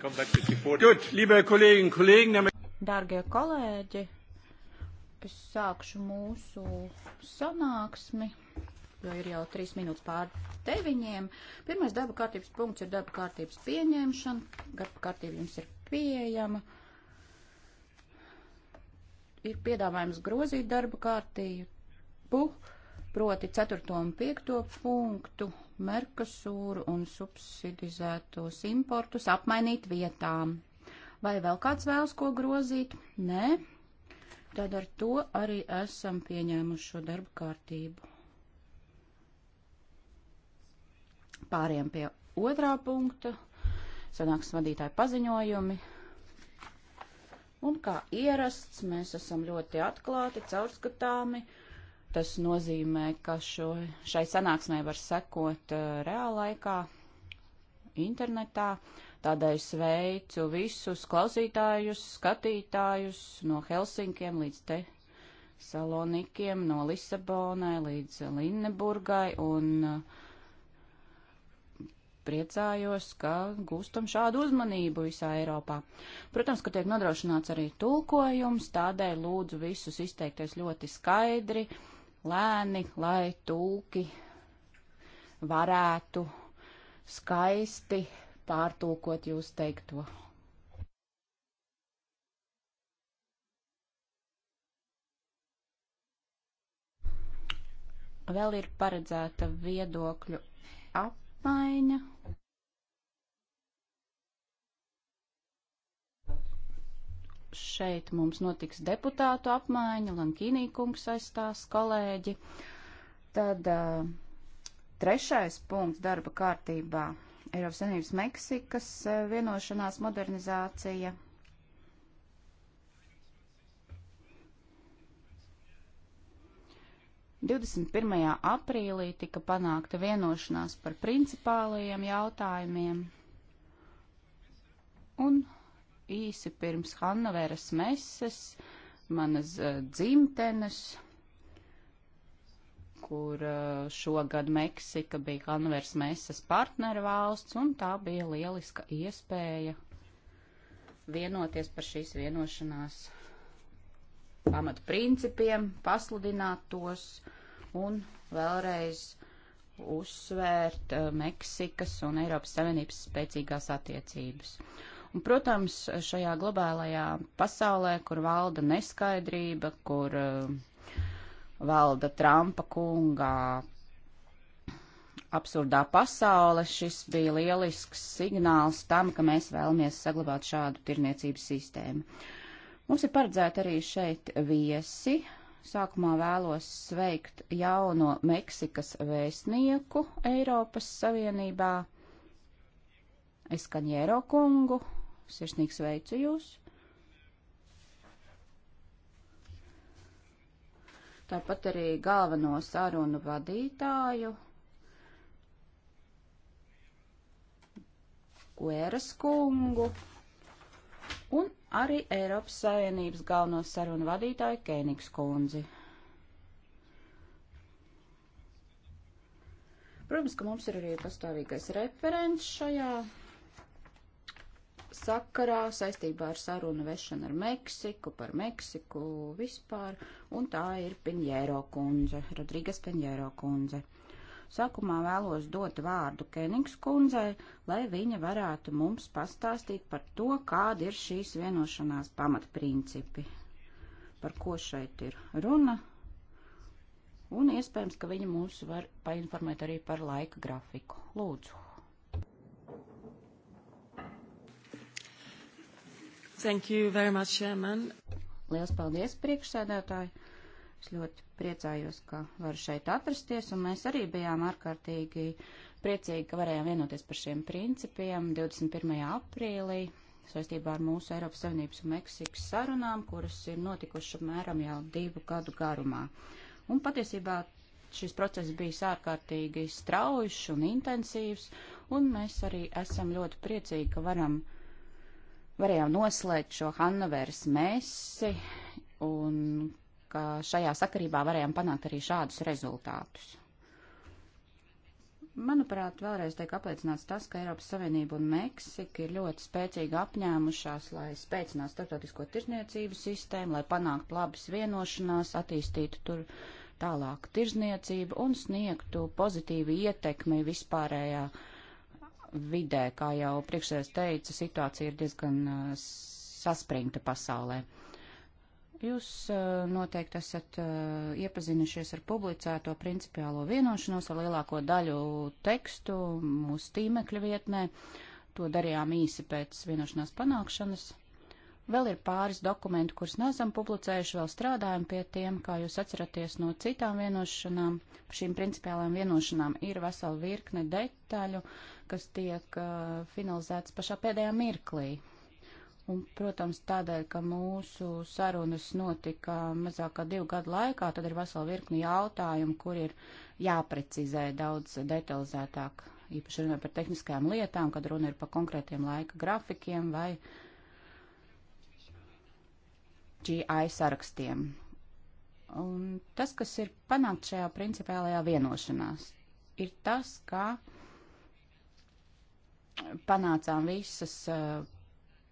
Good, liebe Kolleginnen, Kollegen. Dargie kolēģi, es sākšu mūsu sanāksmi, jo ir jau trīs minūtes pār deviņiem. Pirmais darba kārtības punkts ir darba kārtības pieņemšana. Darba kārtība jums ir pieejama. Ir piedāvājums grozīt darba kārtību proti 4. un 5. punktu Merkasūru un subsidizētos importus apmainīt vietām. Vai vēl kāds vēlas ko grozīt? Nē. Tad ar to arī esam pieņēmuši šo darbu kārtību. Pāriem pie otrā punkta - sanāks vadītāju paziņojumi. Un kā ierasts, mēs esam ļoti atklāti, caurskatāmi. Uh, Tas nozīmē, ka šo, šai sanāksmē var sekot uh, eh, reālaikā, internetā. Tādēļ sveicu visus klausītājus, skatītājus no Helsinkiem līdz te Salonikiem, no Lisabonai līdz Linneburgai un uh, priecājos, ka gūstam šādu uzmanību visā Eiropā. Protams, ka tiek nodrošināts arī tulkojums, tādēļ lūdzu visus izteikties ļoti skaidri, lēni, lai tūki varētu skaisti pārtulkot jūs teikto. Vēl ir paredzēta viedokļu apmaiņa. šeit mums notiks deputātu apmaiņa, Lankīnī kungs aizstās kolēģi. Tad uh, trešais punkts darba kārtībā - Eiropas Savienības Meksikas vienošanās modernizācija. Divdesmit pirmajā aprīlī tika panākta vienošanās par principālajiem jautājumiem, un īsi pirms Hannoveras meses, manas eh, dzimtenes, kur eh, šogad Meksika bija Hanveras meses partneru valsts, un tā bija lieliska iespēja vienoties par šīs vienošanās pamatu principiem, pasludināt tos un vēlreiz uzsvērt eh, Meksikas un Eiropas Savienības spēcīgās attiecības. Un, protams, šajā globālajā pasaulē, kur valda neskaidrība, kur uh, valda Trumpa kungā absurdā pasaule, šis bija lielisks signāls tam, ka mēs vēlamies saglabāt šādu tirniecības sistēmu. Mums ir paredzēti arī šeit viesi. Sākumā vēlos sveikt jauno Meksikas vēstnieku Eiropas Savienībā, Eskaņēro kungu, Sirsnīgi sveicu jūs! Tāpat arī galveno sarunu vadītāju Gueras kungu un arī Eiropas Savienības galveno sarunu vadītāju Kēnigs kundzi. Protams, ka mums ir arī pastāvīgais referents šajā sakarā saistībā ar sarunu vešanu ar Meksiku, par Meksiku vispār, un tā ir Piņēro kundze, Rodrīgas Piņēro kundze. Sākumā vēlos dot vārdu Kenings kundzei, lai viņa varētu mums pastāstīt par to, kāda ir šīs vienošanās pamatprincipi, par ko šeit ir runa, un iespējams, ka viņa mūs var painformēt arī par laika grafiku. Lūdzu! Thank you very much, Chairman. Lielas paldies, priekšsēdētāji. Es ļoti priecājos, ka varu šeit atrasties, un mēs arī bijām ārkārtīgi priecīgi, ka varējām vienoties par šiem principiem 21. aprīlī saistībā ar mūsu Eiropas Savienības un Meksikas sarunām, kuras ir notikušas apmēram jau divu gadu garumā. Un patiesībā šis process bija ārkārtīgi straujš un intensīvs, un mēs arī esam ļoti priecīgi, ka varam uh, varējām noslēgt šo Hannoveras mēsi un ka šajā sakarībā varējām panākt arī šādus rezultātus. Manuprāt, vēlreiz tiek apliecināts tas, ka Eiropas Savienība un Meksika ir ļoti spēcīgi apņēmušās, lai spēcinātu starptautisko tirzniecību sistēmu, lai panāktu labas vienošanās, attīstītu tur tālāk tirzniecību un sniegtu pozitīvu ietekmi vispārējā uh, vidē. Kā jau priekšsēdētājs teica, situācija ir diezgan uh, saspringta pasaulē. Jūs uh, noteikti esat uh, iepazinušies ar publicēto principiālo vienošanos ar lielāko daļu tekstu mūsu tīmekļa vietnē. To darījām īsi pēc vienošanās panākšanas. Vēl ir pāris dokumentu, kurus nesam publicējuši, vēl strādājam pie tiem, kā jūs atceraties no citām vienošanām. Šīm principiālām vienošanām ir vesela virkne detaļu, kas tiek uh, finalizētas pašā pēdējā mirklī. Un, protams, tādēļ, ka mūsu sarunas notika mazāk kā divu gadu laikā, tad ir vesela virkni jautājumu, kur ir jāprecizē daudz detalizētāk, īpaši runājot par tehniskajām lietām, kad runa ir par konkrētiem laika grafikiem vai uh, GI sarakstiem. Un tas, kas ir panākt šajā principālajā vienošanās, ir tas, ka panācām visas uh,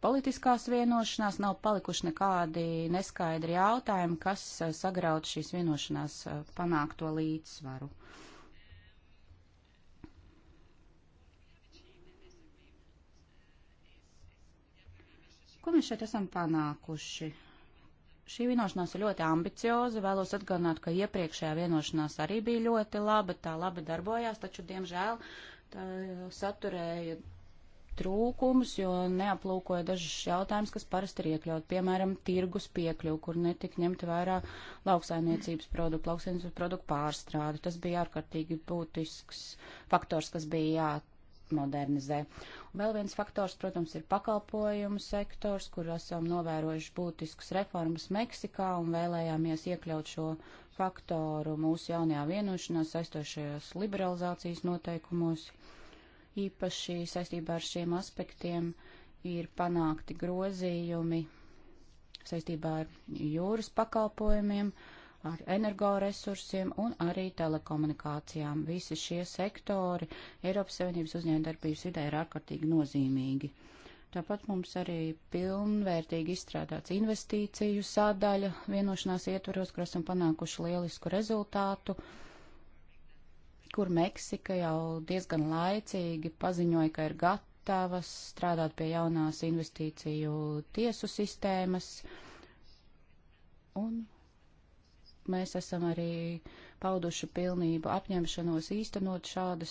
politiskās vienošanās, nav palikuši nekādi neskaidri jautājumi, kas uh, eh, sagrautu šīs vienošanās uh, panākto līdzsvaru. Ko mēs šeit esam panākuši? Šī vienošanās ir ļoti ambicioza. Vēlos atgādināt, ka iepriekšējā vienošanās arī bija ļoti laba, tā labi darbojās, taču, diemžēl, tā saturēja trūkums, jo neaplūkoja dažus jautājumus, kas parasti ir iekļaut, piemēram, tirgus piekļuvu, kur netika ņemta vērā lauksainiecības produktu, lauksainiecības produktu pārstrādi. Tas bija ārkārtīgi būtisks faktors, kas bija jā modernizē. Un vēl viens faktors, protams, ir pakalpojumu sektors, kur esam novērojuši būtiskas reformas Meksikā un vēlējāmies iekļaut šo faktoru mūsu jaunajā vienošanās saistošajos liberalizācijas noteikumos. Īpaši saistībā ar šiem aspektiem ir panākti grozījumi saistībā ar jūras pakalpojumiem. Uh, ar energoresursiem un arī telekomunikācijām. Visi šie sektori Eiropas Savienības uzņēmdarbības vidē ir ārkārtīgi nozīmīgi. Tāpat mums arī pilnvērtīgi izstrādāts investīciju sādaļa vienošanās ietvaros, kur esam panākuši lielisku rezultātu kur Meksika jau diezgan laicīgi paziņoja, ka ir gatavas strādāt pie jaunās investīciju tiesu sistēmas. Un mēs esam arī pauduši pilnību apņemšanos īstenot šādas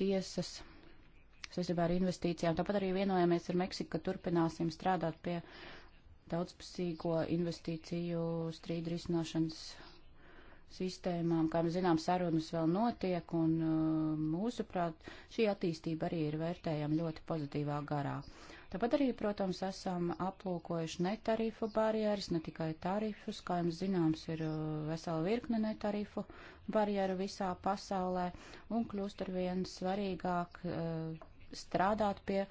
tiesas saistībā ar investīcijām. Tāpat arī vienojāmies ar Meksiku, ka turpināsim strādāt pie daudzpusīgo investīciju strīdu risināšanas sistēmām. Kā mēs zinām, sarunas vēl notiek, un uh, mūsuprāt, šī attīstība arī ir vērtējama ļoti pozitīvā garā. Tāpat arī, protams, esam aplūkojuši netarifu barjeras, ne tikai tarifus, kā jums zināms, ir uh, vesela virkne netarifu barjeru visā pasaulē un kļūst ar vien svarīgāk uh, strādāt pie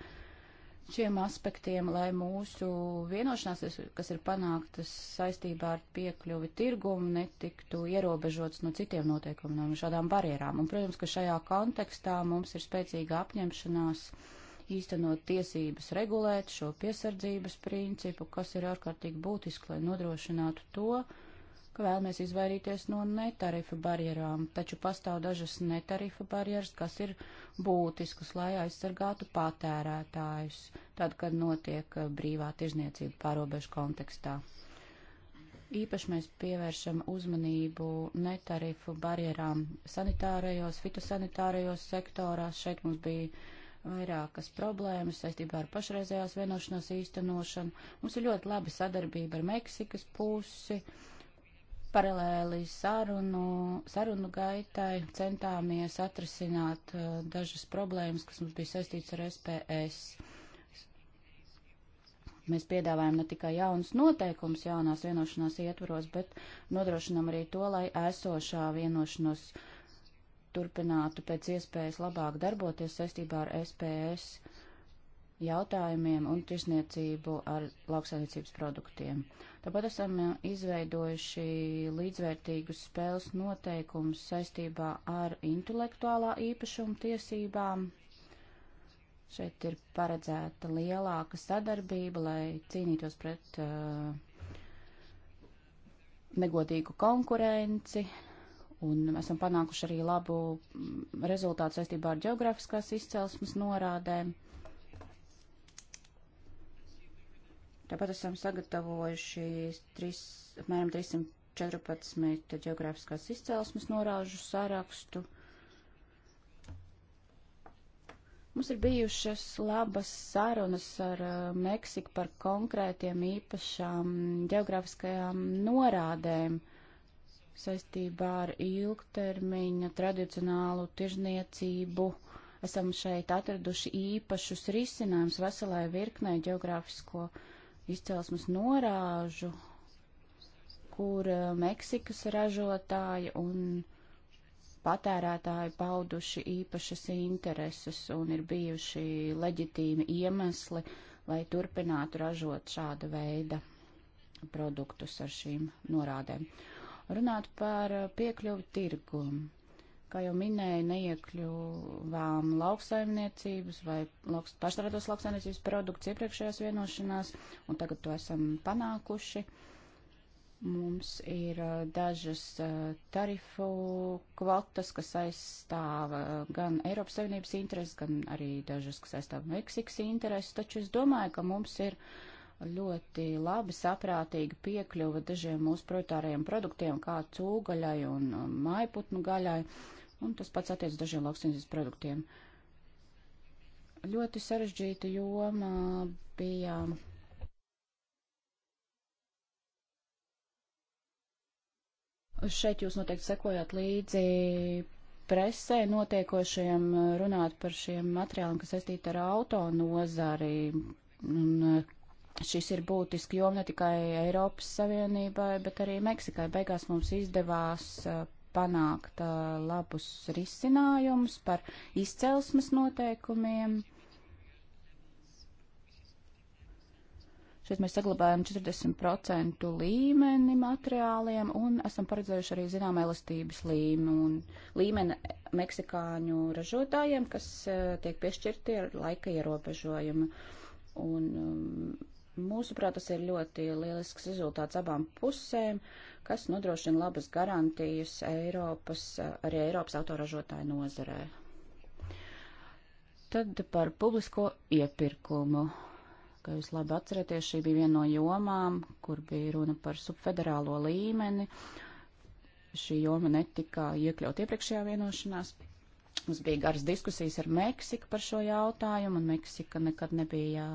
šiem aspektiem, lai mūsu vienošanās, kas ir panāktas saistībā ar piekļuvi tirgumu, netiktu ierobežots no citiem noteikumiem, no šādām barjerām. Un, protams, ka šajā kontekstā mums ir spēcīga apņemšanās uh, īstenot tiesības regulēt šo piesardzības principu, kas ir ārkārtīgi būtiski, lai nodrošinātu to, ka vēlamies izvairīties no netarifu barjerām, taču pastāv dažas netarifu barjeras, kas ir būtiskas, lai aizsargātu patērētājus, tad, kad notiek uh, brīvā tirzniecība pārobežu kontekstā. Īpaši mēs pievēršam uzmanību netarifu barjerām sanitārajos, fitosanitārajos sektorās. Šeit mums bija vairākas problēmas saistībā ar pašreizējās vienošanās īstenošanu. Mums ir ļoti laba sadarbība ar Meksikas pusi, paralēli sarunu, sarunu gaitai centāmies atrisināt uh, dažas problēmas, kas mums bija saistīts ar SPS. Mēs piedāvājam ne tikai jaunas noteikumus jaunās vienošanās ietvaros, bet nodrošinam arī to, lai esošā vienošanos uh, turpinātu pēc iespējas labāk darboties saistībā ar SPS jautājumiem un tirsniecību ar lauksaimniecības produktiem. Tāpat esam eh, izveidojuši līdzvērtīgus spēles noteikumus saistībā ar intelektuālā īpašuma tiesībām. Šeit ir paredzēta lielāka sadarbība, lai cīnītos pret uh, negodīgu konkurenci, Un esam panākuši arī labu mm, rezultātu saistībā ar geogrāfiskās izcelsmes norādēm. Tāpat esam sagatavojuši 3, apmēram 314 geogrāfiskās izcelsmes norāžu sarakstu. Mums ir bijušas labas sarunas ar eh, Meksiku par konkrētiem īpašām geogrāfiskajām norādēm. Uh, saistībā ar ilgtermiņa tradicionālu tirzniecību esam šeit atraduši īpašus risinājumus veselai virknē geogrāfisko izcelsmes norāžu, kur eh, Meksikas ražotāji un patērētāji pauduši īpašas intereses un ir bijuši leģitīmi iemesli, lai turpinātu ražot šāda veida produktus ar šīm norādēm. Uh, Runāt par uh, piekļuvu tirgumu. Kā jau minēju, neiekļuvām lauksaimniecības vai lauks, pašstrādos lauksaimniecības produkts iepriekšējās vienošanās, un tagad to esam panākuši. Mums ir uh, dažas uh, tarifu kvotas, kas aizstāv gan Eiropas Savienības intereses, gan arī dažas, kas aizstāv Meksikas intereses, taču es domāju, ka mums ir uh, ļoti labi saprātīgi piekļuva dažiem mūsu prioritārajiem produktiem, kā cūgaļai un um, maiputnu gaļai, un tas pats attiec dažiem lauksienas produktiem. Ļoti sarežģīta joma bija. Šeit jūs noteikti sekojat līdzi presē notiekošajiem runāt par šiem materiāliem, kas saistīti ar auto nozari un Šis ir būtiski jom ne tikai Eiropas Savienībai, bet arī Meksikai. Beigās mums izdevās panākt labus risinājumus par izcelsmes noteikumiem. Šeit mēs saglabājam 40% līmeni materiāliem un esam paredzējuši arī zinām elastības līmeni, līmeni meksikāņu ražotājiem, kas tiek piešķirti ar laika ierobežojumu. Un um, Mūsuprāt, tas ir ļoti lielisks rezultāts abām pusēm, kas nodrošina labas garantijas Eiropas, arī Eiropas autoražotāju nozarē. Tad par publisko iepirkumu. Kā jūs labi atceraties, šī bija viena no jomām, kur bija runa par subfederālo līmeni. Šī joma netika iekļaut iepriekšējā vienošanās, Mums bija garas diskusijas ar Meksiku par šo jautājumu, un Meksika nekad nebija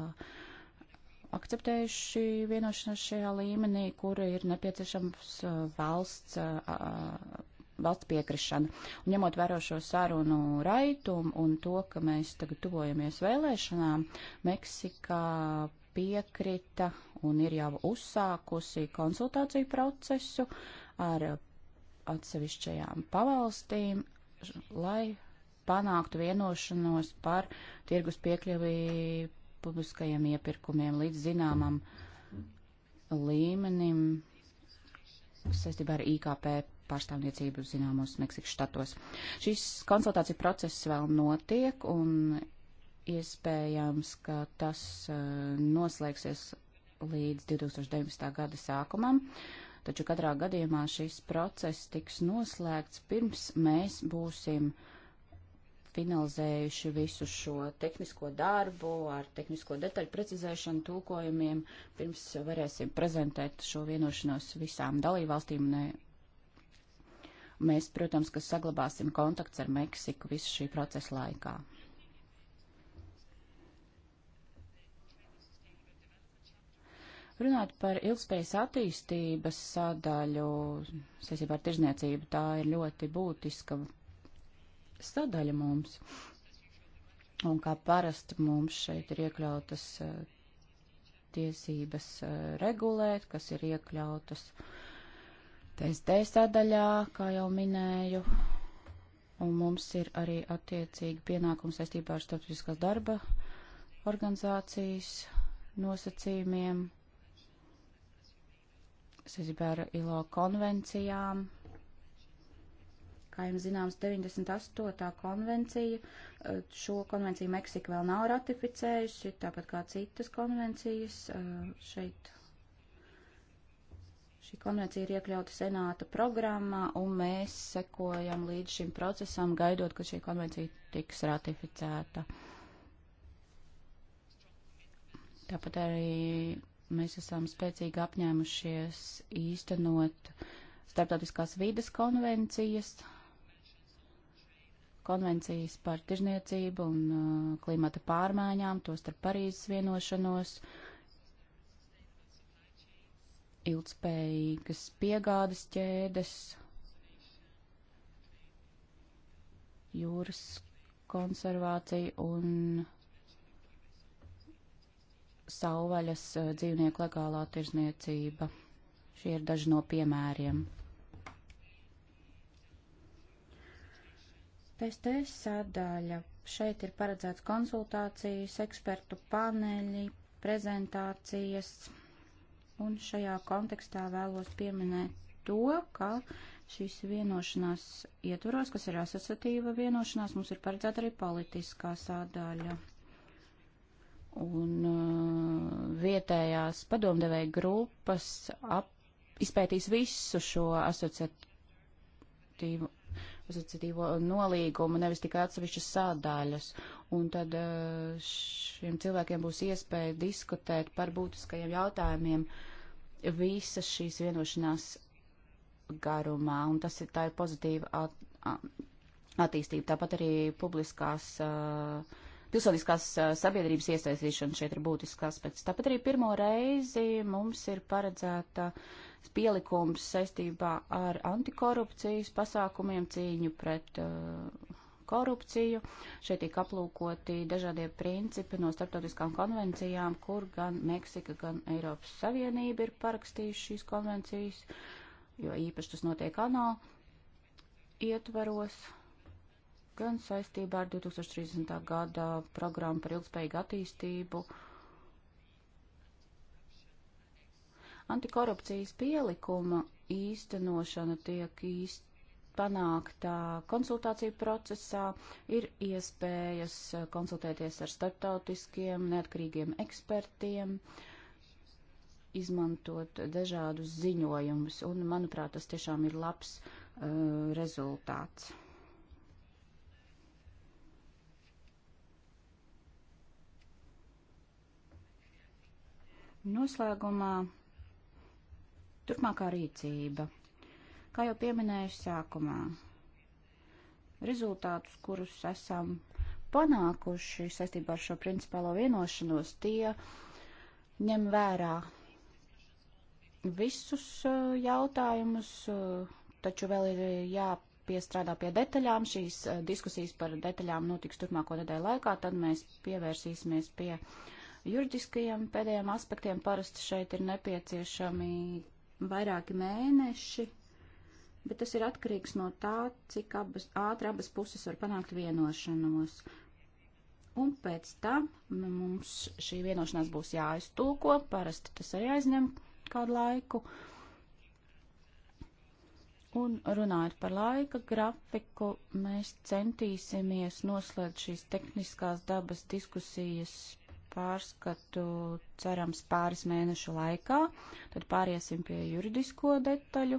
akceptējuši vienošanos šajā līmenī, kur ir nepieciešams uh, valsts uh, uh, valsts piekrišana. Un ņemot vērā šo sarunu raitumu un to, ka mēs tagad tuvojamies vēlēšanām, Meksikā piekrita un ir jau uzsākusi konsultāciju procesu ar atsevišķajām pavalstīm, lai panāktu vienošanos par tirgus piekļuvību publiskajiem iepirkumiem līdz zināmam līmenim saistībā ar IKP pārstāvniecību zināmos Meksikas štatos. Šīs konsultācija process vēl notiek un iespējams, ka tas uh, noslēgsies līdz 2019. gada sākumam, taču katrā gadījumā šis process tiks noslēgts pirms mēs būsim uh, finalizējuši visu šo tehnisko darbu ar tehnisko detaļu precizēšanu, tūkojumiem, pirms varēsim prezentēt šo vienošanos visām dalībvalstīm. Mēs, protams, ka saglabāsim kontakts ar Meksiku visu šī procesa laikā. Runāt par ilgspējas attīstības sadaļu, saistībā ar tirzniecību, tā ir ļoti būtiska sadaļa mums. Un kā parasti mums šeit ir iekļautas eh, tiesības eh, regulēt, kas ir iekļautas TSD sadaļā, kā jau minēju. Un mums ir arī attiecīgi pienākums saistībā ar starptautiskās darba organizācijas nosacījumiem, saistībā ar ILO konvencijām, Kā jums zināms, 98. konvencija, šo konvenciju Meksika vēl nav ratificējusi, tāpat kā citas konvencijas šeit. Šī konvencija ir iekļauta senāta programmā, un mēs sekojam līdz šim procesam, gaidot, ka šī konvencija tiks ratificēta. Tāpat arī mēs esam spēcīgi apņēmušies īstenot starptautiskās vīdes konvencijas konvencijas par tirzniecību un uh, klimata pārmaiņām, tostarp Parīzes vienošanos, ilgspējīgas piegādes ķēdes, jūras konservācija un sauvaļas uh, dzīvnieku legālā tirzniecība. Šie ir daži no piemēriem. PST sadaļa. Šeit ir paredzēts konsultācijas, ekspertu paneļi, prezentācijas, un šajā kontekstā vēlos pieminēt to, ka šīs vienošanās ietvaros, kas ir asociatīva vienošanās, mums ir paredzēta arī politiskā sadaļa. Un uh, vietējās padomdevēja grupas ap, izpētīs visu šo asociatīvu starpasacītīvo nolīgumu, nevis tikai atsevišķas sādaļas. Un tad eh, šiem cilvēkiem būs iespēja diskutēt par būtiskajiem jautājumiem visas šīs vienošanās garumā, un tas ir tā ir pozitīva at, attīstība. Tāpat arī publiskās uh, pilsoniskās sabiedrības iesaistīšana šeit ir būtisks aspekts. Tāpat arī pirmo reizi mums ir paredzēta pielikums saistībā ar antikorupcijas pasākumiem cīņu pret uh, korupciju. Šeit tiek aplūkoti dažādie principi no starptautiskām konvencijām, kur gan Meksika, gan Eiropas Savienība ir parakstījuši šīs konvencijas, jo īpaši tas notiek ANO ietvaros gan saistībā ar 2030. gada programmu par ilgspējīgu attīstību. Antikorupcijas pielikuma īstenošana tiek īst panākta konsultāciju procesā, ir iespējas eh, konsultēties ar starptautiskiem neatkarīgiem ekspertiem, izmantot dažādus ziņojumus, un, manuprāt, tas tiešām ir labs uh, rezultāts. Noslēgumā turpmākā rīcība. Kā jau pieminēju sākumā, rezultātus, kurus esam panākuši saistībā ar šo principālo vienošanos, tie ņem vērā visus uh, jautājumus, uh, taču vēl ir jāpiestrādā pie detaļām. Šīs uh, diskusijas par detaļām notiks turpmāko nedēļu laikā, tad mēs pievērsīsimies pie uh, juridiskajiem pēdējiem aspektiem. Parasti šeit ir nepieciešami vairāki mēneši, bet tas ir atkarīgs no tā, cik abas, ātri abas puses var panākt vienošanos. Un pēc tam mums šī vienošanās būs jāiztūko, parasti tas arī aizņem kādu laiku. Un runājot par laika grafiku, mēs centīsimies noslēgt šīs tehniskās dabas diskusijas pārskatu cerams pāris mēnešu laikā, tad pāriesim pie juridisko detaļu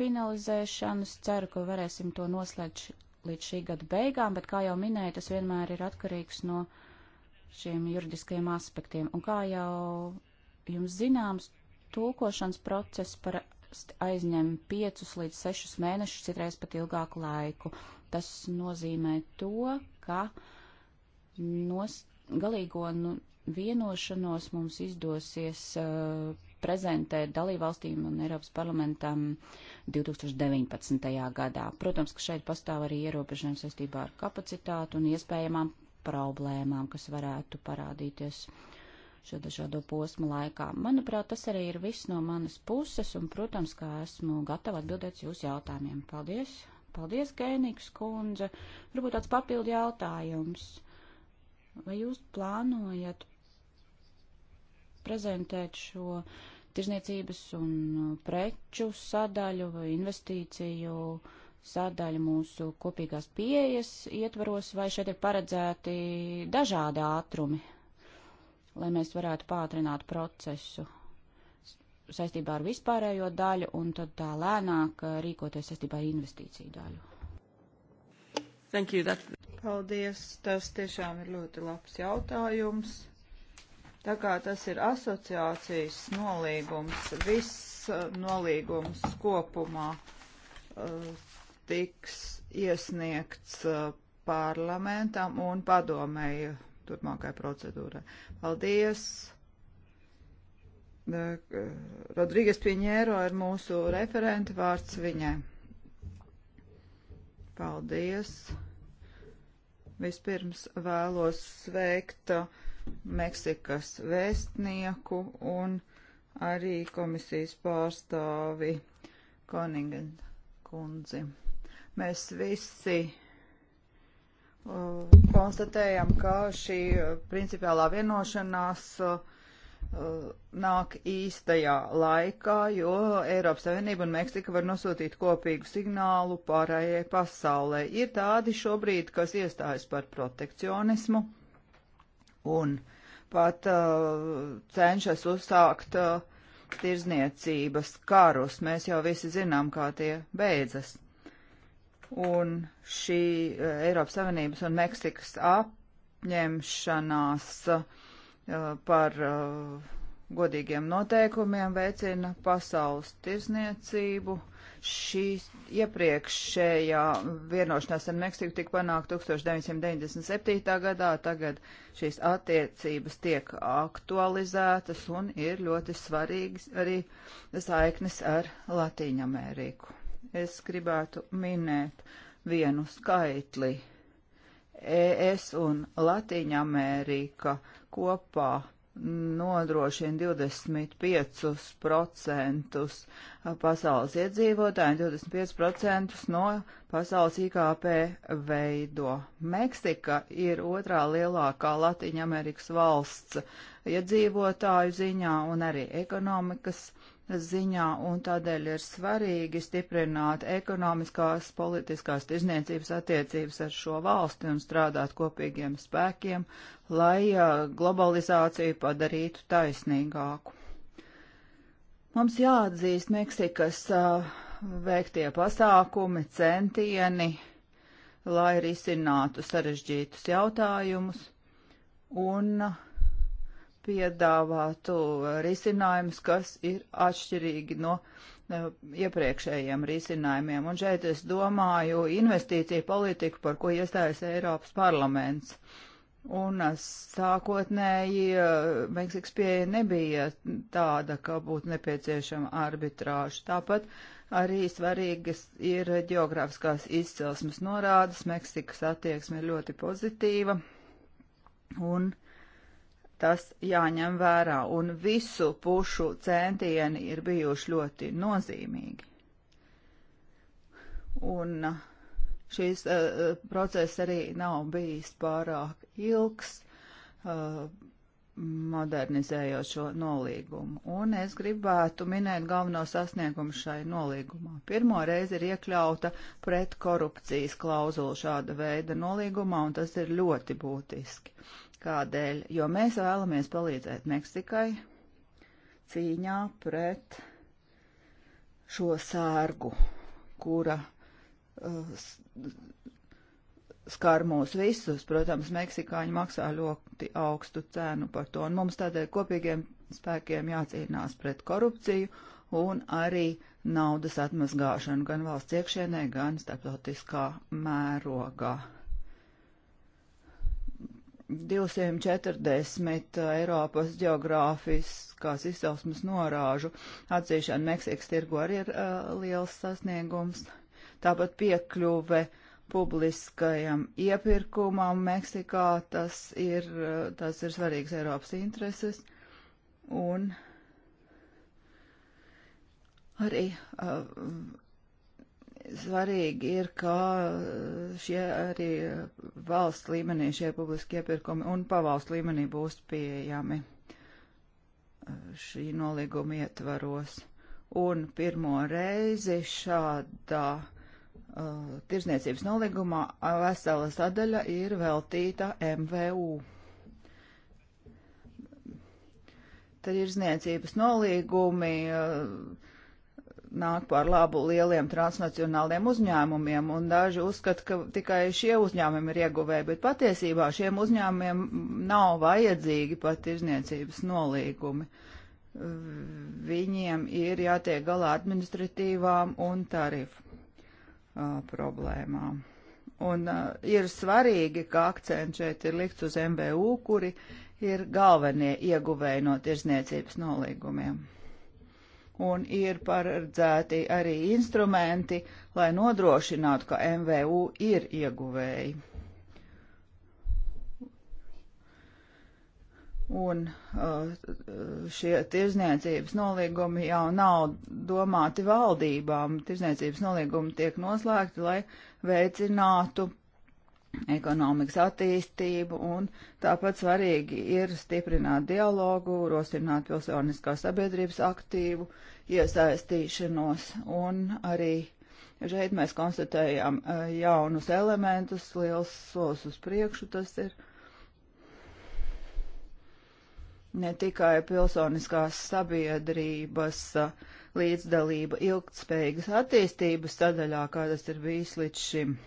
finalizēšanas. Ceru, ka varēsim to noslēgt līdz šī gada beigām, bet, kā jau minēju, tas vienmēr ir atkarīgs no šiem juridiskajiem aspektiem. Un kā jau jums zināms, tulkošanas process par aizņem 5 līdz 6 mēnešus, citreiz pat ilgāku laiku. Tas nozīmē to, ka nost galīgo nu, vienošanos mums izdosies uh, prezentēt dalībvalstīm un Eiropas parlamentam 2019. gadā. Protams, ka šeit pastāv arī ierobežojums saistībā ar kapacitātu un iespējamām problēmām, kas varētu parādīties šo dažādo posmu laikā. Manuprāt, tas arī ir viss no manas puses, un, protams, kā esmu gatava atbildēt jūsu jautājumiem. Paldies! Paldies, Kēnigs kundze! Varbūt tāds papildu jautājums. Vai jūs plānojat prezentēt šo tirzniecības un uh, preču sadaļu vai investīciju sadaļu mūsu kopīgās pieejas ietvaros, vai šeit ir paredzēti dažādi ātrumi, lai mēs varētu pātrināt procesu saistībā ar vispārējo daļu un tad tā lēnāk uh, rīkoties saistībā ar investīciju daļu? Thank you. That... Paldies, tas tiešām ir ļoti labs jautājums. Tā kā tas ir asociācijas nolīgums, viss uh, nolīgums kopumā uh, tiks iesniegts uh, parlamentam un padomēju turpmākai procedūrai. Paldies! Uh, Rodrīgas Piņēro ir mūsu referenta vārds viņai. Paldies! Vispirms vēlos sveikt Meksikas vēstnieku un arī komisijas pārstāvi Koningen kundzi. Mēs visi uh, konstatējam, ka šī principiālā vienošanās uh, Uh, nāk īstajā laikā, jo Eiropas Savienība un Meksika var nosūtīt kopīgu signālu pārējai pasaulē. Ir tādi šobrīd, kas iestājas par protekcionismu un pat uh, cenšas uzsākt uh, tirzniecības karus. Mēs jau visi zinām, kā tie beidzas. Un šī uh, Eiropas Savienības un Meksikas apņemšanās uh, Uh, par uh, godīgiem noteikumiem veicina pasaules tirzniecību. Šī iepriekšējā vienošanās ar Meksiku tika panākta 1997. gadā, tagad šīs attiecības tiek aktualizētas un ir ļoti svarīgas arī saiknes ar Latīņameriku. Es gribētu minēt vienu skaitli. ES un Latīņa Amerika kopā nodrošina 25% pasaules iedzīvotāju, 25% no pasaules IKP veido. Meksika ir otrā lielākā Latīņa Amerikas valsts iedzīvotāju ziņā un arī ekonomikas ziņā, un tādēļ ir svarīgi stiprināt ekonomiskās, politiskās tirzniecības attiecības ar šo valsti un strādāt kopīgiem spēkiem, lai globalizāciju padarītu taisnīgāku. Mums jāatzīst Meksikas veiktie pasākumi, centieni, lai risinātu sarežģītus jautājumus un uh, piedāvātu risinājumus, kas ir atšķirīgi no uh, iepriekšējiem risinājumiem. Un šeit es domāju investīciju politiku, par ko iestājas Eiropas parlaments. Un eh, sākotnēji uh, Meksikas pieeja nebija tāda, ka būtu nepieciešama arbitrāža. Tāpat arī svarīgas ir geogrāfiskās izcelsmes norādes. Meksikas attieksme ir ļoti pozitīva. Un uh, tas jāņem vērā, un visu pušu centieni ir bijuši ļoti nozīmīgi. Un uh, šīs uh, process arī nav bijis pārāk ilgs, uh, modernizējot šo nolīgumu. Un es gribētu minēt galveno sasniegumu šai nolīgumā. Pirmo reizi ir iekļauta pretkorupcijas klauzula šāda veida nolīgumā, un tas ir ļoti būtiski. Uh, Kādēļ? Jo mēs vēlamies palīdzēt Meksikai cīņā pret šo sērgu, kura uh, skar mūs visus. Protams, meksikāņi maksā ļoti augstu cenu par to, un mums tādēļ kopīgiem spēkiem jācīnās pret korupciju un arī naudas atmazgāšanu gan valsts iekšienē, gan starptautiskā mērogā. 240 Eiropas geogrāfiskās izcelsmes norāžu atzīšana Meksikas tirgu arī ir uh, liels sasniegums. Tāpat piekļuve publiskajam iepirkumam Meksikā, tas ir, tas ir svarīgs Eiropas intereses. Un arī uh, svarīgi ir, ka eh, šie arī eh, valsts līmenī šie publiski iepirkumi un pavalsts līmenī būs pieejami eh, šī nolīguma ietvaros. Un pirmo reizi šādā uh, tirzniecības nolīgumā vesela sadaļa ir veltīta MVU. Tirzniecības nolīgumi uh, nāk par labu lieliem transnacionāliem uzņēmumiem, un daži uzskata, ka tikai šie uzņēmumi ir ieguvēji, bet patiesībā šiem uzņēmumiem nav vajadzīgi pat izniecības nolīgumi. Viņiem ir jātiek galā administratīvām un tarifu uh, problēmām. Un uh, ir svarīgi, ka akcents šeit ir likts uz MBU, kuri ir galvenie ieguvēji no tirzniecības nolīgumiem un ir paredzēti arī instrumenti, lai nodrošinātu, ka MVU ir ieguvēji. Un uh, šie tirzniecības nolīgumi jau nav domāti valdībām. Tirzniecības nolīgumi tiek noslēgti, lai veicinātu ekonomikas attīstību, un tāpat svarīgi ir stiprināt dialogu, rosināt pilsoniskā sabiedrības aktīvu iesaistīšanos, un arī šeit mēs konstatējam e, jaunus elementus, liels solis uz priekšu tas ir. Ne tikai pilsoniskās sabiedrības e, līdzdalība ilgtspējīgas attīstības sadaļā, kā tas ir bijis līdz šim.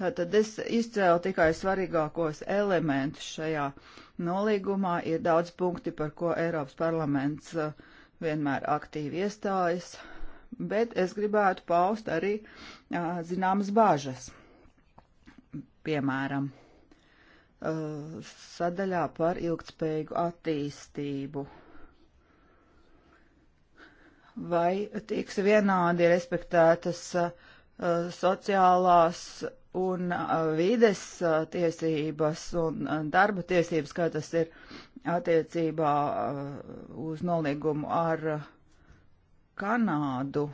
Tātad es izcēlu tikai svarīgākos elementus šajā nolīgumā. Ir daudz punkti, par ko Eiropas parlaments uh, vienmēr aktīvi iestājas, bet es gribētu paust arī uh, zināmas bāžas. Piemēram, uh, sadaļā par ilgtspējīgu attīstību vai tiks vienādi respektētas uh, sociālās un vides tiesības un darba tiesības, kā tas ir attiecībā uz nolīgumu ar Kanādu.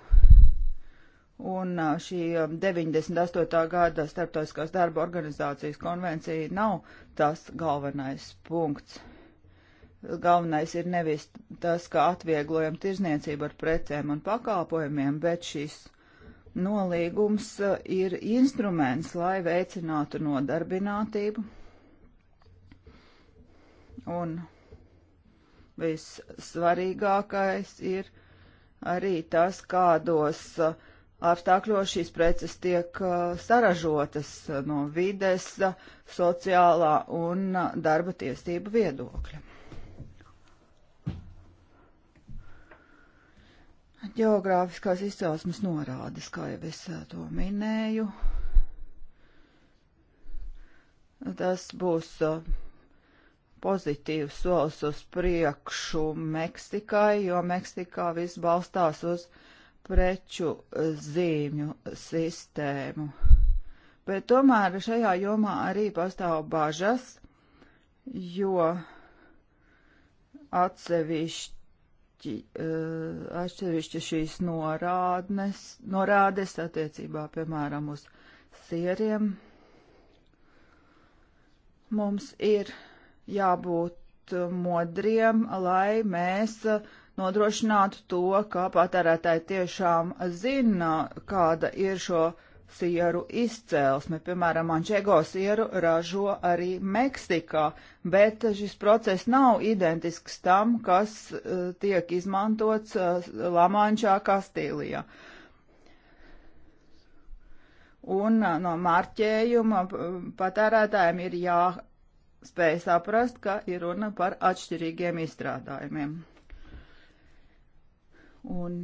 Un šī 98. gada starptautiskās darba organizācijas konvencija nav tas galvenais punkts. Galvenais ir nevis tas, kā atvieglojam tirzniecību ar precēm un pakalpojumiem, bet šis uh, nolīgums eh, ir instruments, lai veicinātu nodarbinātību. Un vissvarīgākais ir arī tas, kādos eh, apstākļos šīs preces tiek eh, saražotas no vides, sociālā un darba tiesību viedokļa. Geogrāfiskās izcelsmes norādes, kā jau es to minēju, tas būs pozitīvs solis uz priekšu Meksikai, jo Meksikā viss balstās uz preču zīmju sistēmu. Bet tomēr šajā jomā arī pastāv bažas, jo atsevišķi E, atšķirīšķi šīs norādnes, norādes attiecībā, piemēram, uz sieriem. Mums ir jābūt modriem, lai mēs nodrošinātu to, ka patērētāji tiešām zina, kāda ir šo uh, sieru izcēlsmi. Piemēram, Mančego sieru ražo arī Meksikā, bet šis process nav identisks tam, kas uh, tiek izmantots uh, Lamančā, Kastīlijā. Un uh, no marķējuma patērētājiem ir jāspēj saprast, ka ir runa par atšķirīgiem izstrādājumiem. Un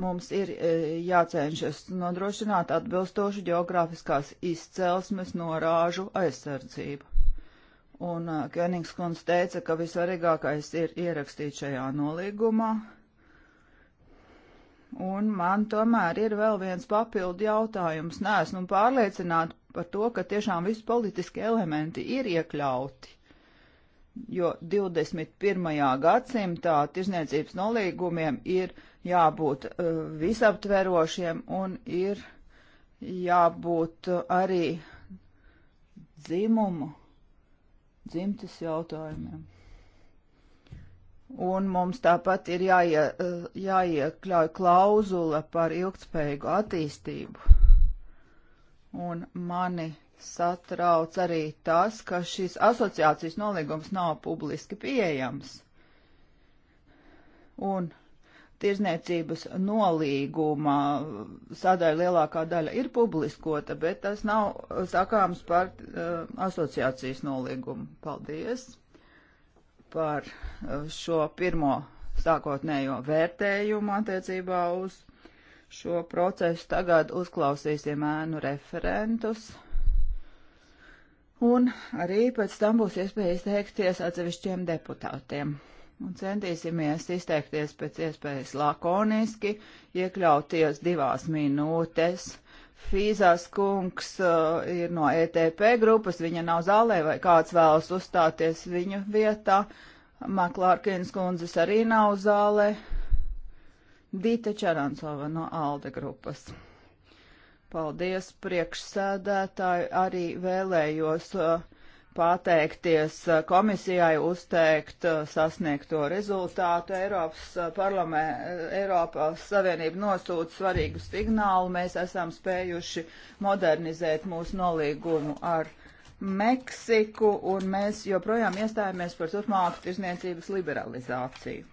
mums ir e, jācenšas nodrošināt atbilstošu geogrāfiskās izcelsmes norāžu aizsardzību. Un e, Kenigskundz teica, ka visvarīgākais ir ierakstīt šajā nolīgumā. Un man tomēr ir vēl viens papildu jautājums. Nē, esmu pārliecināta par to, ka tiešām visi politiskie elementi ir iekļauti. Jo 21. gadsimtā tirzniecības nolīgumiem ir uh, jābūt uh, visaptverošiem un ir jābūt uh, arī dzimumu, dzimtes jautājumiem. Un mums tāpat ir jāie, uh, jāiekļauj klauzula par ilgspējīgu attīstību. Un mani satrauc arī tas, ka šis asociācijas nolīgums nav publiski pieejams. Un tirzniecības nolīguma sadaļa lielākā daļa ir publiskota, bet tas nav sakāms par uh, asociācijas nolīgumu. Paldies par uh, šo pirmo sākotnējo vērtējumu attiecībā uz šo procesu. Tagad uzklausīsim ēnu referentus. Un arī pēc tam būs iespēja izteikties atsevišķiem deputātiem un centīsimies izteikties pēc iespējas lakoniski, iekļauties divās minūtes. Fīzās kungs uh, ir no ETP grupas, viņa nav zālē vai kāds vēlas uzstāties viņu vietā. Maklārkins kundzes arī nav zālē. Dīta Čerancova no ALDE grupas. Paldies, priekšsēdētāji, arī vēlējos uh, pateikties eh, komisijai, uzteikt eh, sasniegto rezultātu. Eiropas, eh, parlamē, Eiropas Savienība nosūta svarīgu signālu. Mēs esam spējuši modernizēt mūsu nolīgumu ar Meksiku, un mēs joprojām iestājāmies par turpmāku tirzniecības liberalizāciju.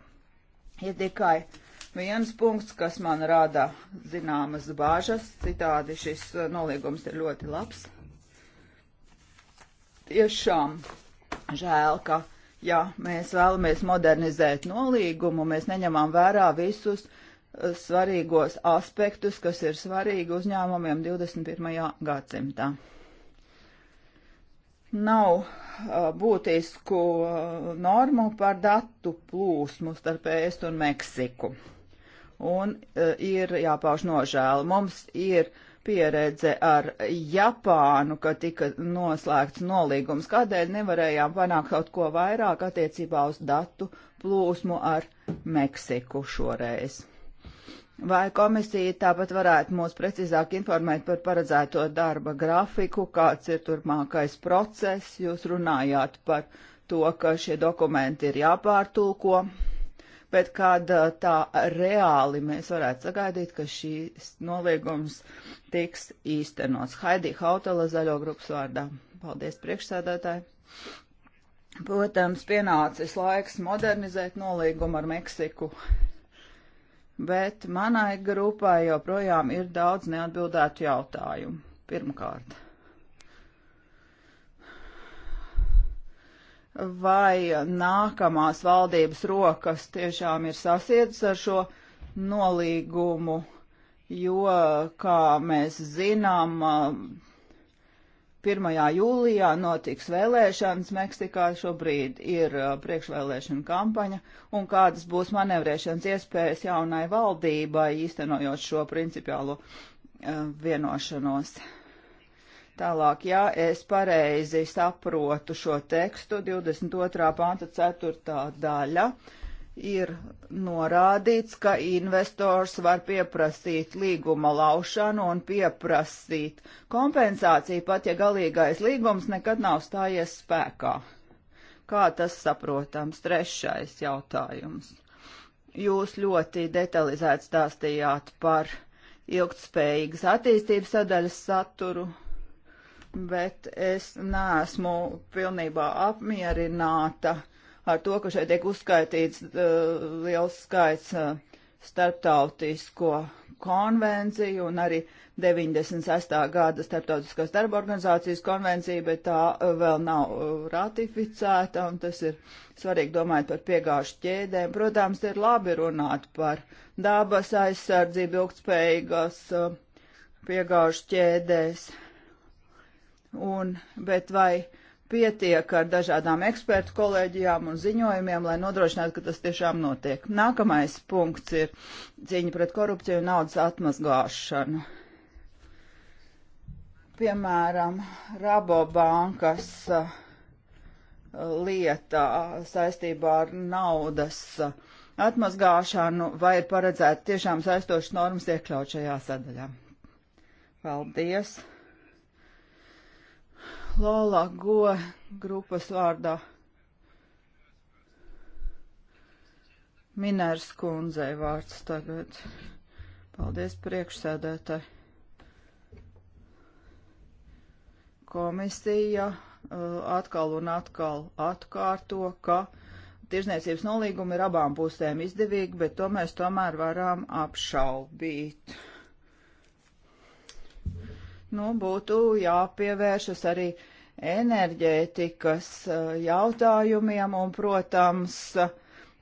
Ir ja tikai viens punkts, kas man rada zināmas bāžas, citādi šis nolīgums ir ļoti labs tiešām žēl, ka, ja mēs vēlamies modernizēt nolīgumu, mēs neņemam vērā visus eh, svarīgos aspektus, kas ir svarīgi uzņēmumiem 21. gadsimtā. Nav uh, būtisku uh, normu par datu plūsmu starp ES un Meksiku. Un uh, ir jāpauž nožēla. Mums ir uh, pieredze ar Japānu, ka tika noslēgts nolīgums. Kādēļ nevarējām panākt kaut ko vairāk attiecībā uz datu plūsmu ar Meksiku šoreiz? Vai komisija tāpat varētu mūs precīzāk informēt par paredzēto darba grafiku, kāds ir turpmākais process? Jūs runājāt par to, ka šie dokumenti ir jāpārtulko bet kad uh, tā reāli mēs varētu sagaidīt, ka šīs noliegums tiks īstenots. Haidī Hautala zaļo grupas vārdā. Paldies priekšsēdētāji. Protams, pienācis laiks modernizēt nolīgumu ar Meksiku bet manai grupai joprojām ir daudz neatbildētu jautājumu. Pirmkārt, vai nākamās valdības rokas tiešām ir sasietas ar šo nolīgumu, jo, kā mēs zinām, 1. jūlijā notiks vēlēšanas Meksikā, šobrīd ir priekšvēlēšana kampaņa, un kādas būs manevrēšanas iespējas jaunai valdībai īstenojot šo principiālo vienošanos. Tālāk, ja es pareizi saprotu šo tekstu, 22. panta 4. daļa ir norādīts, ka investors var pieprasīt līguma laušanu un pieprasīt kompensāciju, pat ja galīgais līgums nekad nav stājies spēkā. Kā tas saprotams? Trešais jautājums. Jūs ļoti detalizēti stāstījāt par ilgtspējīgas attīstības sadaļas saturu bet es neesmu pilnībā apmierināta ar to, ka šeit tiek uzskaitīts uh, liels skaits uh, starptautisko konvenciju un arī 96. gada starptautiskās darba organizācijas konvencija, bet tā eh, vēl nav ratificēta, un tas ir svarīgi domājot par piegāžu ķēdēm. Protams, ir labi runāt par dabas aizsardzību ilgtspējīgās piegāžu ķēdēs, un, bet vai pietiek ar dažādām ekspertu kolēģijām un ziņojumiem, lai nodrošinātu, ka tas tiešām notiek. Nākamais punkts ir cīņa pret korupciju un naudas atmazgāšanu. Piemēram, Rabobankas uh, lietā saistībā ar naudas uh, atmazgāšanu vai ir paredzēta tiešām saistošas normas iekļaut šajā sadaļā. Paldies! Lola Go grupas vārdā. Minērs kundzei vārds tagad. Paldies priekšsēdētāji. Komisija uh, atkal un atkal atkārto, ka tirzniecības nolīgumi ir abām pusēm izdevīgi, bet to mēs tomēr varam apšaubīt. Nu, būtu jāpievēršas arī uh, enerģētikas eh, jautājumiem un, protams,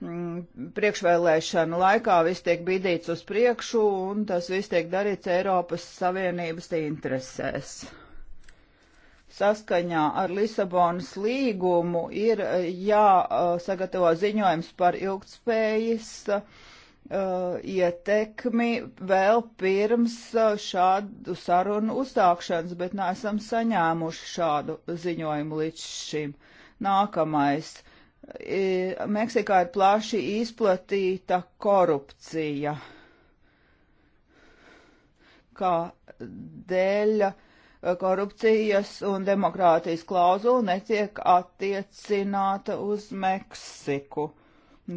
mm, priekšvēlēšanu laikā viss tiek bīdīts uz priekšu un tas viss tiek darīts Eiropas Savienības interesēs. Saskaņā ar Lisabonas līgumu ir eh, jāsagatavo ziņojums par ilgtspējas uh, Uh, ietekmi vēl pirms uh, šādu sarunu uzsākšanas, bet neesam saņēmuši šādu ziņojumu līdz šim. Nākamais. Meksikā ir plaši izplatīta korupcija, kā dēļ uh, korupcijas un demokrātijas klauzula netiek attiecināta uz Meksiku. Uh,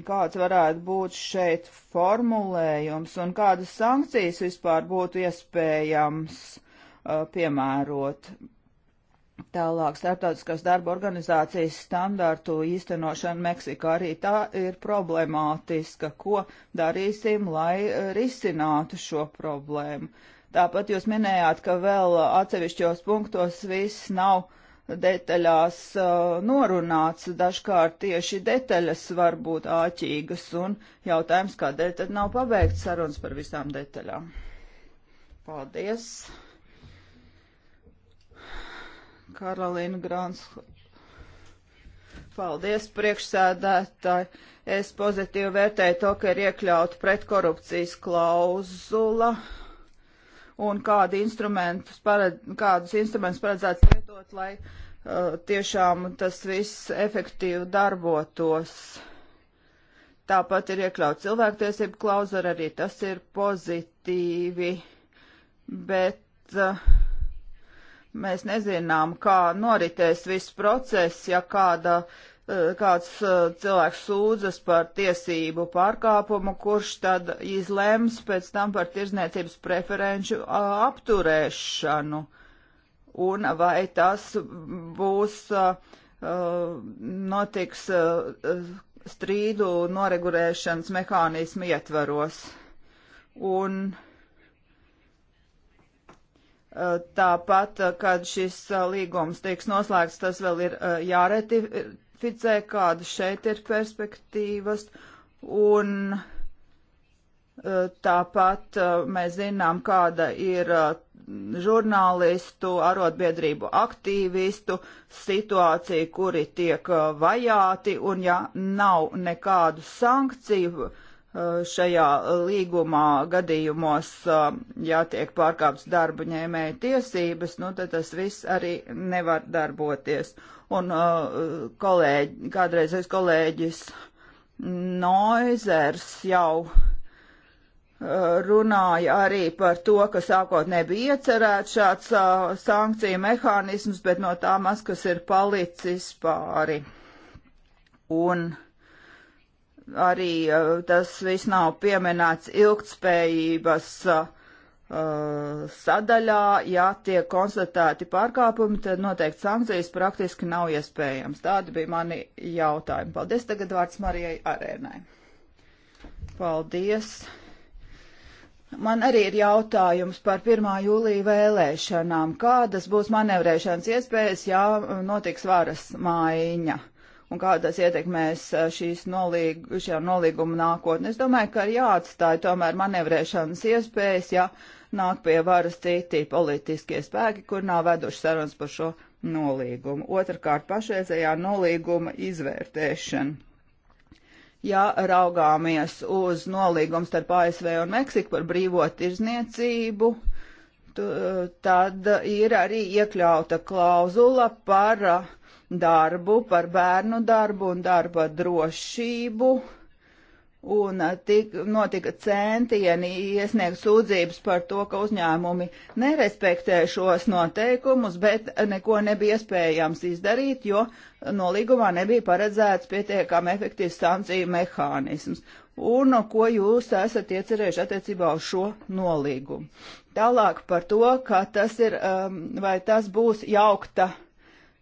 kāds varētu būt šeit formulējums un kādas sankcijas vispār būtu iespējams uh, piemērot. Tālāk starptautiskās darba organizācijas standārtu īstenošana Meksikā arī tā ir problemātiska. Ko darīsim, lai uh, risinātu šo problēmu? Tāpat jūs minējāt, ka vēl atsevišķos punktos viss nav uh, detaļās uh, norunāts, dažkārt tieši detaļas var būt āķīgas, un jautājums, kādēļ tad nav pabeigts sarunas par visām detaļām. Paldies. Karolīna Grāns. Paldies, priekšsēdētāji. Es pozitīvi vērtēju to, ka ir iekļauta pretkorupcijas klauzula. Uh, un kādi instrumentus paredz, kādus instrumentus paredzēts lietot, lai uh, tiešām tas viss efektīvi darbotos. Tāpat ir iekļauts cilvēktiesību klauzura, arī tas ir pozitīvi, bet uh, mēs nezinām, kā noritēs viss process, ja kāda uh, Eh, kāds eh, cilvēks sūdzas par tiesību pārkāpumu, kurš tad izlems pēc tam par tirzniecības preferenču eh, apturēšanu. Un vai tas būs, notiks strīdu noregulēšanas mehānismu ietvaros. Un Tāpat, kad šis līgums tiks noslēgts, tas vēl ir jāretificē identificē, kāda šeit ir perspektīvas, un e, tāpat e, mēs zinām, kāda ir e, žurnālistu, arotbiedrību aktīvistu situācija, kuri tiek vajāti, un ja nav nekādu sankciju, Eh, šajā eh, līgumā gadījumos eh, jātiek pārkāpts darba ņēmēja tiesības, nu tad tas viss arī nevar darboties. Un kolēģi, kādreizais kolēģis Noizers jau runāja arī par to, ka sākot nebija iecerēts šāds sankciju mehānisms, bet no tā maz, kas ir palicis pāri. Un uh, arī tas viss nav pieminēts ilgtspējības sadaļā, ja tiek konstatēti pārkāpumi, tad noteikti sankcijas praktiski nav iespējams. Tādi bija mani jautājumi. Paldies, tagad vārds Marijai Arēnai. Paldies. Man arī ir jautājums par 1. jūlija vēlēšanām. Kādas būs manevrēšanas iespējas, ja notiks varas maiņa? un kā tas ietekmēs šīs nolīg, šajā nolīguma nākotnē. Es domāju, ka ir jāatstāja tomēr manevrēšanas iespējas, ja nāk pie varas citi politiskie spēki, kur nav veduši sarunas par šo nolīgumu. Otrakārt, pašreizējā nolīguma izvērtēšana ja raugāmies uz nolīgumu starp ASV un Meksiku par brīvo tirzniecību, tad ir arī iekļauta klauzula par darbu, par bērnu darbu un darba drošību. Un eh, tik, notika centieni iesniegt sūdzības par to, ka uzņēmumi nerespektē šos noteikumus, bet neko nebija iespējams izdarīt, jo nolīgumā nebija paredzēts pietiekami efektīvs sankciju mehānisms. Un eh, ko jūs esat iecerējuši attiecībā uz šo nolīgumu? Tālāk par to, ka tas ir, um, vai tas būs jaukta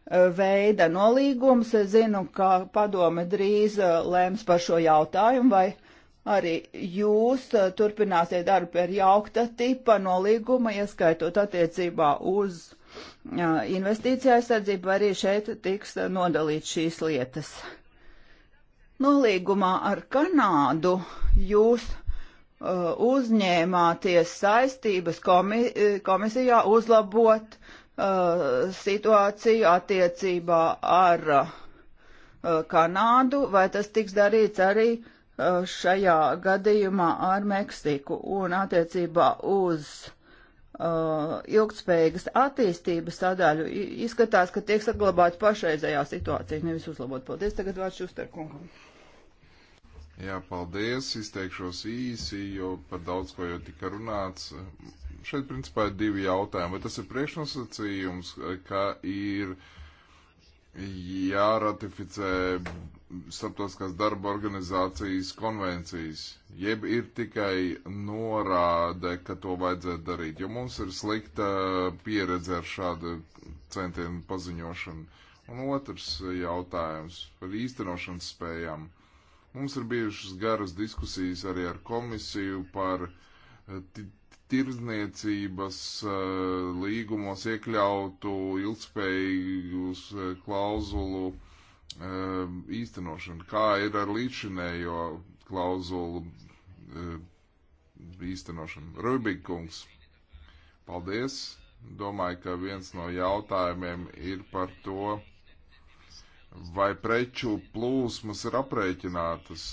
Eh, veida nolīgums. Es zinu, ka padome drīz eh, lēms par šo jautājumu, vai arī jūs eh, turpināsiet darbu pie jaukta tipa nolīguma, ieskaitot attiecībā uz investīcija aizsardzību, vai arī šeit tiks nodalīt šīs lietas. Nolīgumā ar Kanādu jūs uh, uzņēmāties saistības komi komisijā uzlabot Uh, situāciju attiecībā ar uh, Kanādu, vai tas tiks darīts arī uh, šajā gadījumā ar Meksiku un attiecībā uz Uh, ilgtspējīgas attīstības sadaļu. Izskatās, ka tiek saglabāta pašreizējā situācija, nevis uzlabot. Paldies, tagad vārds Šusterkungam. Jā, paldies, izteikšos īsi, jo par daudz ko jau tika runāts šeit principā ir divi jautājumi. Vai tas ir priekšnosacījums, ka ir jāratificē starptautiskās darba organizācijas konvencijas, jeb ir tikai norāde, ka to vajadzētu darīt, jo mums ir slikta pieredze ar šādu centienu paziņošanu. Un otrs jautājums par īstenošanas spējām. Mums ir bijušas garas diskusijas arī ar komisiju par tirdzniecības eh, līgumos iekļautu ilgspējīgus eh, klauzulu eh, īstenošanu. Kā ir ar līdzinējo klauzulu īstenošanu? Rubikungs, paldies! Domāju, ka viens no jautājumiem ir par to, vai preču plūsmas ir aprēķinātas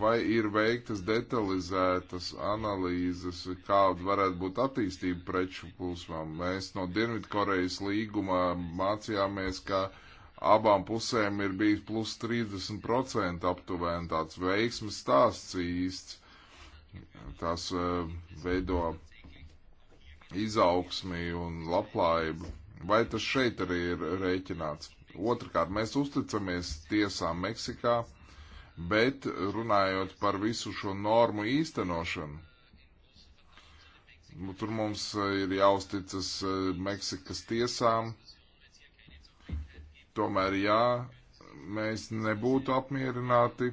vai ir veiktas detalizētas analīzes, kāda varētu būt attīstība preču plūsmām. Mēs no Dienvidkorejas līguma mācījāmies, ka abām pusēm ir bijis plus 30% aptuveni tāds veiksmes stāsts īsts. Tas uh, veido izaugsmī un labklājību. Vai tas šeit arī ir rēķināts? Otrakārt, mēs uzticamies tiesām Meksikā bet runājot par visu šo normu īstenošanu, nu, tur mums eh, ir jāuzticas eh, Meksikas tiesām. Tomēr, jā, mēs nebūtu apmierināti,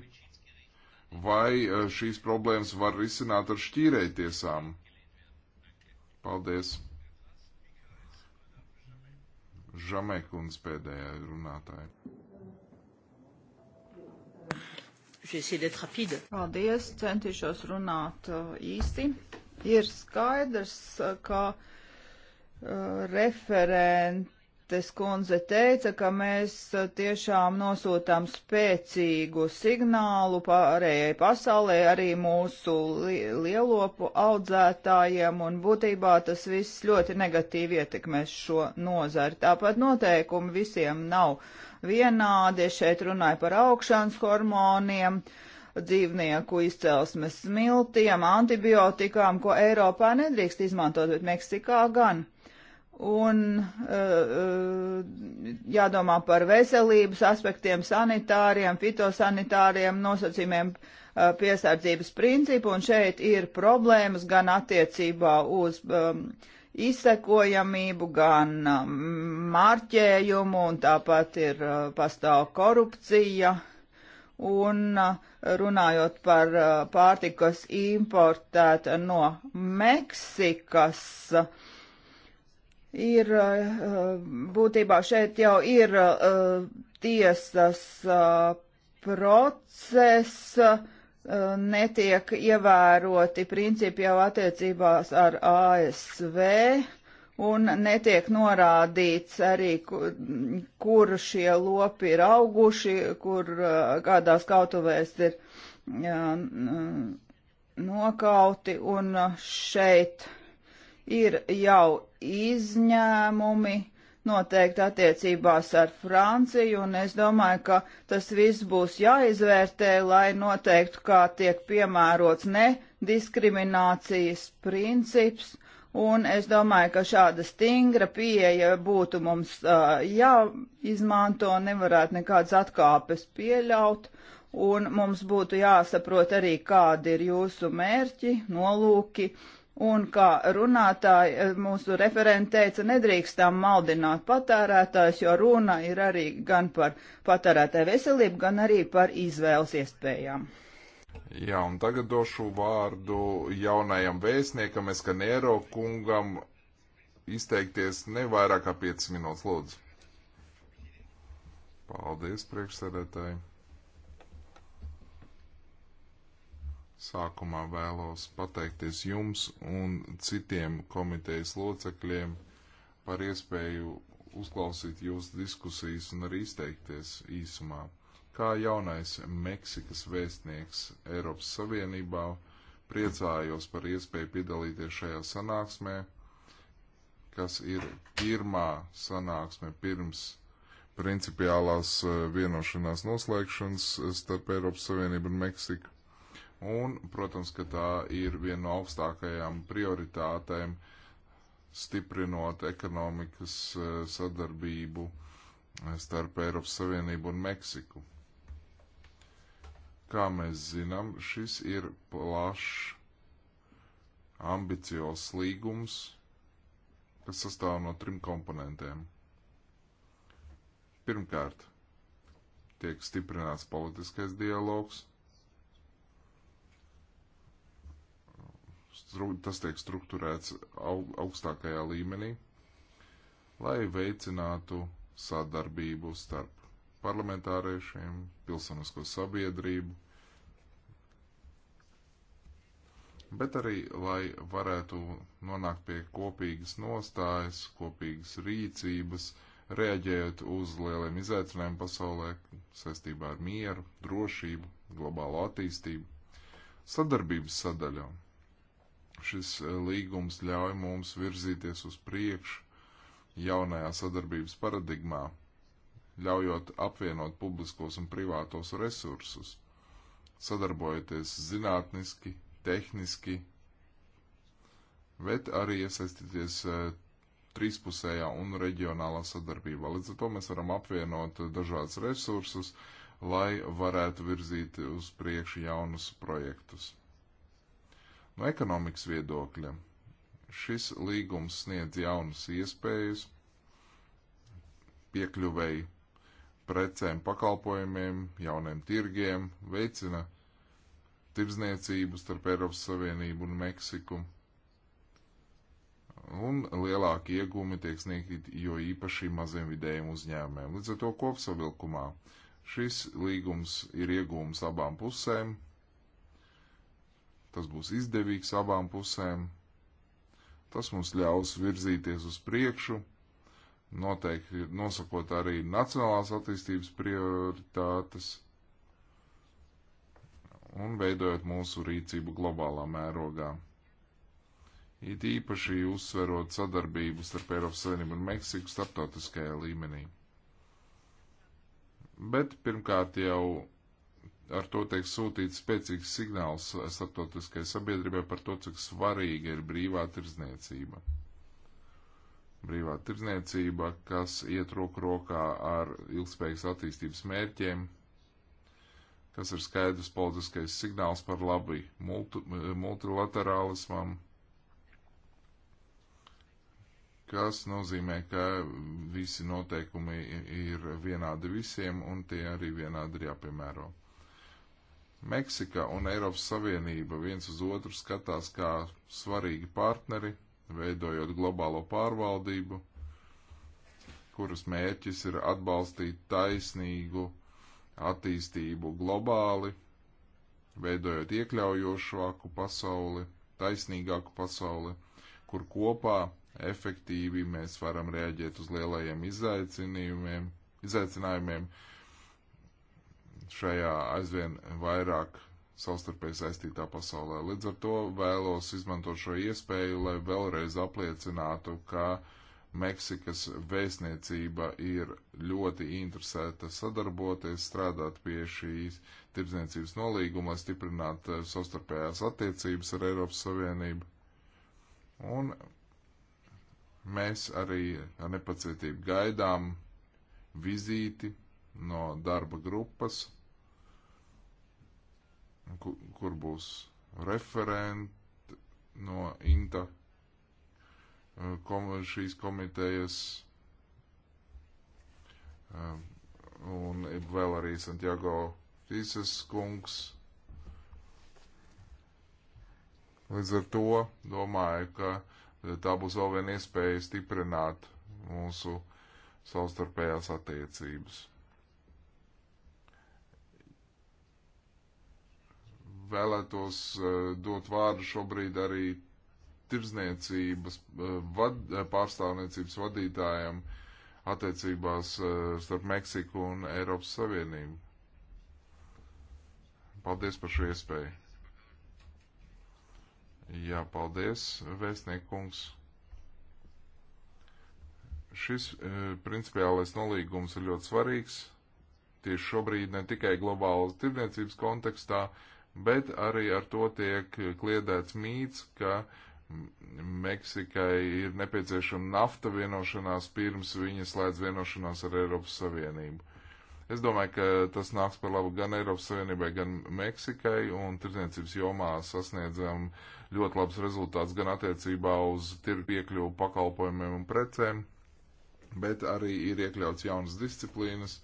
vai eh, šīs problēmas var risināt ar šķīrētiesām. Paldies! Žamekundz pēdējā runātāja. Paldies, centīšos runāt uh, īsi. Ir skaidrs, uh, ka uh, referentes kundze teica, ka mēs tiešām nosūtām spēcīgu signālu pārējai pasaulē, arī mūsu li lielopu audzētājiem, un būtībā tas viss ļoti negatīvi ietekmēs šo nozari. Tāpat noteikumi visiem nav vienādi. Šeit runāja par augšanas hormoniem, dzīvnieku izcelsmes smiltiem, antibiotikām, ko Eiropā nedrīkst izmantot, bet Meksikā gan. Un uh, jādomā par veselības aspektiem, sanitāriem, fitosanitāriem nosacījumiem eh, piesardzības principu, un šeit ir problēmas gan attiecībā uz um, izsekojamību, gan mārķējumu, um, un tāpat ir uh, pastāv korupcija. Un uh, runājot par uh, pārtiku, kas importēta no Meksikas, ir būtībā šeit jau ir tiesas process Uh, netiek ievēroti principi jau attiecībās ar ASV un netiek norādīts arī, kur, kur šie lopi ir auguši, kur uh, kādās kautuvēs ir jā, nokauti un šeit ir jau izņēmumi noteikti attiecībās ar Franciju, un es domāju, ka tas viss būs jāizvērtē, lai noteiktu, kā tiek piemērots nediskriminācijas princips. Un es domāju, ka šāda stingra pieeja būtu mums uh, jāizmanto, nevarētu nekādas atkāpes pieļaut, un mums būtu jāsaprot arī, kādi ir jūsu mērķi, nolūki, uh, Un kā runātāji eh, mūsu referenti teica, nedrīkstam maldināt patērētājs, jo runa ir arī gan par patērētāju veselību, gan arī par izvēles iespējām. Jā, un tagad došu vārdu jaunajam vēstniekam Eskaniero kungam izteikties ne vairāk kā 5 minūtes, lūdzu. Paldies, priekšsēdētāji! Sākumā vēlos pateikties jums un citiem komitejas locekļiem par iespēju uzklausīt jūsu diskusijas un arī izteikties īsumā. Kā jaunais Meksikas vēstnieks Eiropas Savienībā priecājos par iespēju piedalīties šajā sanāksmē, kas ir pirmā sanāksme pirms principiālās eh, vienošanās noslēgšanas eh, starp Eiropas Savienību un Meksiku. Un, protams, ka tā ir viena no augstākajām prioritātēm, stiprinot ekonomikas eh, sadarbību eh, starp Eiropas Savienību un Meksiku. Kā mēs zinām, šis ir plašs, ambiciozs līgums, kas sastāv no trim komponentiem. Pirmkārt, tiek stiprināts politiskais dialogs – tas tiek strukturēts augstākajā līmenī, lai veicinātu sadarbību starp parlamentāriešiem, pilsonisko sabiedrību, bet arī, lai varētu nonākt pie kopīgas nostājas, kopīgas rīcības, reaģējot uz lieliem izaicinājumiem pasaulē saistībā ar mieru, drošību, globālo attīstību. Sadarbības sadaļām Šis e, līgums ļauj mums virzīties uz priekšu jaunajā sadarbības paradigmā, ļaujot apvienot publiskos un privātos resursus, sadarbojoties zinātniski, tehniski, bet arī iesaistīties e, trīspusējā un reģionālā sadarbībā. Līdz ar to mēs varam apvienot dažādas resursus, lai varētu virzīt uz priekšu jaunus projektus. No ekonomikas viedokļa šis līgums sniedz jaunas iespējas piekļuvēji precēm, pakalpojumiem, jauniem tirgiem, veicina tirdzniecību starp Eiropas Savienību un Meksiku. Un lielāki iegūmi tiek sniegti jo īpaši maziem vidējiem uzņēmēm. Līdz ar to kopsavilkumā šis līgums ir iegūms abām pusēm, Tas būs izdevīgs abām pusēm. Tas mums ļaus virzīties uz priekšu, noteikti nosakot arī nacionālās attīstības prioritātes un veidojot mūsu rīcību globālā mērogā. It īpaši uzsverot sadarbību starp Eiropas Savienību un Meksiku starptautiskajā līmenī. Bet pirmkārt jau ar to tiek sūtīts spēcīgs signāls starptautiskai sabiedrībai par to, cik svarīga ir brīvā tirdzniecība. Brīvā tirdzniecība, kas iet roku rokā ar ilgspējīgas attīstības mērķiem, kas ir skaidrs politiskais signāls par labi multi, multilaterālismam, kas nozīmē, ka visi noteikumi ir vienādi visiem un tie arī vienādi ir jāpiemēro. Meksika un Eiropas Savienība viens uz otru skatās kā svarīgi partneri, veidojot globālo pārvaldību, kuras mērķis ir atbalstīt taisnīgu attīstību globāli, veidojot iekļaujošāku pasauli, taisnīgāku pasauli, kur kopā efektīvi mēs varam rēģēt uz lielajiem izaicinājumiem, izaicinājumiem šajā aizvien vairāk savstarpēji saistītā pasaulē. Līdz ar to vēlos izmantot šo iespēju, lai vēlreiz apliecinātu, ka Meksikas vēstniecība ir ļoti interesēta sadarboties, strādāt pie šīs tirdzniecības nolīguma, lai stiprinātu eh, savstarpējās attiecības ar Eiropas Savienību. Un mēs arī ar nepacietību gaidām vizīti no darba grupas kur, kur būs referenti no INTA eh, kom, šīs komitejas eh, un vēl arī Santiago Tīses kungs. Līdz ar to domāju, ka eh, tā būs vēl viena iespēja stiprināt mūsu savstarpējās attiecības. vēlētos eh, dot vārdu šobrīd arī tirdzniecības eh, vad, eh, pārstāvniecības vadītājiem attiecībās starp Meksiku un Eiropas Savienību. Paldies par šo iespēju. Jā, paldies, vēstniekungs. Šis principiālais nolīgums ir ļoti svarīgs tieši šobrīd ne tikai globālas tirdzniecības kontekstā, uh, bet arī ar to tiek kliedēts mīts, ka Meksikai ir nepieciešama nafta vienošanās pirms viņa slēdz vienošanās ar Eiropas Savienību. Es domāju, ka tas nāks par labu gan Eiropas Savienībai, gan Meksikai, un tirdzniecības jomā sasniedzam ļoti labs rezultāts gan attiecībā uz tirgu piekļuvu pakalpojumiem un precēm, bet arī ir iekļauts jaunas disciplīnas,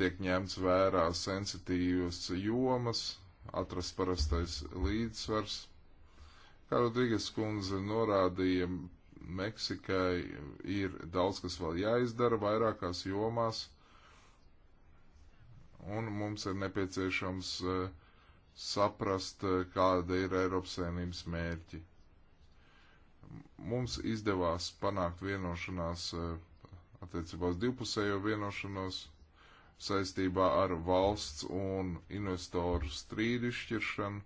tiek ņemts vērā sensitīvas jomas, atrast parastais līdzsvars. Kā Rodrīgas kundze norādīja, Meksikai ir daudz, kas vēl jāizdara vairākās jomās, un mums ir nepieciešams eh, saprast, eh, kāda ir Eiropas saimnības mērķi. Mums izdevās panākt vienošanās eh, attiecībā uz divpusējo vienošanos saistībā ar valsts un investoru strīdu izšķiršanu.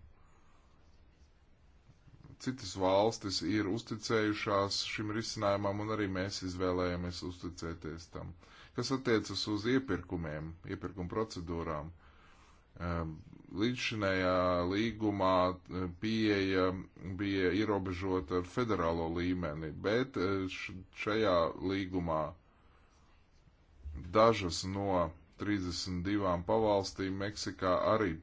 Citas valstis ir uzticējušās šim risinājumam, un arī mēs izvēlējāmies uzticēties tam. Kas attiecas uz iepirkumiem, iepirkuma procedūrām, ehm, līdzšinējā līgumā eh, pieeja bija ierobežota ar federālo līmeni, bet eh, šajā līgumā dažas no 32 pavalstīm Meksikā arī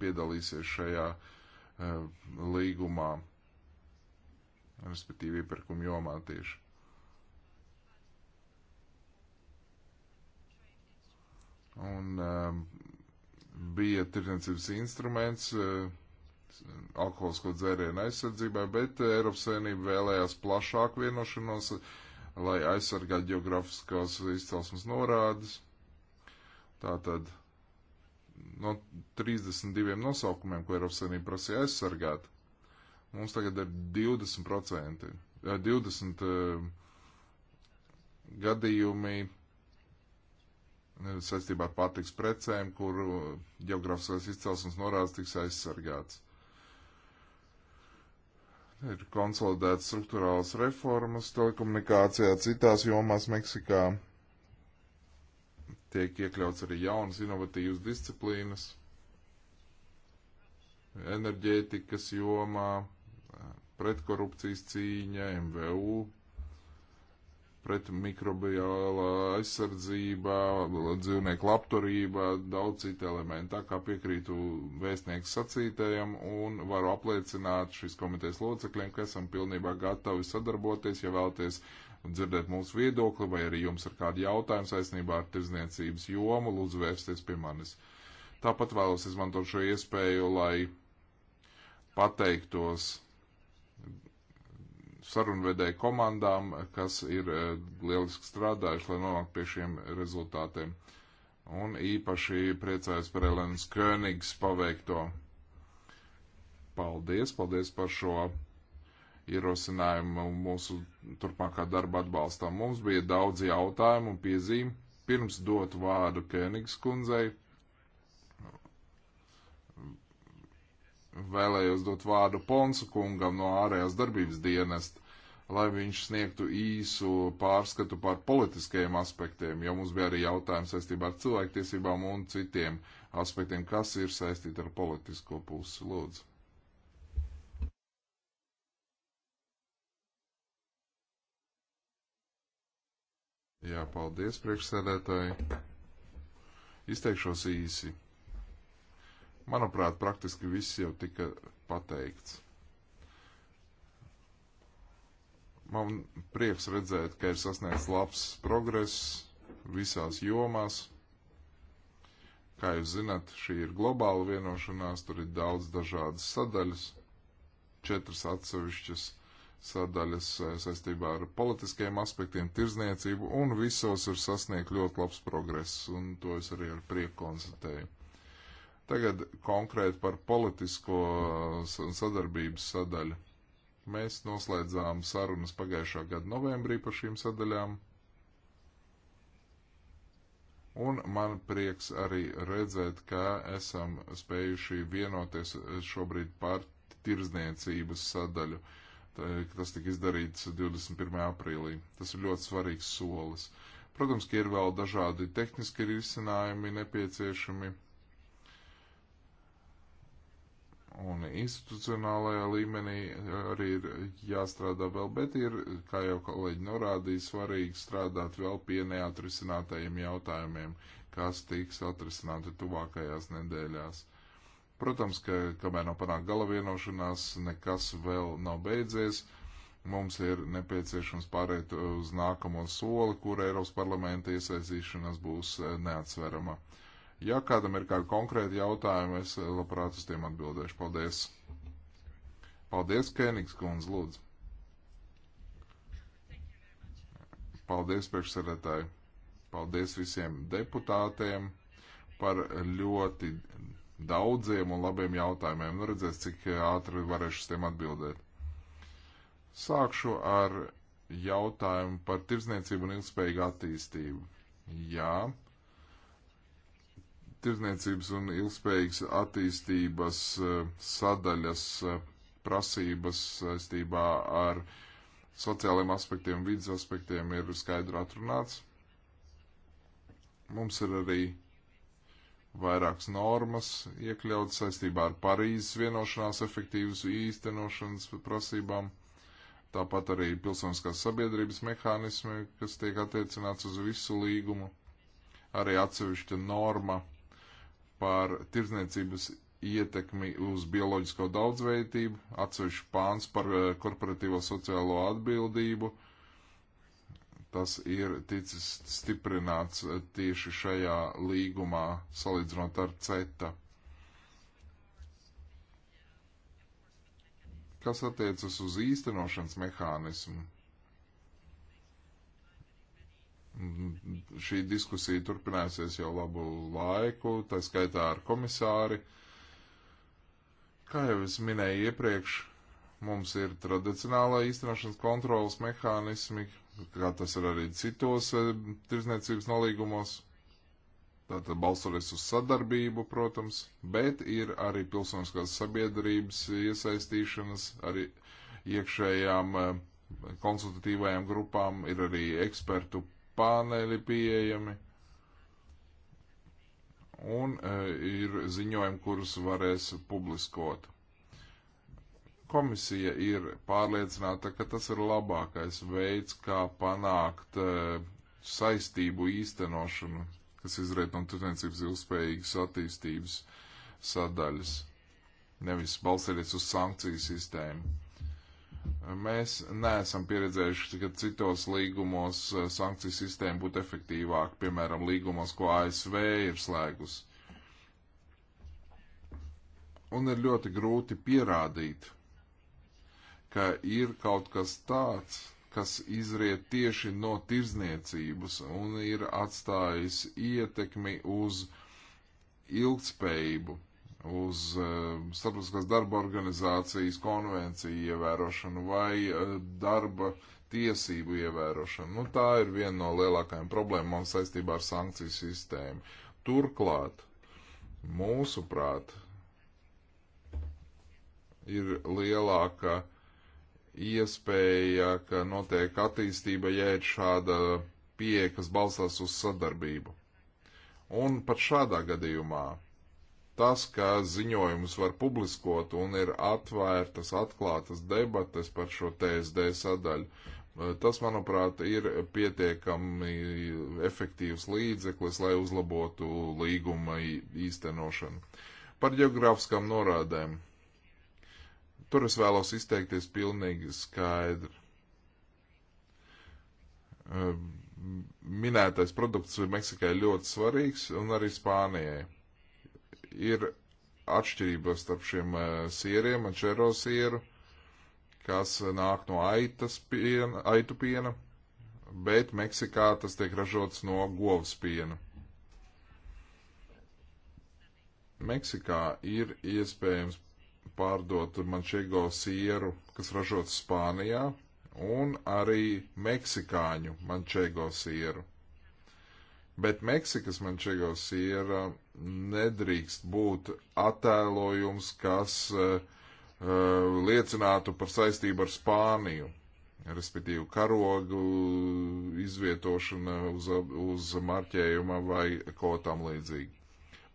piedalīsies šajā uh, līgumā, respektīvi iepirkuma jomā tieši. Un uh, bija tirdzniecības instruments uh, e, alkoholisko dzērienu aizsardzībai, bet Eiropas Savienība vēlējās plašāku vienošanos, lai aizsargātu geogrāfiskās izcelsmes norādes. Uh, Tātad no 32 nosaukumiem, ko Eiropas Savienība prasīja aizsargāt, mums tagad ir 20%, 20 eh, eh, gadījumi eh, saistībā ar pārtiks precēm, kur geogrāfiskās izcelsmes norādes tiks aizsargāts. Ir konsolidētas struktūrālas reformas telekomunikācijā, citās jomās Meksikā. Tiek iekļauts arī jaunas inovatīvas disciplīnas enerģētikas jomā, pretkorupcijas cīņa, MVU, pret mikrobiālā aizsardzībā, dzīvnieku labturībā, daudz citu elementu. Tā kā piekrītu vēstnieku sacītajam un varu apliecināt šīs komitejas locekļiem, ka esam pilnībā gatavi sadarboties, ja vēlaties dzirdēt mūsu viedokli, vai arī jums ir kādi jautājumi saistībā ar tirzniecības jomu, lūdzu vērsties pie manis. Tāpat vēlos izmantot šo iespēju, lai pateiktos sarunvedēju komandām, kas ir eh, lieliski strādājuši, lai nonāktu pie šiem rezultātiem. Un īpaši priecājos par Elenas Königs paveikto. Paldies, paldies par šo ierosinājumu mūsu turpmākā darba atbalstam. Mums bija daudz jautājumu un piezīmi. Pirms dot vārdu Kēnigs kundzei, vēlējos dot vārdu Ponsu kungam no ārējās darbības dienesta, lai viņš sniegtu īsu pārskatu par politiskajiem aspektiem, jo mums bija arī jautājums saistībā ar cilvēktiesībām un citiem aspektiem, kas ir saistīti ar politisko pusi. Lūdzu. Jā, paldies priekšsēdētāji. Izteikšos īsi. Manuprāt, praktiski viss jau tika pateikts. Man prieks redzēt, ka ir sasniegts labs progress visās jomās. Kā jūs zināt, šī ir globāla vienošanās, tur ir daudz dažādas sadaļas, četras atsevišķas sadaļas eh, saistībā ar politiskiem aspektiem, tirzniecību, un visos ir sasniegt ļoti labs progress, un to es arī ar prieku konstatēju. Tagad konkrēti par politisko eh, sadarbības sadaļu. Mēs noslēdzām sarunas pagājušā gada novembrī par šīm sadaļām, un man prieks arī redzēt, ka esam spējuši vienoties šobrīd par tirzniecības sadaļu. Uh, Eh, ka tas tika izdarīts 21. aprīlī. Tas ir ļoti svarīgs solis. Protams, ka ir vēl dažādi tehniski risinājumi nepieciešami un institucionālajā līmenī eh, arī ir jāstrādā vēl, bet ir, kā jau kolēģi norādīja, svarīgi strādāt vēl pie neatrisinātajiem jautājumiem, kas tiks atrisināti tuvākajās nedēļās. Protams, ka kamēr nav panākt gala vienošanās, nekas vēl nav beidzies. Mums ir nepieciešams pārēt uz nākamo soli, kur Eiropas parlamenta iesaistīšanās būs eh, neatsverama. Ja kādam ir kādi konkrēti jautājumi, es eh, labprāt uz tiem atbildēšu. Paldies! Paldies, Kēnigs kundze, lūdzu! Paldies, priekšsēdētāji! Paldies visiem deputātiem par ļoti daudziem un labiem jautājumiem. Nu, redzēs, cik eh, ātri varēšu uz tiem atbildēt. Sākšu ar jautājumu par tirzniecību un ilgspējīgu attīstību. Jā, tirzniecības un ilgspējīgas attīstības eh, sadaļas eh, prasības saistībā ar sociālajiem aspektiem, vidas aspektiem ir skaidri atrunāts. Mums ir arī vairākas normas iekļauts saistībā ar Parīzes vienošanās efektīvas īstenošanas prasībām. Tāpat arī pilsoniskās sabiedrības mehānismi, kas tiek attiecināts uz visu līgumu, arī atsevišķa norma par tirdzniecības ietekmi uz bioloģisko daudzveidību, atsevišķi pāns par eh, korporatīvo sociālo atbildību, Tas ir ticis stiprināts tieši šajā līgumā, salīdzinot ar CETA. Kas attiecas uz īstenošanas mehānismu? Šī diskusija turpināsies jau labu laiku, tā skaitā ar komisāri. Kā jau es minēju iepriekš, mums ir tradicionālā īstenošanas kontrolas mehānismi, kā tas ir arī citos eh, tirzniecības nolīgumos. Tātad balsoties uz sadarbību, protams, bet ir arī pilsoniskās sabiedrības iesaistīšanas, arī iekšējām eh, konsultatīvajām grupām ir arī ekspertu pāneļi pieejami. Un eh, ir ziņojumi, kurus varēs publiskot komisija ir pārliecināta, ka tas ir labākais veids, kā panākt uh, saistību īstenošanu, kas izriet no tirdzniecības ilgspējīgas attīstības sadaļas, nevis balstīties uz sankciju sistēmu. Mēs neesam pieredzējuši, ka citos līgumos e, sankciju sistēma būtu efektīvāka, piemēram, līgumos, ko ASV ir slēgus. Un ir ļoti grūti pierādīt, ka ir kaut kas tāds, kas izriet tieši no tirzniecības un ir atstājis ietekmi uz ilgtspējību, uz uh, starptautiskās darba organizācijas konvenciju ievērošanu vai uh, darba tiesību ievērošanu. Nu, tā ir viena no lielākajām problēmām saistībā ar sankciju sistēmu. Turklāt, mūsuprāt, ir lielāka uh, iespēja, ka notiek attīstība, ja ir šāda pieeja, kas balstās uz sadarbību. Un pat šādā gadījumā tas, ka ziņojumus var publiskot un ir atvērtas, atklātas debates par šo TSD sadaļu, eh, tas, manuprāt, ir pietiekami efektīvs līdzeklis, lai uzlabotu līguma īstenošanu. Par geogrāfiskām norādēm Tur es vēlos izteikties pilnīgi skaidri. Ehm, minētais produkts Meksikai ļoti svarīgs un arī Spānijai. Ir atšķirības starp šiem eh, sieriem, ančero sieru, kas nāk no aitas piena, aitu piena, bet Meksikā tas tiek ražots no govs piena. Meksikā ir iespējams pārdot mančego sieru, kas ražots Spānijā, un arī meksikāņu mančego sieru. Bet Meksikas mančego siera nedrīkst būt attēlojums, kas uh, liecinātu par saistību ar Spāniju, respektīvi karogu izvietošana uz, uz marķējuma vai ko tam līdzīgi.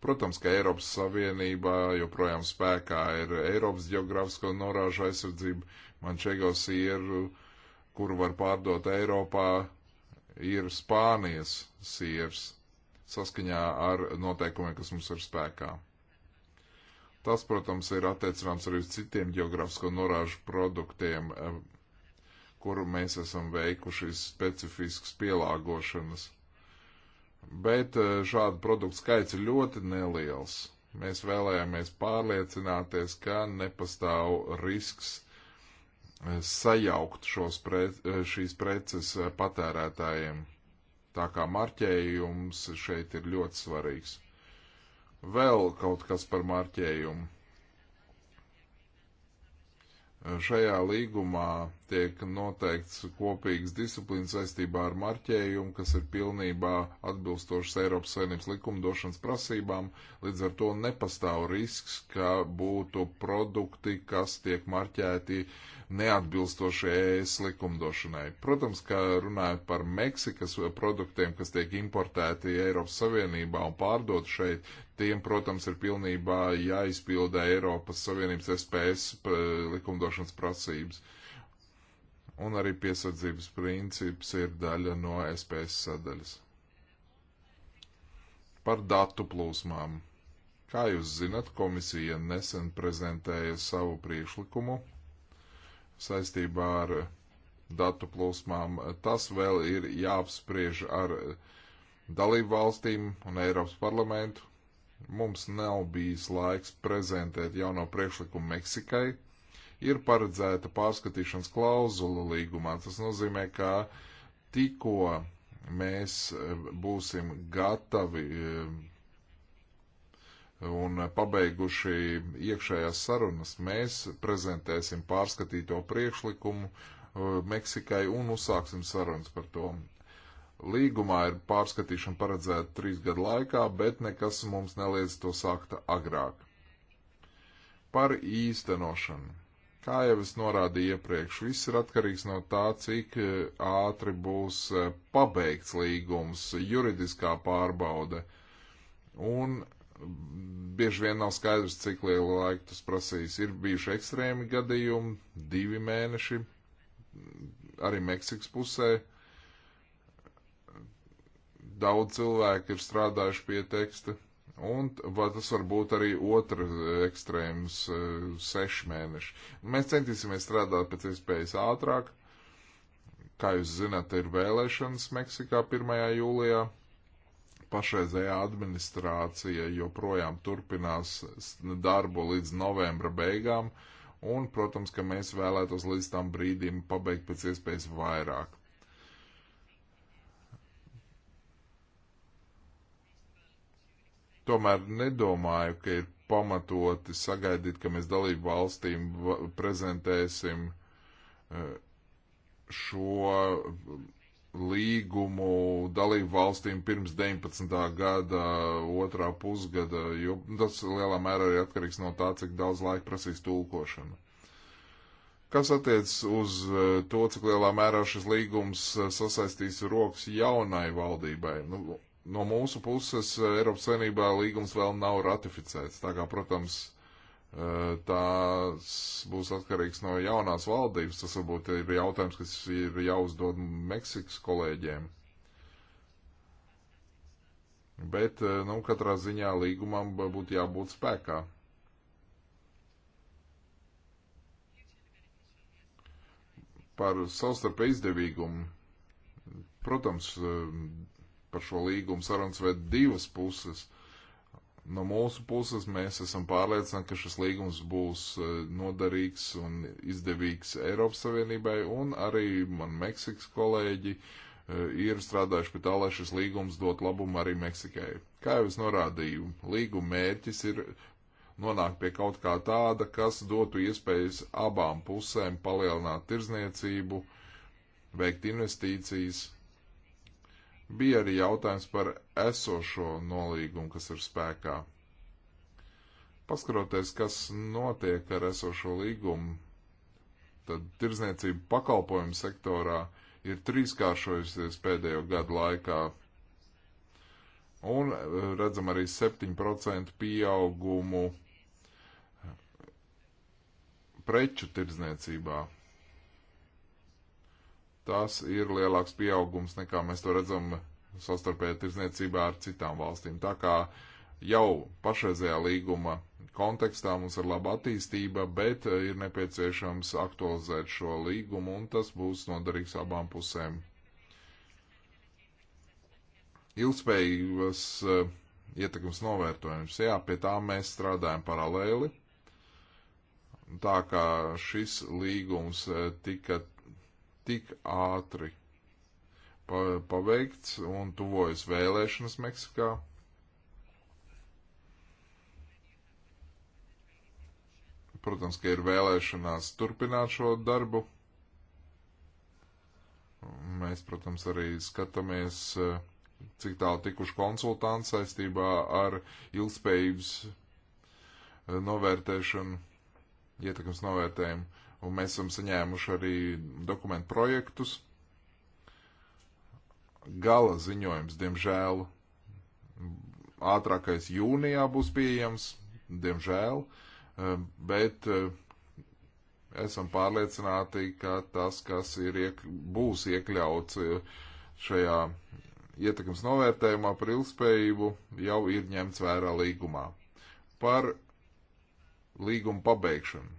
Protams, ka Eiropas Savienībā joprojām spēkā ir Eiropas geogrāfisko norāžu aizsardzība. Mančego sieru, kuru var pārdot Eiropā, ir Spānijas siers saskaņā ar noteikumiem, kas mums ir spēkā. Tas, protams, ir attiecināms arī uz citiem geogrāfisko norāžu produktiem, eh, kuru mēs esam veikuši specifiskas pielāgošanas bet eh, šādu produktu skaits ir ļoti neliels. Mēs vēlējāmies pārliecināties, ka nepastāv risks eh, sajaukt šos pre, eh, šīs preces patērētājiem. Tā kā marķējums šeit ir ļoti svarīgs. Vēl kaut kas par marķējumu. Šajā līgumā tiek noteikts kopīgas disciplīnas saistībā ar marķējumu, kas ir pilnībā atbilstošas Eiropas saimnības likumdošanas prasībām, līdz ar to nepastāv risks, ka būtu produkti, kas tiek marķēti neatbilstoši ES likumdošanai. Protams, ka runājot par Meksikas produktiem, kas tiek importēti Eiropas Savienībā un pārdot šeit, tiem, protams, ir pilnībā jāizpilda Eiropas Savienības SPS eh, likumdošanas prasības. Uh, un arī piesardzības princips ir daļa no SPS sadaļas. Par datu plūsmām. Kā jūs zinat, komisija nesen prezentēja savu priekšlikumu saistībā ar datu plūsmām. Tas vēl ir jāapspriež ar dalību valstīm un Eiropas parlamentu. Mums nav bijis laiks prezentēt jauno priekšlikumu Meksikai, ir paredzēta pārskatīšanas klauzula līgumā. Tas nozīmē, ka tikko mēs eh, būsim gatavi eh, un pabeiguši iekšējās sarunas, mēs prezentēsim pārskatīto priekšlikumu eh, Meksikai un uzsāksim sarunas par to. Līgumā ir pārskatīšana paredzēta trīs gadu laikā, bet nekas mums neliedz to sākt agrāk. Par īstenošanu. Kā jau es norādīju iepriekš, viss ir atkarīgs no tā, cik eh, ātri būs eh, pabeigts līgums, juridiskā pārbaude. Un mm, bieži vien nav skaidrs, cik lielu laiku tas prasīs. Ir bijuši ekstrēmi gadījumi, divi mēneši, arī Meksikas pusē. Daudz cilvēku ir strādājuši pie teksta. Un vai tas var būt arī otrs e, ekstrēms, e, seši mēneši. Mēs centīsimies strādāt pēc iespējas ātrāk. Kā jūs zināt, ir vēlēšanas Meksikā 1. jūlijā. Pašreizējā administrācija joprojām turpinās darbu līdz novembra beigām, un, protams, ka mēs vēlētos līdz tam brīdim pabeigt pēc iespējas vairāk. tomēr nedomāju, ka ir pamatoti sagaidīt, ka mēs dalību valstīm prezentēsim e, šo līgumu dalību valstīm pirms 19. gada otrā pusgada, jo tas lielā mērā ir atkarīgs no tā, cik daudz laika prasīs tulkošana. Kas attiec uz e, to, cik lielā mērā šis līgums e, sasaistīs rokas jaunai valdībai? Nu, no mūsu puses eh, Eiropas Savienībā līgums vēl nav ratificēts. Tā kā, protams, eh, tās būs atkarīgs no jaunās valdības. Tas varbūt ir jautājums, kas ir jāuzdod Meksikas kolēģiem. Bet, eh, nu, katrā ziņā līgumam būtu jābūt spēkā. Par savstarpēju izdevīgumu. Protams, par šo līgumu sarunas ved divas puses. No mūsu puses mēs esam pārliecināti, ka šis līgums būs e, noderīgs un izdevīgs Eiropas Savienībai, un arī man Meksikas kolēģi e, ir strādājuši pie tā, lai šis līgums dot labumu arī Meksikai. Kā jau es norādīju, līguma mērķis ir nonākt pie kaut kā tāda, kas dotu iespējas abām pusēm palielināt tirzniecību, veikt investīcijas Bija arī jautājums par esošo nolīgumu, kas ir spēkā. Paskaroties, kas notiek ar esošo līgumu, tad tirzniecība pakalpojumu sektorā ir trīskāršojusies pēdējo gadu laikā. Un e, redzam arī 7% pieaugumu preču tirdzniecībā tas ir lielāks pieaugums nekā mēs to redzam sastarpējā tirzniecībā ar citām valstīm. Tā kā jau pašreizējā līguma kontekstā mums ir laba attīstība, bet ir nepieciešams aktualizēt šo līgumu un tas būs noderīgs abām pusēm. Ilgspējības eh, ietekmes novērtojums. Jā, pie tā mēs strādājam paralēli. Tā kā šis līgums eh, tika tik ātri pa, paveikts un tuvojas vēlēšanas Meksikā. Protams, ka ir vēlēšanās turpināt šo darbu. Mēs, protams, arī skatāmies, cik tālu tikuši konsultanti saistībā ar ilgspējības novērtēšanu, ietekmes novērtējumu un mēs esam saņēmuši arī dokumentu projektus. Gala ziņojums, diemžēl, ātrākais jūnijā būs pieejams, diemžēl, eh, bet eh, esam pārliecināti, ka tas, kas ir iek, būs iekļauts eh, šajā ietekmes novērtējumā par ilgspējību, jau ir ņemts vērā līgumā. Par līgumu pabeigšanu.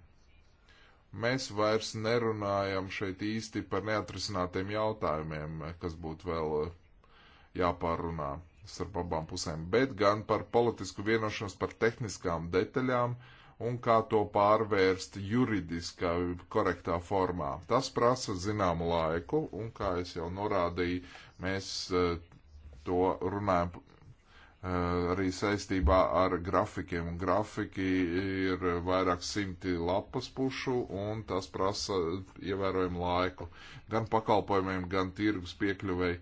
Mēs vairs nerunājam šeit īsti par neatrisinātiem jautājumiem, kas būtu vēl eh, jāpārunā starp abām pusēm, bet gan par politisku vienošanos par tehniskām detaļām un kā to pārvērst juridiskā, korektā formā. Tas prasa zināmu laiku, un kā es jau norādīju, mēs eh, to runājam Eh, arī saistībā ar grafikiem. Grafiki ir vairāk simti lapas pušu, un tas prasa ievērojumu laiku gan pakalpojumiem, gan tirgus piekļuvēji.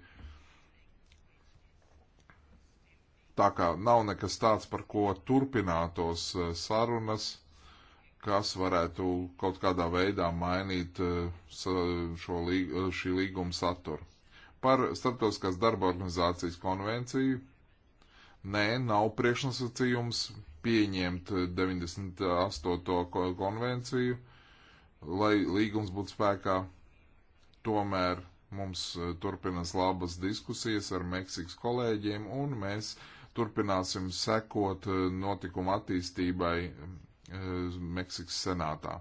Tā kā nav nekas tāds, par ko turpinātos eh, sarunas, kas varētu kaut kādā veidā mainīt eh, šo, šī līguma saturu. Par starptautiskās darba organizācijas konvenciju Nē, nav priekšnosacījums pieņemt 98. konvenciju, lai līgums būtu spēkā. Tomēr mums e, turpinās labas diskusijas ar Meksikas kolēģiem, un mēs turpināsim sekot e, notikuma attīstībai e, Meksikas senātā.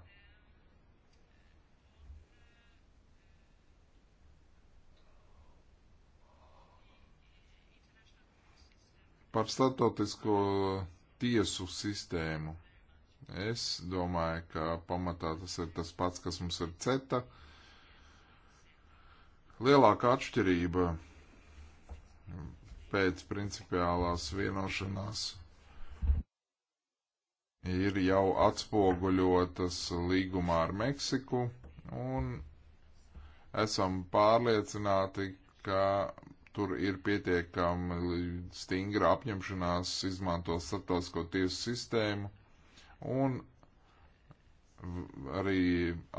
Par starptautisko tiesu sistēmu. Es domāju, ka pamatā tas ir tas pats, kas mums ir CETA. Lielākā atšķirība pēc principiālās vienošanās ir jau atspoguļotas līgumā ar Meksiku, un esam pārliecināti, ka tur ir pietiekami stingra apņemšanās izmantot starptautisko tiesu sistēmu un arī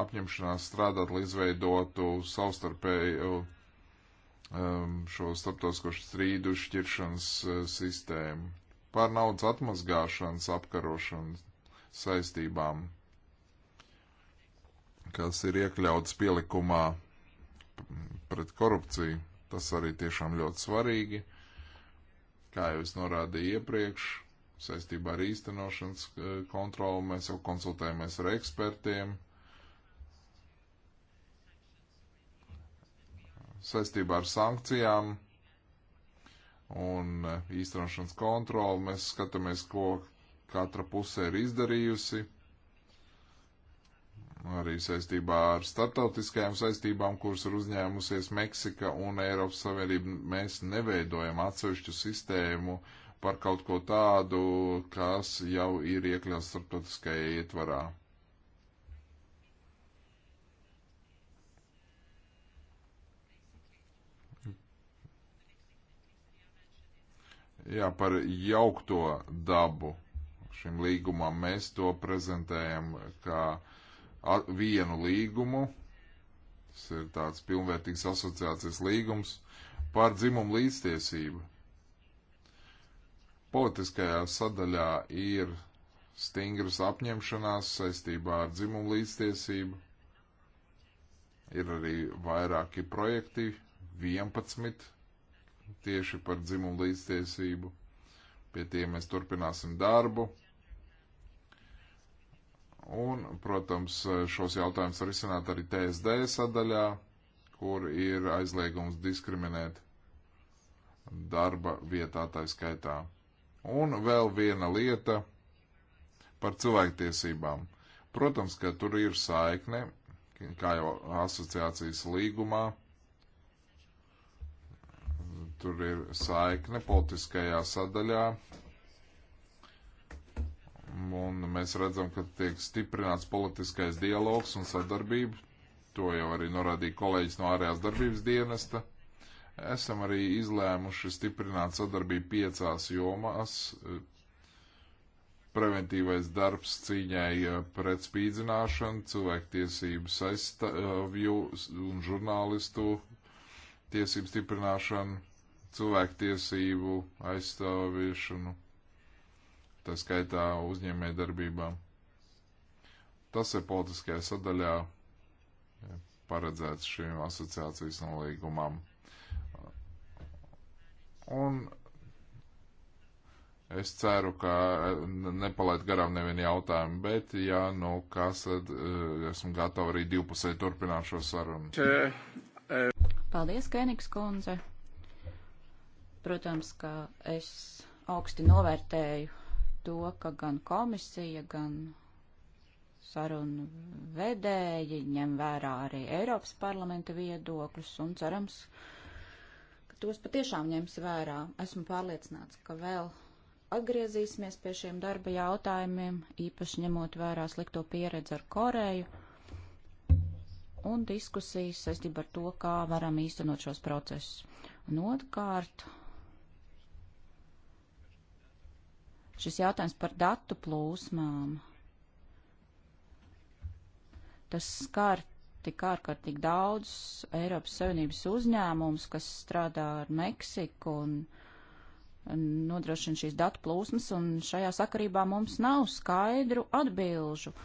apņemšanās strādāt, lai izveidotu savstarpēju um, šo starptautisko strīdu šķiršanas uh, sistēmu par naudas atmazgāšanas apkarošanas saistībām, kas ir iekļauts pielikumā pret korupciju. Tas arī tiešām ļoti svarīgi. Kā jau es norādīju iepriekš, saistībā ar īstenošanas eh, kontroli mēs jau konsultējamies ar ekspertiem. Saistībā ar sankcijām un eh, īstenošanas kontroli mēs skatāmies, ko katra puse ir izdarījusi arī saistībā ar startautiskajām saistībām, kuras ir uzņēmusies Meksika un Eiropas Savienība. Mēs neveidojam atsevišķu sistēmu par kaut ko tādu, kas jau ir iekļauts starptautiskajā ietvarā. Jā, par jaukto dabu šim līgumam mēs to prezentējam kā uh, vienu līgumu, tas ir tāds pilnvērtīgs asociācijas līgums par dzimumu līdztiesību. Politiskajā sadaļā ir stingras apņemšanās saistībā ar dzimumu līdztiesību. Ir arī vairāki projekti, 11 tieši par dzimumu līdztiesību. Pie tiem mēs turpināsim darbu. Un, protams, šos jautājumus var izsināt arī TSD sadaļā, kur ir aizliegums diskriminēt darba vietā tā skaitā. Un vēl viena lieta par cilvēktiesībām. Protams, ka tur ir saikne, kā jau asociācijas līgumā, tur ir saikne politiskajā sadaļā Un mēs redzam, ka tiek stiprināts politiskais dialogs un sadarbība. To jau arī norādīja kolēģis no ārējās darbības dienesta. Esam arī izlēmuši stiprināt sadarbību piecās jomās preventīvais darbs cīņai eh, pret spīdzināšanu, cilvēktiesību aizstāvju un žurnālistu tiesību stiprināšanu, cilvēktiesību aizstāviešanu, tā skaitā uzņēmē darbībā. Tas ir politiskajā sadaļā paredzēts šīm asociācijas nolīgumam. Un es ceru, ka eh, nepalaid garām nevienu jautājumu, bet, ja nu kas, tad eh, esmu gatava arī divpusēji turpināt šo sarunu. Eh, Paldies, Kenigs kundze. Protams, ka es augsti novērtēju to, ka gan komisija, gan sarunu vedēji ņem vērā arī Eiropas parlamenta viedokļus un cerams, ka tos patiešām ņems vērā. Esmu pārliecināts, ka vēl atgriezīsimies pie šiem darba jautājumiem, īpaši ņemot vērā slikto pieredzi ar Koreju un diskusijas saistībā ar to, kā varam īstenot šos procesus. Un otrkārt, šis jautājums par datu plūsmām. Tas skar tik ārkārtīgi daudz Eiropas Savienības uzņēmums, kas strādā ar Meksiku un nodrošina šīs datu plūsmas, un šajā sakarībā mums nav skaidru atbilžu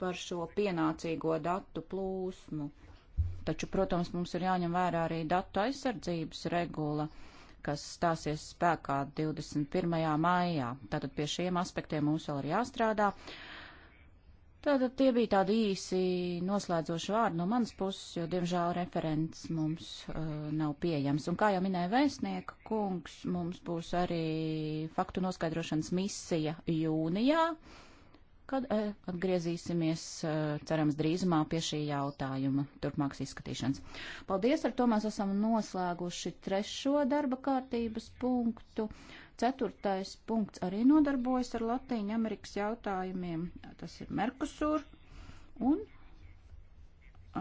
par šo pienācīgo datu plūsmu. Taču, protams, mums ir jāņem vērā arī datu aizsardzības regula. Uh, kas stāsies spēkā 21. maijā. Tātad pie šiem aspektiem mums vēl ir jāstrādā. Tātad tie bija tādi īsi noslēdzoši vārdi no manas puses, jo, diemžēl, referents mums uh, nav pieejams. Un kā jau minēja vēstnieka kungs, mums būs arī faktu noskaidrošanas misija jūnijā. Uh, kad e, atgriezīsimies, e, cerams, drīzumā pie šī jautājuma turpmākas izskatīšanas. Paldies, ar to mēs esam noslēguši trešo darba kārtības punktu. Ceturtais punkts arī nodarbojas ar Latīņu Amerikas jautājumiem, tas ir Merkusur, un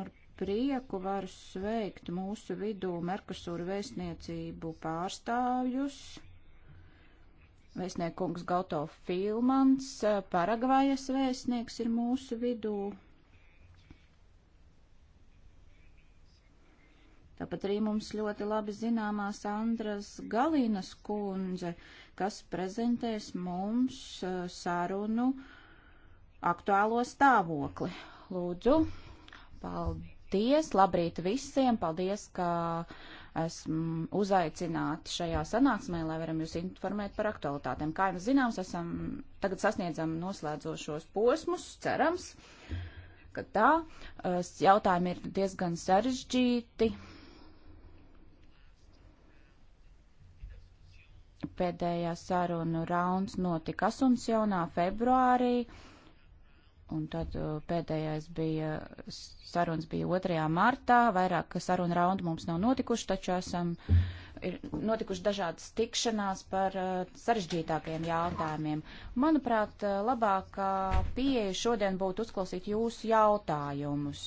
ar prieku varu sveikt mūsu vidū Merkusur vēstniecību pārstāvjus. Vēstniekungs Gauto Filmans, Paragvajas vēstnieks ir mūsu vidū. Tāpat arī mums ļoti labi zināmā Sandras Galīnas kundze, kas prezentēs mums sarunu aktuālo stāvokli. Lūdzu, paldies! Paldies, labrīt visiem, paldies, ka esmu uzaicināti šajā sanāksmē, lai varam jūs informēt par aktualitātēm. Kā jums zināms, esam tagad sasniedzam noslēdzošos posmus, cerams, ka tā. Jautājumi ir diezgan sarežģīti. Pēdējā sarunu rauns notika Asunsjonā februārī. Un tad uh, pēdējais bija sarunas bija 2. martā, vairāk sarunu raundu mums nav notikuši, taču esam ir notikuši dažādas tikšanās par uh, sarežģītākiem jautājumiem. Manuprāt, uh, labākā pieeja šodien būtu uzklausīt jūsu jautājumus,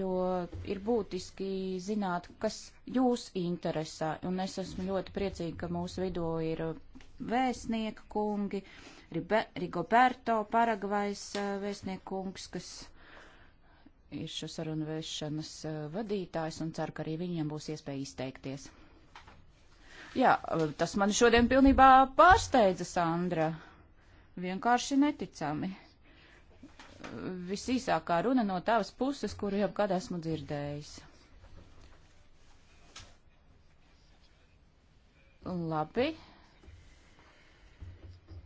jo ir būtiski zināt, kas jūs interesē. Un es esmu ļoti priecīga, ka mūsu vidū ir vēstnieka kungi. Uh, Rigoberto Paragvais eh, vēstniekungs, kas ir šo sarunu vēšanas eh, vadītājs, un ceru, ka arī viņiem būs iespēja izteikties. Jā, eh, tas man šodien pilnībā pārsteidza, Sandra. Vienkārši neticami. Visīsākā runa no tavas puses, kuru jau kad esmu dzirdējis. Labi,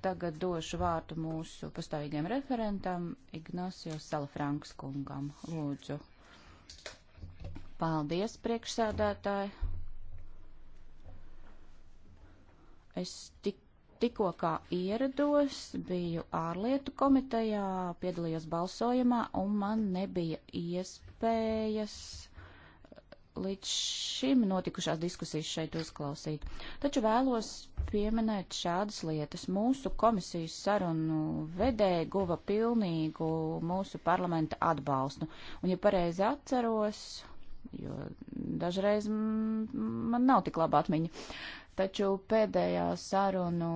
tagad došu vārtu mūsu pastāvīgiem referentam Ignacio Salafranks kungam. Lūdzu. Paldies, priekšsēdētāji. Es tik, tikko kā ierados, biju ārlietu komitejā, piedalījos balsojumā, un man nebija iespējas līdz šim notikušās diskusijas šeit uzklausīt. Taču vēlos pieminēt šādas lietas. Mūsu komisijas sarunu vedēja guva pilnīgu mūsu parlamenta atbalstu. Un, ja pareizi atceros, jo dažreiz man nav tik laba atmiņa, taču pēdējā sarunu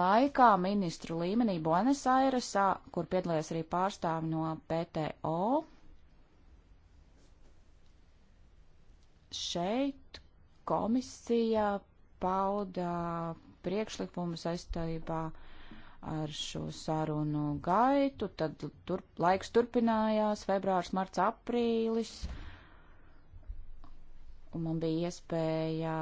laikā ministru līmenī Buenos Airesā, kur piedalījās arī pārstāvi no PTO, šeit komisija pauda priekšlikumu saistībā ar šo sarunu gaitu, tad tur, laiks turpinājās, februārs, marts, aprīlis, un man bija iespēja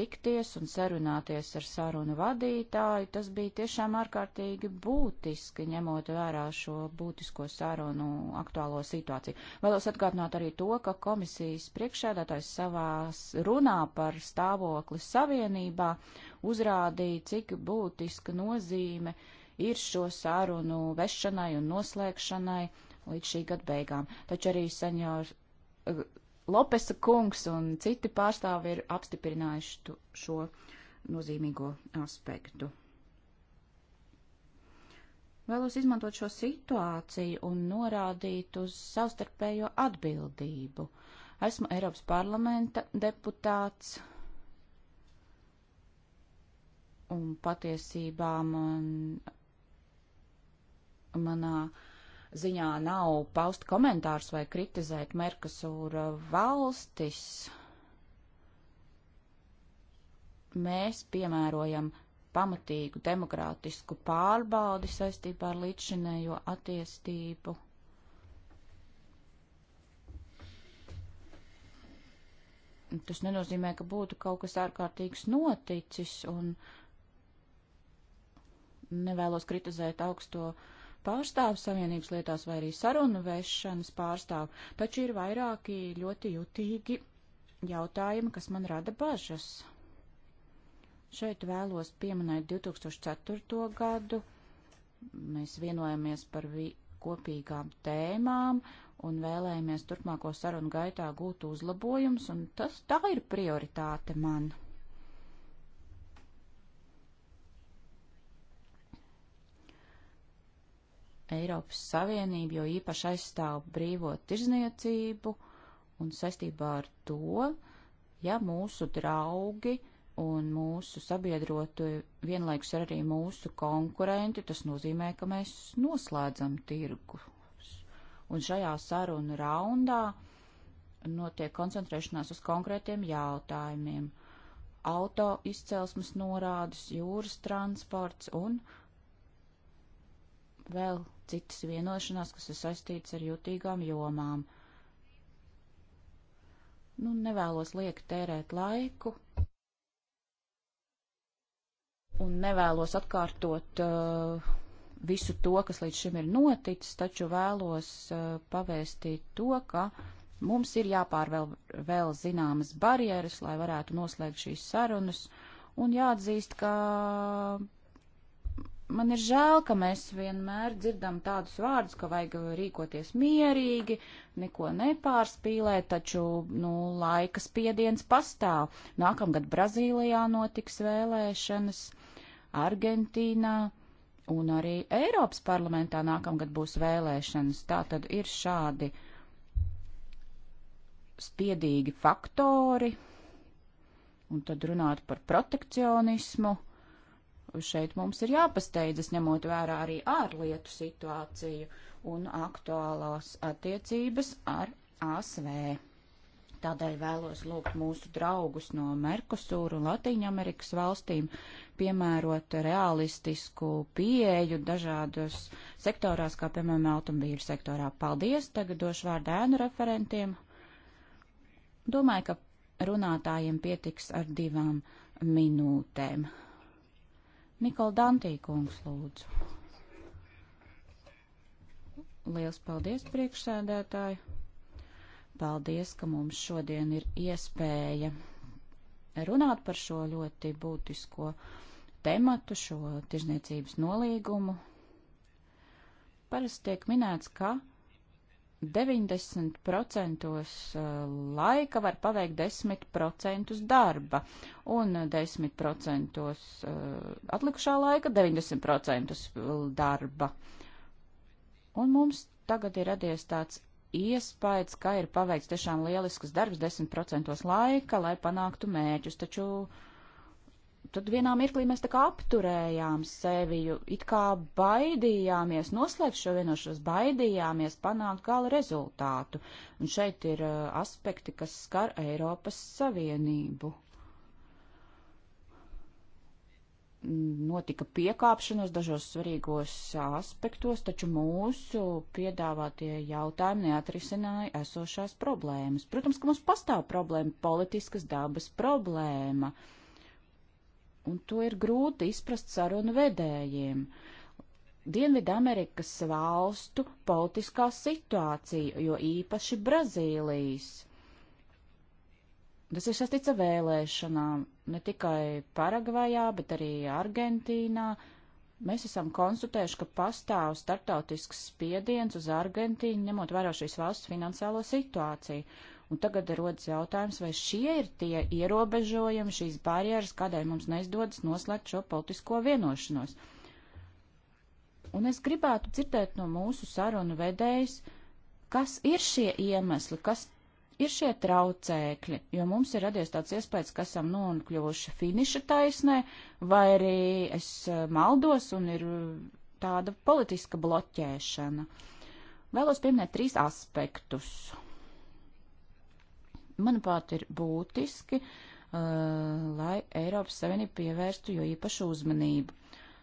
tikties un sarunāties ar sarunu vadītāju, tas bija tiešām ārkārtīgi būtiski, ņemot vērā šo būtisko sarunu aktuālo situāciju. Vēlos atgādināt arī to, ka komisijas priekšēdātājs savās runā par stāvokli savienībā uzrādīja, cik būtiska nozīme ir šo sarunu vešanai un noslēgšanai līdz šī gada beigām. Taču arī senjors Lopesa kungs un citi pārstāvi ir apstiprinājuši šo nozīmīgo aspektu. Vēlos izmantot šo situāciju un norādīt uz savstarpējo atbildību. Esmu Eiropas parlamenta deputāts un patiesībā man, manā uh, ziņā nav paust komentārus vai kritizēt Merkasūra valstis. Mēs piemērojam pamatīgu demokrātisku pārbaudi saistībā ar līdzšinējo attiestību. Tas nenozīmē, ka būtu kaut kas ārkārtīgs noticis, un nevēlos kritizēt augsto uh, pārstāvu savienības lietās vai arī sarunu vešanas pārstāvu, taču ir vairāki ļoti jutīgi jautājumi, kas man rada bažas. Šeit vēlos pieminēt 2004. gadu. Mēs vienojamies par vi kopīgām tēmām un vēlējamies turpmāko sarunu gaitā gūt uzlabojumus, un tas tā ir prioritāte man. Eiropas Savienība jo īpaši aizstāv brīvo tirzniecību un saistībā ar to, ja mūsu draugi un mūsu sabiedroti vienlaikus ir arī mūsu konkurenti, tas nozīmē, ka mēs noslēdzam tirgus. Un šajā sarunu raundā notiek koncentrēšanās uz konkrētiem jautājumiem - auto izcelsmes norādes, jūras transports un vēl citas vienošanās, kas ir saistītas ar jutīgām jomām. Nu, nevēlos lieki tērēt laiku un nevēlos atkārtot uh, visu to, kas līdz šim ir noticis, taču vēlos uh, pavēstīt to, ka mums ir jāpārvēl vēl zināmas barjeras, lai varētu noslēgt šīs sarunas, un jāatzīst, ka Man ir žēl, ka mēs vienmēr dzirdam tādus vārdus, ka vajag rīkoties mierīgi, neko nepārspīlēt, taču, nu, laika spiediens pastāv. Nākamgad Brazīlijā notiks vēlēšanas, Argentīnā un arī Eiropas parlamentā nākamgad būs vēlēšanas. Tā tad ir šādi spiedīgi faktori, un tad runāt par protekcionismu šeit mums ir jāpasteidzas, ņemot vērā arī ārlietu situāciju un aktuālās attiecības ar ASV. Tādēļ vēlos lūgt mūsu draugus no Merkusūru un Latīņamerikas valstīm piemērot realistisku pieeju dažādos sektorās, kā piemēram automobīļu sektorā. Paldies! Tagad došu vārdu ēnu referentiem. Domāju, ka runātājiem pietiks ar divām minūtēm. Nikola Dantīkungs lūdzu. Liels paldies, priekšsēdētāji! Paldies, ka mums šodien ir iespēja runāt par šo ļoti būtisko tematu, šo tirzniecības nolīgumu. Parasti tiek minēts, ka 90% eh, laika var paveikt 10% darba, un 10% eh, eh, atlikušā laika 90% darba. Un mums tagad ir radies tāds iespējas, ka ir paveikts tiešām lielisks darbs 10% laika, lai panāktu mēķus, taču uh, tad vienā mirklī mēs tā kā apturējām sevi, jo it kā baidījāmies noslēgt šo vienošanos, baidījāmies panākt gala rezultātu. Un šeit ir uh, aspekti, kas skar Eiropas Savienību. Notika piekāpšanos dažos svarīgos aspektos, taču mūsu piedāvātie jautājumi neatrisināja esošās problēmas. Protams, ka mums pastāv problēma, politiskas dabas problēma. Uh, un to ir grūti izprast sarunu vedējiem. Dienvidamerikas valstu politiskā situācija, jo īpaši Brazīlijas. Tas ir sastīts ar vēlēšanām, ne tikai Paragvajā, bet arī Argentīnā. Mēs esam konstatējuši, ka pastāv startautisks spiediens uz Argentīnu, ņemot vērā šīs valsts finansiālo situāciju. Un tagad rodas jautājums, vai šie ir tie ierobežojumi, šīs barjeras, kādēļ mums neizdodas noslēgt šo politisko vienošanos. Un es gribētu dzirdēt no mūsu sarunu vedējas, kas ir šie iemesli, kas ir šie traucēkļi, jo mums ir radies tāds iespējas, ka esam nonākuši nu finiša taisnē, vai arī es e, maldos un ir e, tāda politiska bloķēšana. Vēlos pieminēt trīs aspektus manuprāt, ir būtiski, uh, lai Eiropas Savienība pievērstu jo īpašu uzmanību.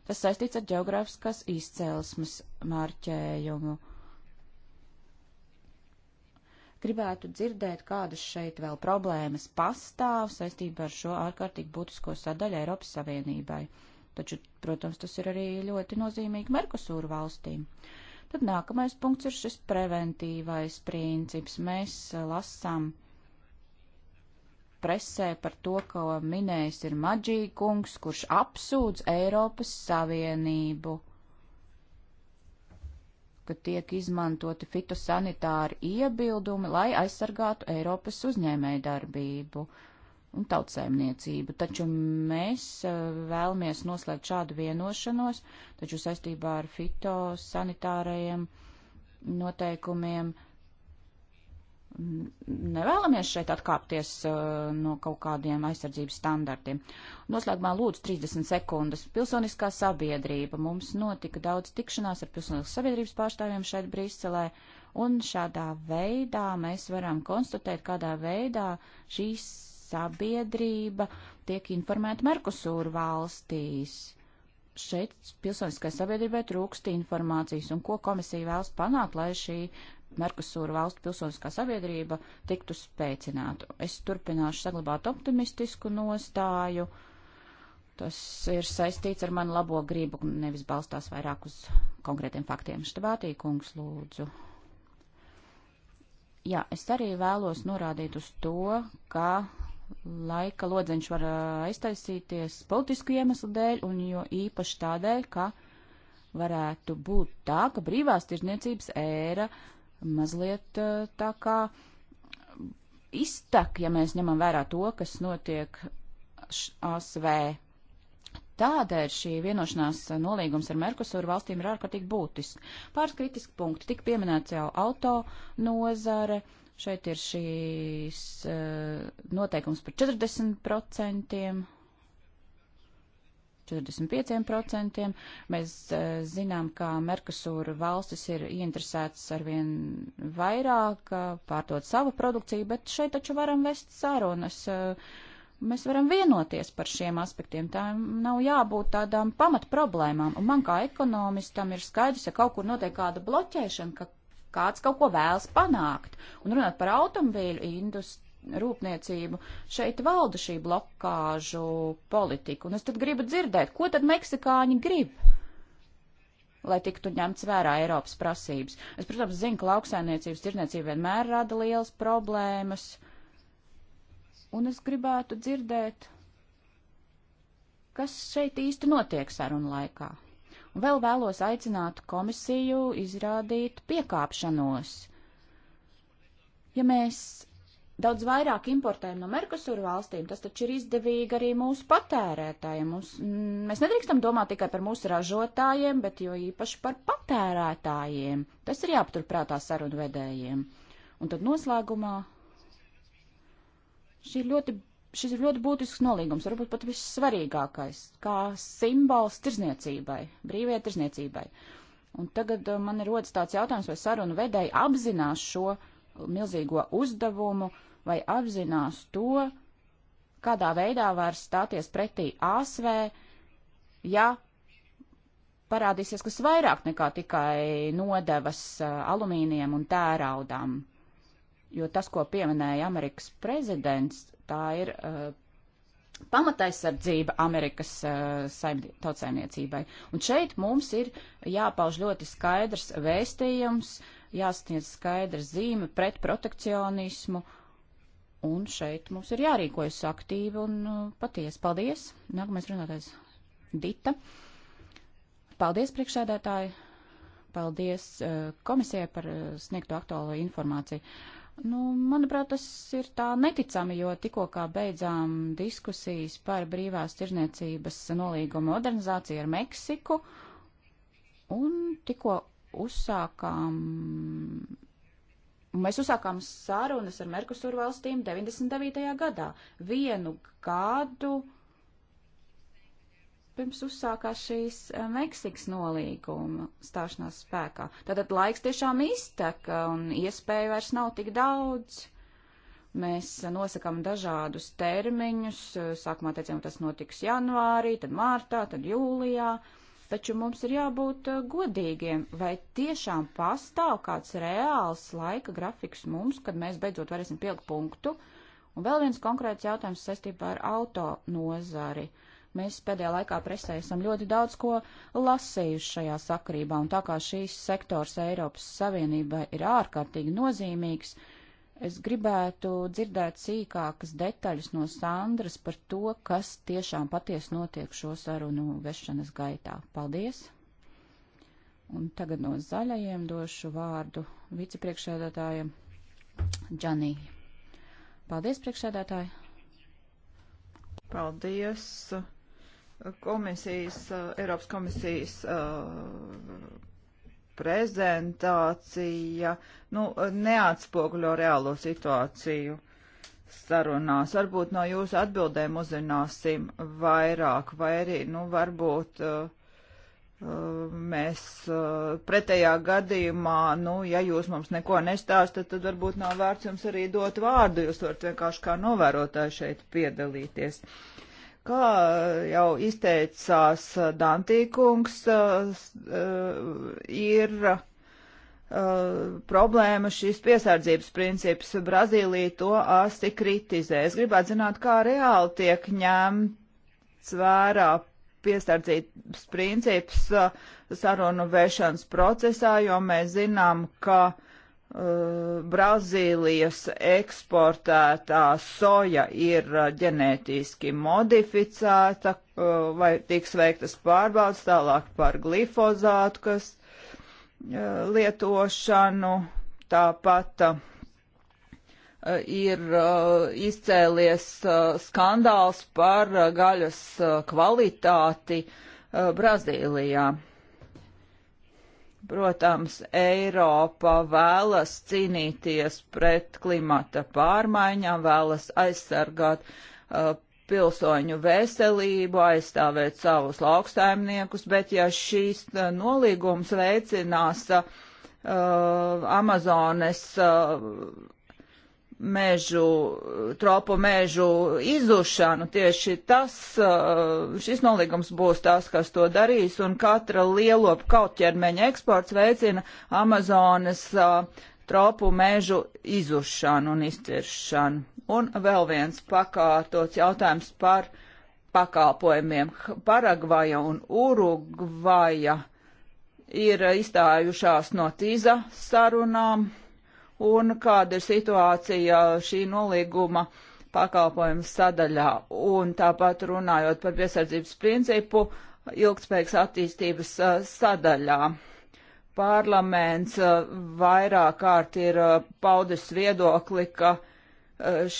Tas saistīts ar geogrāfiskās izcelsmes mārķējumu. Gribētu dzirdēt, kādas šeit vēl problēmas pastāv saistībā ar šo ārkārtīgi būtisko sadaļu Eiropas Savienībai. Taču, protams, tas ir arī ļoti nozīmīgi Merkosūru valstīm. Tad nākamais punkts ir šis preventīvais princips. Mēs lasām uh, presē par to, ko minējis ir Maģīkungs, kurš apsūdz Eiropas Savienību, ka tiek izmantoti fitosanitāri iebildumi, lai aizsargātu Eiropas uzņēmēju darbību un tautsēmniecību. Taču mēs eh, vēlamies noslēgt šādu vienošanos, taču saistībā ar fitosanitārajiem noteikumiem uh, nevēlamies šeit atkāpties uh, no kaut kādiem aizsardzības standartiem. Noslēgumā lūdzu 30 sekundes. Pilsoniskā sabiedrība. Mums notika daudz tikšanās ar pilsoniskās sabiedrības pārstāvjiem šeit Briselē, un šādā veidā mēs varam konstatēt, kādā veidā šī sabiedrība tiek informēta Merkusūra valstīs. Šeit pilsoniskai sabiedrībai trūkst informācijas, un ko komisija vēlas panākt, lai šī uh, Merkusūra valstu pilsoniskā sabiedrība tiktu spēcinātu. Es turpināšu saglabāt optimistisku nostāju. Tas ir saistīts ar manu labo gribu, nevis balstās vairāk uz konkrētiem faktiem. Štabātī kungs lūdzu. Jā, es arī vēlos norādīt uz to, ka laika lodziņš var aiztaisīties politisku iemeslu dēļ, un jo īpaši tādēļ, ka varētu būt tā, ka brīvās tirzniecības ēra uh, mazliet eh, tā kā iztek, ja mēs ņemam vērā to, kas notiek ASV. Tādēļ šī vienošanās nolīgums ar Merkusuru valstīm ir ārkārtīgi būtisks. Pāris kritiski punkti. Tik pieminēts jau auto nozare. Šeit ir šīs uh, noteikums par 40%. 45%. Mēs eh, zinām, ka Merkusūra valstis ir ieinteresētas arvien vairāk eh, pārdot savu produkciju, bet šeit taču varam vest sarunas. Eh, mēs varam vienoties par šiem aspektiem. Tā nav jābūt tādām pamatproblēmām. Un man kā ekonomistam ir skaidrs, ja kaut kur notiek kāda bloķēšana, ka kāds kaut ko vēlas panākt. Un runāt par automobīļu industriju rūpniecību, šeit valda šī blokāžu politika. Un es tad gribu dzirdēt, ko tad meksikāņi grib, lai tiktu ņemts vērā Eiropas prasības. Es, protams, zinu, ka lauksainiecības tirniecība vienmēr rada lielas problēmas. Un es gribētu dzirdēt, kas šeit īsti notiek sarunu laikā. Un vēl vēlos aicināt komisiju izrādīt piekāpšanos. Ja mēs daudz vairāk importējam no Merkusuru valstīm, tas taču ir izdevīgi arī mūsu patērētājiem. Mums, mm, mēs nedrīkstam domāt tikai par mūsu ražotājiem, bet jo īpaši par patērētājiem. Tas ir jāpaturprātā sarunvedējiem. Un tad noslēgumā šī ir ļoti. Šis ir ļoti būtisks nolīgums, varbūt pat vissvarīgākais, kā simbols tirzniecībai, brīvajai tirzniecībai. Un tagad uh, man ir rodas tāds jautājums, vai sarunu vedēji apzinās šo milzīgo uzdevumu, uh, vai apzinās to, kādā veidā var stāties pretī ASV, ja parādīsies kas vairāk nekā tikai nodevas eh, alumīniem un tēraudām. Jo tas, ko pieminēja Amerikas prezidents, tā ir uh, eh, pamataizsardzība Amerikas uh, tautsēmniecībai. Un šeit mums ir jāpauž ļoti skaidrs vēstījums, jāsniedz skaidra zīme pret protekcionismu Un šeit mums ir jārīkojas aktīvi un uh, patiesi. Paldies! Nākamais runātais Dita. Paldies, priekšsēdētāji! Paldies uh, komisijai par uh, sniegto aktuālo informāciju. Nu, manuprāt, tas ir tā neticami, jo tikko kā beidzām diskusijas par brīvās tirzniecības nolīgumu modernizāciju ar Meksiku un tikko uzsākām Un mēs uzsākām sarunas ar Merkusuru valstīm 99. gadā, vienu gadu pirms uzsākās šīs eh, Meksikas nolīguma stāšanās spēkā. Tātad laiks tiešām izteka un iespēju vairs nav tik daudz. Mēs eh, nosakām dažādus termiņus, eh, sākumā teicām, tas notiks janvārī, tad mārtā, tad jūlijā. Uh, taču mums ir jābūt eh, godīgiem, vai tiešām pastāv kāds reāls laika grafiks mums, kad mēs beidzot varēsim pielikt punktu. Un vēl viens konkrēts jautājums saistībā ar auto nozari. Mēs pēdējā laikā presē esam ļoti daudz ko lasījuši šajā sakarībā, un tā kā šīs sektors Eiropas Savienībai ir ārkārtīgi nozīmīgs, uh, Es gribētu dzirdēt sīkākas detaļas no Sandras par to, kas tiešām patiesi notiek šo sarunu vešanas gaitā. Paldies! Un tagad no zaļajiem došu vārdu vicepriekšēdētājiem Džanī. Paldies, priekšēdētāji! Paldies! Uh, komisijas, uh, Eiropas komisijas uh, prezentācija nu, neatspoguļo reālo situāciju sarunās. Varbūt no jūsu atbildēm uzzināsim vairāk, vai arī, nu, varbūt uh, uh, mēs uh, pretējā gadījumā, nu, ja jūs mums neko nestāstat, tad varbūt nav vērts jums arī dot vārdu, jūs varat vienkārši kā novērotāji šeit piedalīties. Uh, Kā jau izteicās Dantīkungs, eh, ir eh, problēma šis piesardzības princips. Brazīlija to asti kritizē. Es gribētu zināt, kā reāli tiek ņemts vērā piesardzības princips eh, sarunu vēšanas procesā, jo mēs zinām, ka uh, Eh, Brazīlijas eksportētā soja ir eh, ģenētiski modificēta, eh, vai tiks veiktas pārbaudas tālāk par glifozātu, kas lietošanu tāpat ir izcēlies skandāls par gaļas kvalitāti Brazīlijā. Protams, Eiropa vēlas cīnīties pret klimata pārmaiņām, vēlas aizsargāt uh, pilsoņu veselību, aizstāvēt savus lauksaimniekus, bet ja šīs uh, nolīgums veicinās uh, Amazones uh, mežu, tropu mežu izušanu. Tieši tas, uh, šis nolīgums būs tas, kas to darīs, un katra lielopu kautķermeņa eksports veicina Amazonas uh, tropu mežu izušanu un izciršanu. Un vēl viens pakārtots jautājums par pakalpojumiem. Paragvaja un Urugvaja ir izstājušās no tīza sarunām un kāda ir situācija šī nolīguma pakalpojumu sadaļā. Un tāpat runājot par piesardzības principu ilgspējīgas attīstības sadaļā. Parlaments vairāk kārt ir paudis viedokli, ka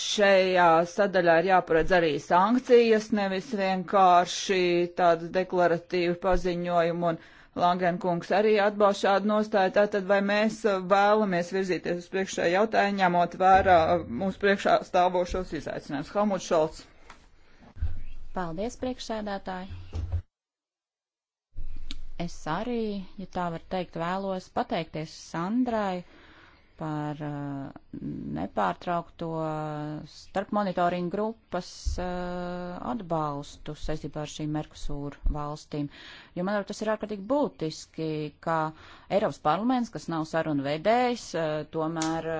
šajā sadaļā ir jāparedz arī sankcijas, nevis vienkārši tādu deklaratīvu paziņojumu. Un, uh, Langenkungs arī atbalsta šādu nostāju. Tātad, vai mēs uh, vēlamies virzīties uz priekšā jautājumu, ņemot vērā uh, mūsu priekšā stāvošos izaicinājumus? Helmut Šolts. Paldies, priekšsēdētāji. Es arī, ja tā var teikt, vēlos pateikties Sandrai par uh, nepārtraukto starp monitoringu grupas uh, atbalstu saistībā ar šīm Merkusūru valstīm. Jo, manuprāt, tas ir ārkārtīgi būtiski, ka Eiropas parlaments, kas nav sarunu vedējs, uh, tomēr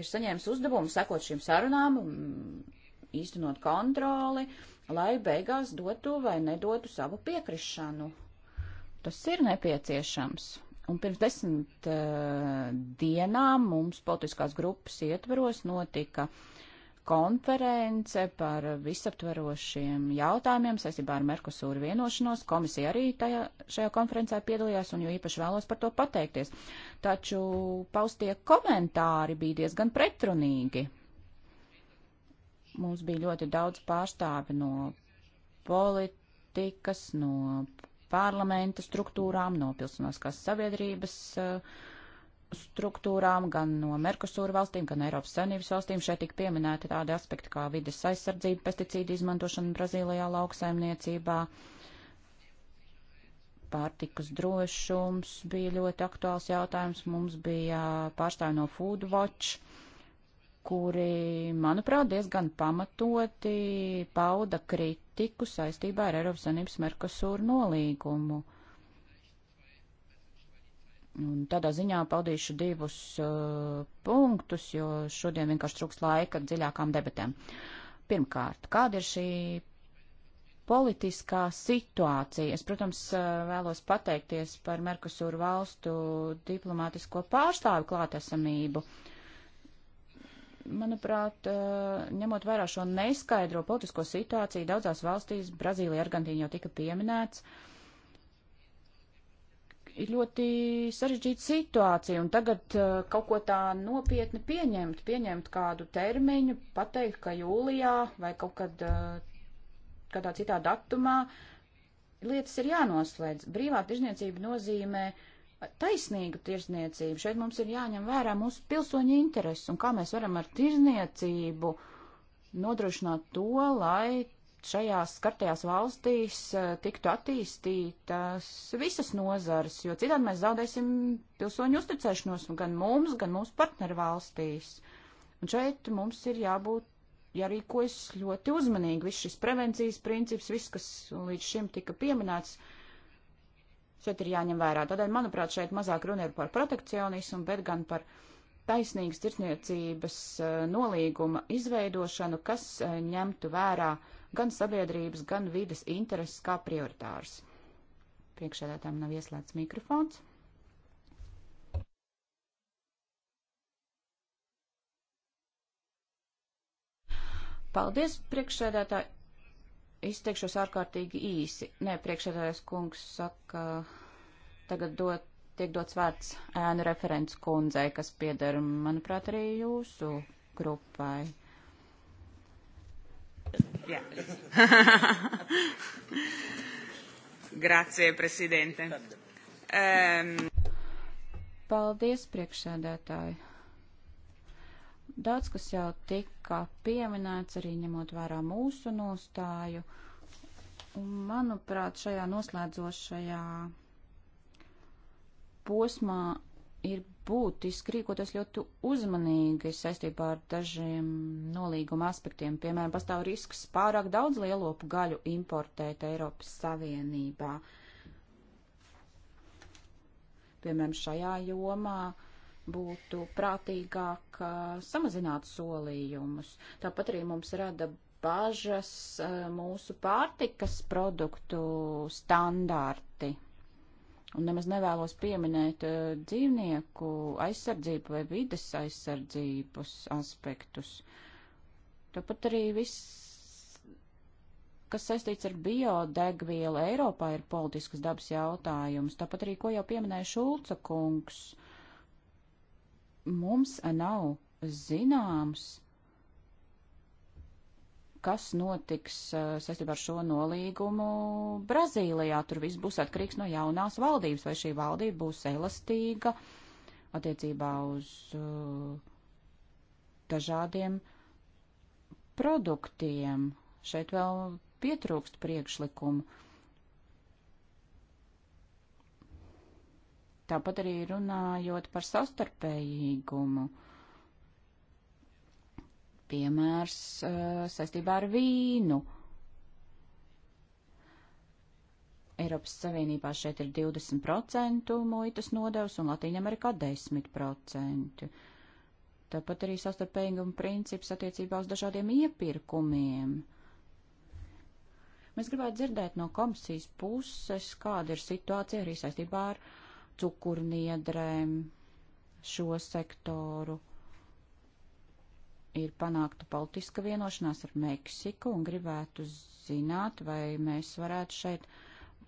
ir saņēmis uzdevumu sekot šīm sarunām, um, īstenot kontroli, lai beigās dotu vai nedotu savu piekrišanu. Tas ir nepieciešams. Un pirms desmit uh, dienām mums politiskās grupas ietveros notika konference par visaptverošiem jautājumiem saistībā ar Merkusūru vienošanos. Komisija arī tajā, šajā konferencē piedalījās un jo īpaši vēlos par to pateikties. Taču paustie komentāri bija diezgan pretrunīgi. Mums bija ļoti daudz pārstāvi no politikas, no parlamenta struktūrām, no pilsoniskās sabiedrības eh, struktūrām, gan no Merkosūra valstīm, gan Eiropas Savienības valstīm. Šeit tika pieminēti tādi aspekti kā vides aizsardzība, pesticīdu izmantošana Brazīlijā lauksaimniecībā, pārtikas drošums bija ļoti aktuāls jautājums. Mums bija pārstāvi no Food Watch kuri, manuprāt, diezgan pamatoti pauda kritiku politiku saistībā ar Eiropas Sanības Merkosūru nolīgumu. Un tādā ziņā paldīšu divus uh, punktus, jo šodien vienkārši trūks laika dziļākām debatēm. Pirmkārt, kāda ir šī politiskā situācija. Es, protams, uh, vēlos pateikties par Merkusūru valstu diplomātisko pārstāvu klātesamību. Uh, manuprāt, eh, ņemot vērā šo neskaidro politisko situāciju daudzās valstīs, Brazīlija, Argentīna jau tika pieminēts, ir ļoti sarežģīta situācija, un tagad eh, kaut ko tā nopietni pieņemt, pieņemt kādu termiņu, pateikt, ka jūlijā vai kaut kad eh, kādā citā datumā lietas ir jānoslēdz. Brīvā tirzniecība nozīmē uh, taisnīgu tirzniecību. Šeit mums ir jāņem vērā mūsu pilsoņu intereses un kā mēs varam ar tirzniecību nodrošināt to, lai šajās skartajās valstīs e, tiktu attīstītas visas nozares, jo citādi mēs zaudēsim pilsoņu uzticēšanos gan mums, gan mūsu partneru valstīs. Un šeit mums ir jābūt, jārīkojas ļoti uzmanīgi. Viss šis prevencijas princips, viss, kas līdz šim tika pieminēts, uh, šeit ir jāņem vērā. Tādēļ, manuprāt, šeit mazāk runa ir par protekcionismu, bet gan par taisnīgas tirsniecības eh, nolīguma izveidošanu, kas eh, ņemtu vērā gan sabiedrības, gan vides intereses kā prioritārs. Priekšēdētām nav ieslēgts mikrofons. Paldies, priekšsēdētāji izteikšos ārkārtīgi īsi. Nē, priekšsēdājas kungs saka, tagad dot, tiek dots vārds ēnu referents kundzei, kas pieder, manuprāt, arī jūsu grupai. Jā. Grazie, prezidente. Um... Ehm. Paldies, priekšsēdētāji. Daudz, kas jau tika pieminēts, arī ņemot vērā mūsu nostāju. Un, manuprāt, šajā noslēdzošajā posmā ir būtiski rīkoties ļoti uzmanīgi saistībā ar dažiem nolīguma aspektiem. Piemēram, pastāv risks pārāk daudz lielopu gaļu importēt Eiropas Savienībā. Piemēram, šajā jomā būtu prātīgāk samazināt solījumus. Tāpat arī mums rada bažas mūsu pārtikas produktu standarti. Un nemaz nevēlos pieminēt dzīvnieku aizsardzību vai vides aizsardzības aspektus. Tāpat arī viss, kas saistīts ar biodegvielu Eiropā, ir politiskas dabas jautājums. Tāpat arī, ko jau pieminēja Šulca kungs. Uh, mums nav zināms, kas notiks eh, saistībā ar šo nolīgumu Brazīlijā. Tur viss būs atkarīgs no jaunās valdības, vai šī valdība būs elastīga attiecībā uz uh, dažādiem produktiem. Šeit vēl pietrūkst priekšlikumu. Tāpat arī runājot par savstarpējīgumu. Piemērs eh, saistībā ar vīnu. Eiropas Savienībā šeit ir 20% muitas nodevs un Latīņamerikā 10%. Tāpat arī sastarpējuma princips attiecībā uz dažādiem iepirkumiem. Mēs gribētu dzirdēt no komisijas puses, kāda ir situācija arī saistībā ar uh, cukurniedrēm šo sektoru ir panākta politiska vienošanās ar Meksiku un gribētu zināt, vai mēs varētu šeit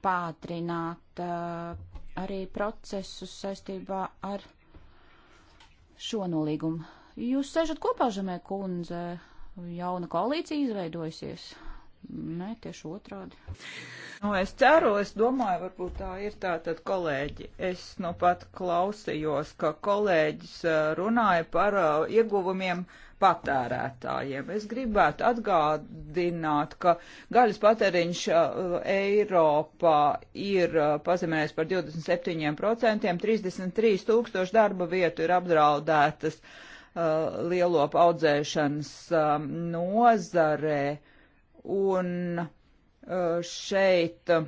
pātrināt uh, arī procesus saistībā ar šo nolīgumu. Jūs sežat kopā, Žemē kundze, jauna koalīcija izveidojusies. Nē, tieši otrādi. Nu, es ceru, es domāju, varbūt tā ir tā, tad kolēģi, es nu pat klausījos, ka kolēģis runāja par uh, ieguvumiem patērētājiem. Es gribētu atgādināt, ka gaļas patēriņš uh, Eiropā ir uh, pazemējies par 27%, 33 tūkstoši darba vietu ir apdraudētas lielo audzēšanas nozarē Un e, šeit e,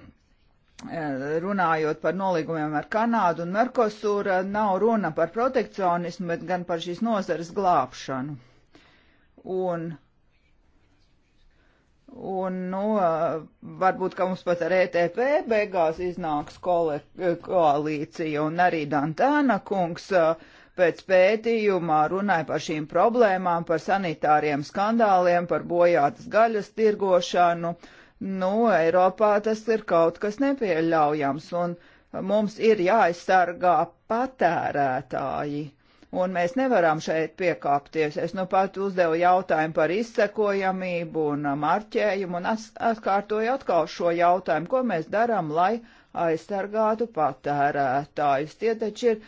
runājot par nolīgumiem ar Kanādu un Merkosūru, e, nav runa par protekcionismu, bet gan par šīs nozares glābšanu. Un, un nu, varbūt, ka mums pat ar ETP beigās iznāks koalīcija un arī Dantēna kungs. Uh, pēc pētījumā runāja par šīm problēmām, par sanitāriem skandāliem, par bojātas gaļas tirgošanu. Nu, Eiropā tas ir kaut kas nepieļaujams, un mums ir jāaizsargā patērētāji. Un mēs nevaram šeit piekāpties. Es nu pat uzdevu jautājumu par izsekojamību un marķējumu, un atkārtoju atkal šo jautājumu, ko mēs darām, lai uh, aizsargātu patērētājus. Tie taču ir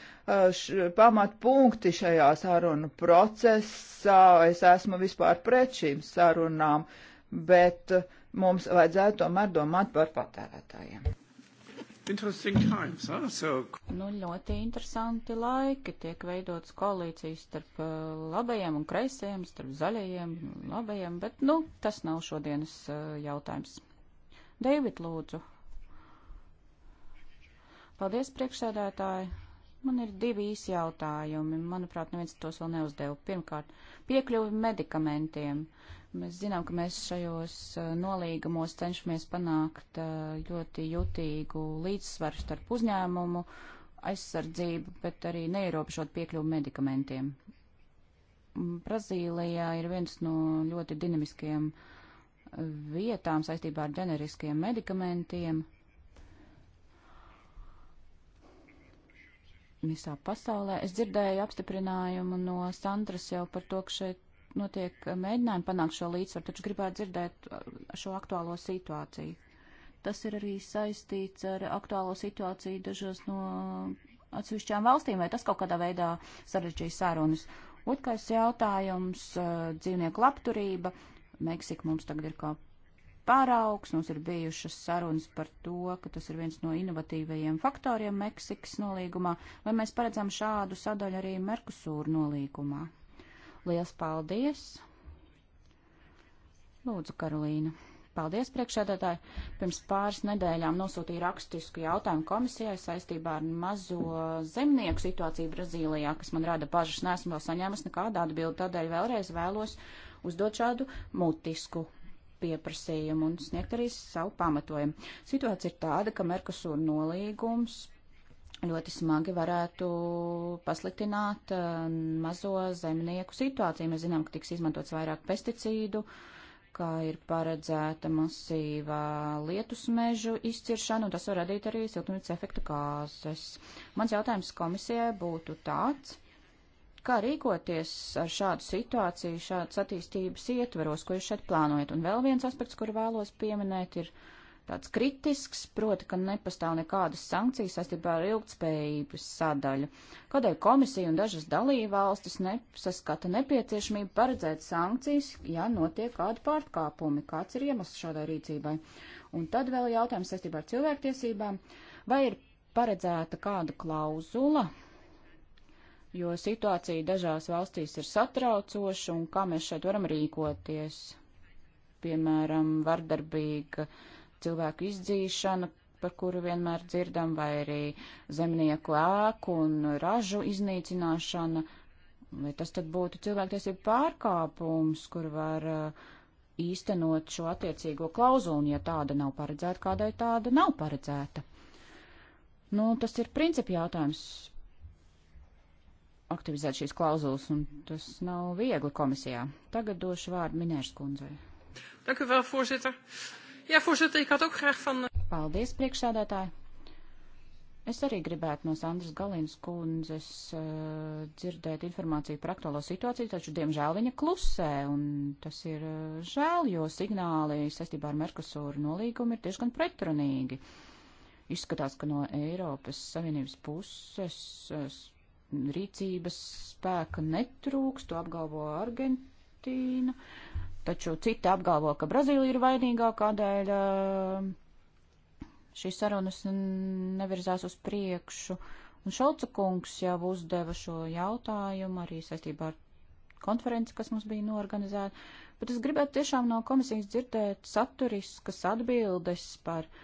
š, pamatpunkti šajā sarunu procesā. Es esmu vispār pret šīm sarunām, bet mums vajadzētu tomēr domāt par patērētājiem. Times, huh? so... Nu, ļoti interesanti laiki tiek veidotas koalīcijas starp labajiem un kreisajiem, starp zaļajiem un labajiem, bet, nu, tas nav šodienas jautājums. David, lūdzu, Paldies, priekšsēdētāji. Man ir divi īsi jautājumi. Manuprāt, neviens tos vēl neuzdeva. Pirmkārt, piekļuvi medikamentiem. Mēs zinām, ka mēs šajos uh, nolīgumos cenšamies panākt uh, ļoti jutīgu līdzsvaru starp uzņēmumu aizsardzību, bet arī neierobežot piekļuvu medikamentiem. Mm, Brazīlijā ir viens no ļoti dinamiskiem uh, vietām saistībā ar ģeneriskiem medikamentiem. visā pasaulē. Es dzirdēju apstiprinājumu no Sandras jau par to, ka šeit notiek mēģinājumi panākt šo līdzsvaru, taču gribētu dzirdēt uh, šo aktuālo situāciju. Tas ir arī saistīts ar aktuālo situāciju dažos no atsevišķām valstīm, vai tas kaut kādā veidā sarežģīja sarunas. Otrkais jautājums uh, - dzīvnieku labturība. Meksika mums tagad ir kā paraugs. Mums ir bijušas sarunas par to, ka tas ir viens no inovatīvajiem faktoriem Meksikas nolīgumā, vai mēs paredzam šādu sadaļu arī Merkusūra nolīgumā. Liels paldies! Lūdzu, Karolīna. Paldies, priekšsēdētāji. Pirms pāris nedēļām nosūtīju rakstisku jautājumu komisijai saistībā ar mazo zemnieku situāciju Brazīlijā, kas man rada bažas. Nesmu vēl saņēmis nekādu atbildi, tādēļ vēlreiz vēlos uzdot šādu mutisku pieprasījumu un sniegt arī savu pamatojumu. Situācija ir tāda, ka Merkusur nolīgums ļoti smagi varētu pasliktināt eh, mazo zemnieku situāciju. Mēs zinām, ka tiks izmantots vairāk pesticīdu, kā ir paredzēta masīvā lietus mežu izciršana, un tas var radīt arī siltumnīca efektu kāzes. Mans jautājums komisijai būtu tāds Kā rīkoties ar šādu situāciju, šādas attīstības ietvaros, ko jūs šeit plānojat? Un vēl viens aspekts, kuru vēlos pieminēt, ir tāds kritisks, proti, ka nepastāv nekādas sankcijas saistībā ar ilgtspējības sadaļu. Kādēļ komisija un dažas dalībvalstis nesaskata nepieciešamību paredzēt sankcijas, ja notiek kādi pārkāpumi, kāds ir iemesls šādai rīcībai? Un tad vēl jautājums saistībā ar cilvēktiesībām. Vai ir paredzēta kāda klauzula, jo situācija dažās valstīs ir satraucoša un kā mēs šeit varam rīkoties. Piemēram, vardarbīga cilvēku izdzīšana, par kuru vienmēr dzirdam, vai arī zemnieku ēku un ražu iznīcināšana, vai tas tad būtu cilvēktiesību pārkāpums, kur var uh, īstenot šo attiecīgo klauzulu, un ja tāda nav paredzēta, kādai tāda nav paredzēta. Nu, tas ir principi jautājums aktivizēt šīs klauzulas, un tas nav viegli komisijā. Tagad došu vārdu Minērs kundzei. Dank u wel, voorzitter. Ja, voorzitter, ik had ook graag van... Eh, Paldies, priekšsēdētāji. Es arī gribētu no Sandras Galīnas kundzes uh, dzirdēt informāciju par aktuālo situāciju, taču, diemžēl, viņa klusē, un tas ir uh, žēl, jo signāli saistībā ar Merkusūru nolīgumu ir diezgan pretrunīgi. Izskatās, ka no Eiropas Savienības puses uh, rīcības spēka netrūks, to apgalvo Argentīna, taču cita apgalvo, ka Brazīlija ir vainīgā, kādēļ eh, šīs sarunas nevirzās uz priekšu. Un Šauca kungs jau uzdeva šo jautājumu arī saistībā ar konferenci, kas mums bija norganizēta, bet es gribētu tiešām no komisijas dzirdēt saturiskas atbildes par uh,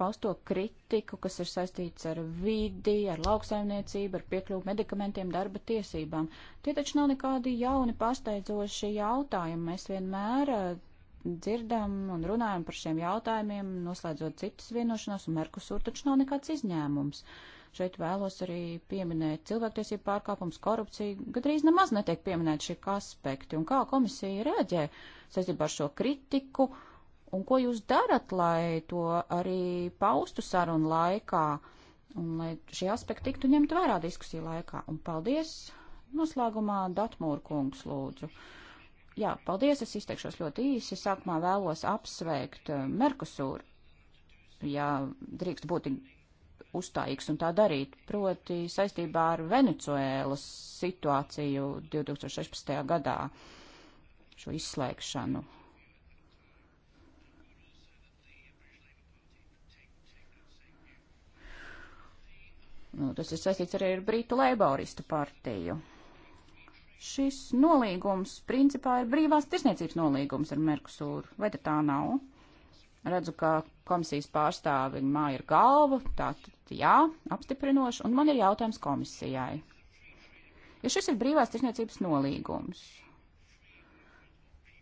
pausto kritiku, kas ir saistīts ar vidi, ar lauksaimniecību, ar piekļuvu medikamentiem, darba tiesībām. Tie taču nav nekādi jauni pārsteidzoši jautājumi. Mēs vienmēr eh, dzirdam un runājam par šiem jautājumiem, noslēdzot citas vienošanās, un Merkusur taču nav nekāds izņēmums. Šeit vēlos arī pieminēt cilvēktiesību pārkāpums, korupciju. Gadrīz nemaz netiek pieminēt šie aspekti, un kā komisija reaģē saistībā ar šo kritiku. Uh, Un ko jūs darat, lai to arī paustu sarunu laikā, un lai šie aspekti tiktu ņemt vērā diskusiju laikā? Un paldies! Noslēgumā Datmūra kungs lūdzu. Jā, paldies, es izteikšos ļoti īsi. Sākumā vēlos apsveikt eh, Merkusūru, ja drīkst būt uzstājīgs un tā darīt, proti saistībā ar Venecuēlas situāciju 2016. gadā, šo izslēgšanu Nu, tas ir saistīts arī ar Brītu Leiboristu partiju. Šis nolīgums principā ir brīvās tirsniecības nolīgums ar Merkusūru, vai tā nav? Redzu, ka komisijas pārstāvi māja ir galva, tātad jā, apstiprinoši, un man ir jautājums komisijai. Ja šis ir brīvās tirsniecības nolīgums,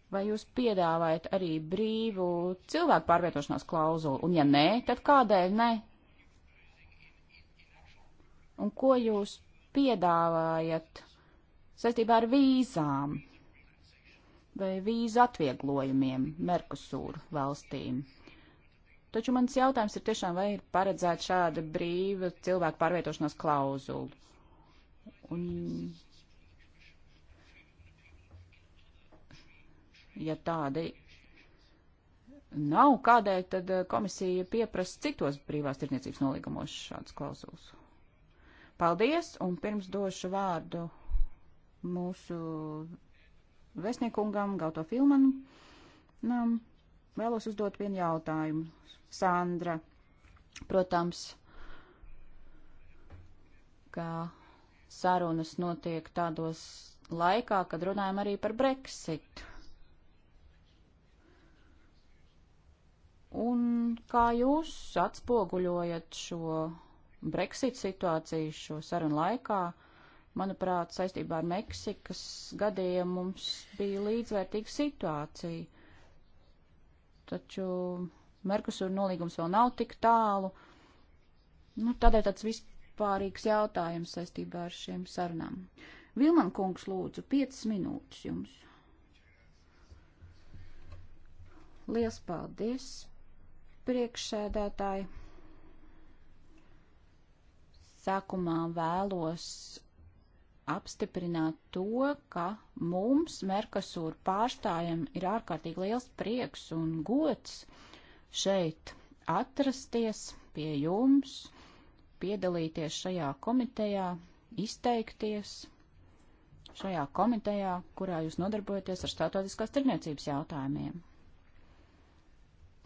Vai jūs piedāvājat arī brīvu cilvēku pārvietošanās klauzulu? Un ja nē, tad kādēļ nē? un ko jūs piedāvājat saistībā ar vīzām vai vīzu atvieglojumiem Merkusūru valstīm? Taču mans jautājums ir tiešām, vai ir paredzēta šāda brīva cilvēku pārvietošanās klauzula. Un, ja tāda nav, kādēļ tad eh, komisija pieprasa citos brīvās tirdzniecības nolīgumos šādas klauzulas? Paldies, un pirms došu vārdu mūsu vēstniekungam, Gauto Filmanam, vēlos uzdot vienu jautājumu. Sandra, protams, ka sarunas notiek tādos laikā, kad runājam arī par Brexit. Un kā jūs atspoguļojat šo Brexit situāciju šo sarunu laikā. Manuprāt, saistībā ar Meksikas gadiem mums bija līdzvērtīga situācija. Taču Merkusur nolīgums vēl nav tik tālu. Nu, tādēļ tāds vispārīgs jautājums saistībā ar šiem sarunām. Vilman kungs lūdzu, 5 minūtes jums. Liels paldies, priekšsēdētāji! Sākumā vēlos apstiprināt to, ka mums, Merkasūra pārstājiem, ir ārkārtīgi liels prieks un gods šeit atrasties pie jums, piedalīties šajā komitejā, izteikties šajā komitejā, kurā jūs nodarbojaties ar starptautiskās tirniecības jautājumiem.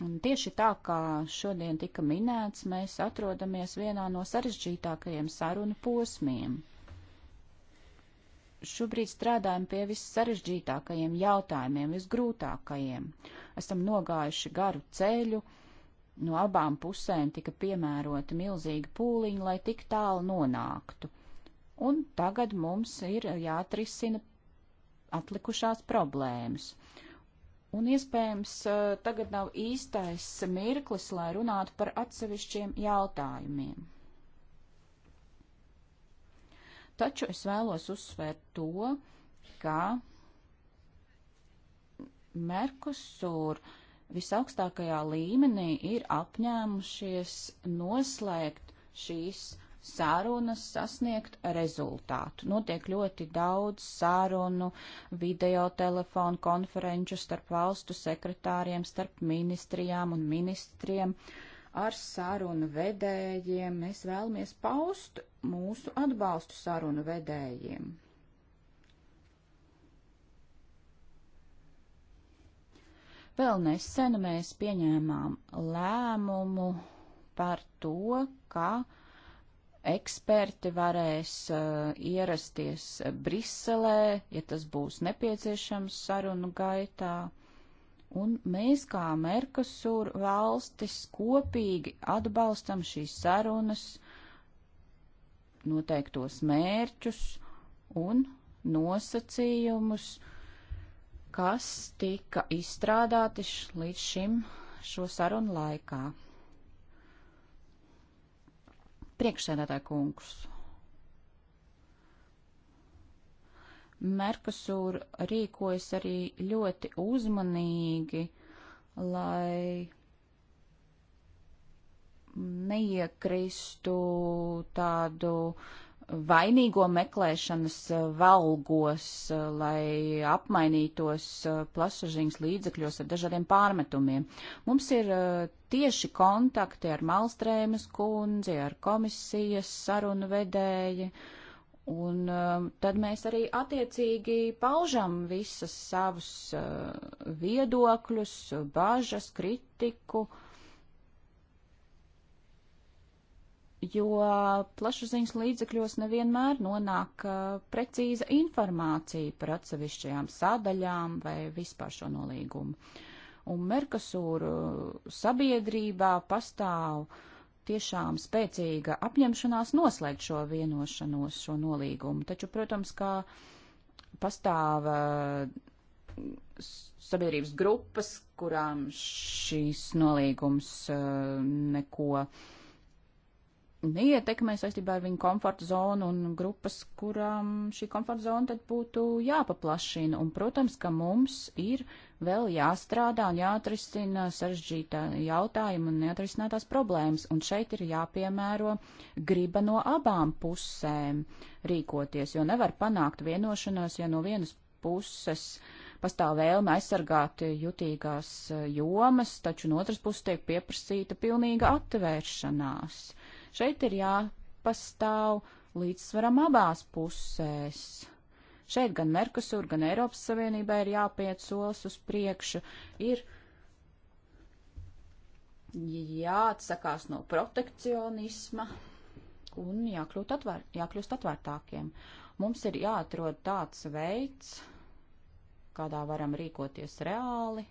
Un tieši tā, kā šodien tika minēts, mēs atrodamies vienā no sarežģītākajiem sarunu posmiem. Šobrīd strādājam pie vissarežģītākajiem jautājumiem, visgrūtākajiem. Esam nogājuši garu ceļu, no abām pusēm tika piemērota milzīga pūliņa, lai tik tālu nonāktu. Un tagad mums ir jāatrisina atlikušās problēmas. Uh, Un iespējams, tagad nav īstais mirklis, lai runātu par atsevišķiem jautājumiem. Taču es vēlos uzsvērt to, ka Merkusūra visaugstākajā līmenī ir apņēmušies noslēgt šīs sārunas sasniegt rezultātu. Notiek ļoti daudz sārunu, video telefonu konferenču starp valstu sekretāriem, starp ministrijām un ministriem. Ar sārunu vedējiem mēs vēlamies paust mūsu atbalstu sārunu vedējiem. Vēl nesen mēs pieņēmām lēmumu par to, ka uh, eksperti varēs uh, ierasties Briselē, ja tas būs nepieciešams sarunu gaitā. Un mēs kā Merkosur valstis kopīgi atbalstam šīs sarunas noteiktos mērķus un nosacījumus, kas tika izstrādāti līdz šim šo sarunu laikā. Priekšsēdētāja kungs. Merkusūra rīkojas arī ļoti uzmanīgi, lai neiekristu tādu vainīgo meklēšanas valgos, lai apmainītos plašsaziņas līdzekļos ar dažādiem pārmetumiem. Mums ir tieši kontakti ar Malstrēmas kundzi, ar komisijas sarunu vedēji, un uh, tad mēs arī attiecīgi paužam visas savus uh, viedokļus, bažas, kritiku, jo plašsaziņas līdzekļos nevienmēr nonāk uh, precīza informācija par atsevišķajām sadaļām vai vispār šo nolīgumu. Uh, un Merkasūru sabiedrībā pastāv tiešām spēcīga apņemšanās noslēgt šo vienošanos, šo nolīgumu. Taču, protams, kā pastāv uh, sabiedrības grupas, kurām šīs nolīgums uh, neko neietekmē saistībā ar viņu komforta zonu un grupas, kurām šī komforta zona tad būtu jāpaplašina. Un, protams, ka mums ir vēl jāstrādā un jāatrisina sarežģītā jautājuma un neatrisinātās problēmas. Un šeit ir jāpiemēro griba no abām pusēm rīkoties, jo nevar panākt vienošanos, ja no vienas puses pastāv vēlme aizsargāt jutīgās jomas, taču no otras puses tiek pieprasīta pilnīga atvēršanās. Šeit ir jāpastāv līdzsvaram abās pusēs. Šeit gan Merkusur, gan Eiropas Savienībai ir jāpiet solis uz priekšu, ir jāatsakās no protekcionisma un jākļūt atvēr, jākļūst atvērtākiem. Mums ir jāatrod tāds veids, kādā varam rīkoties reāli.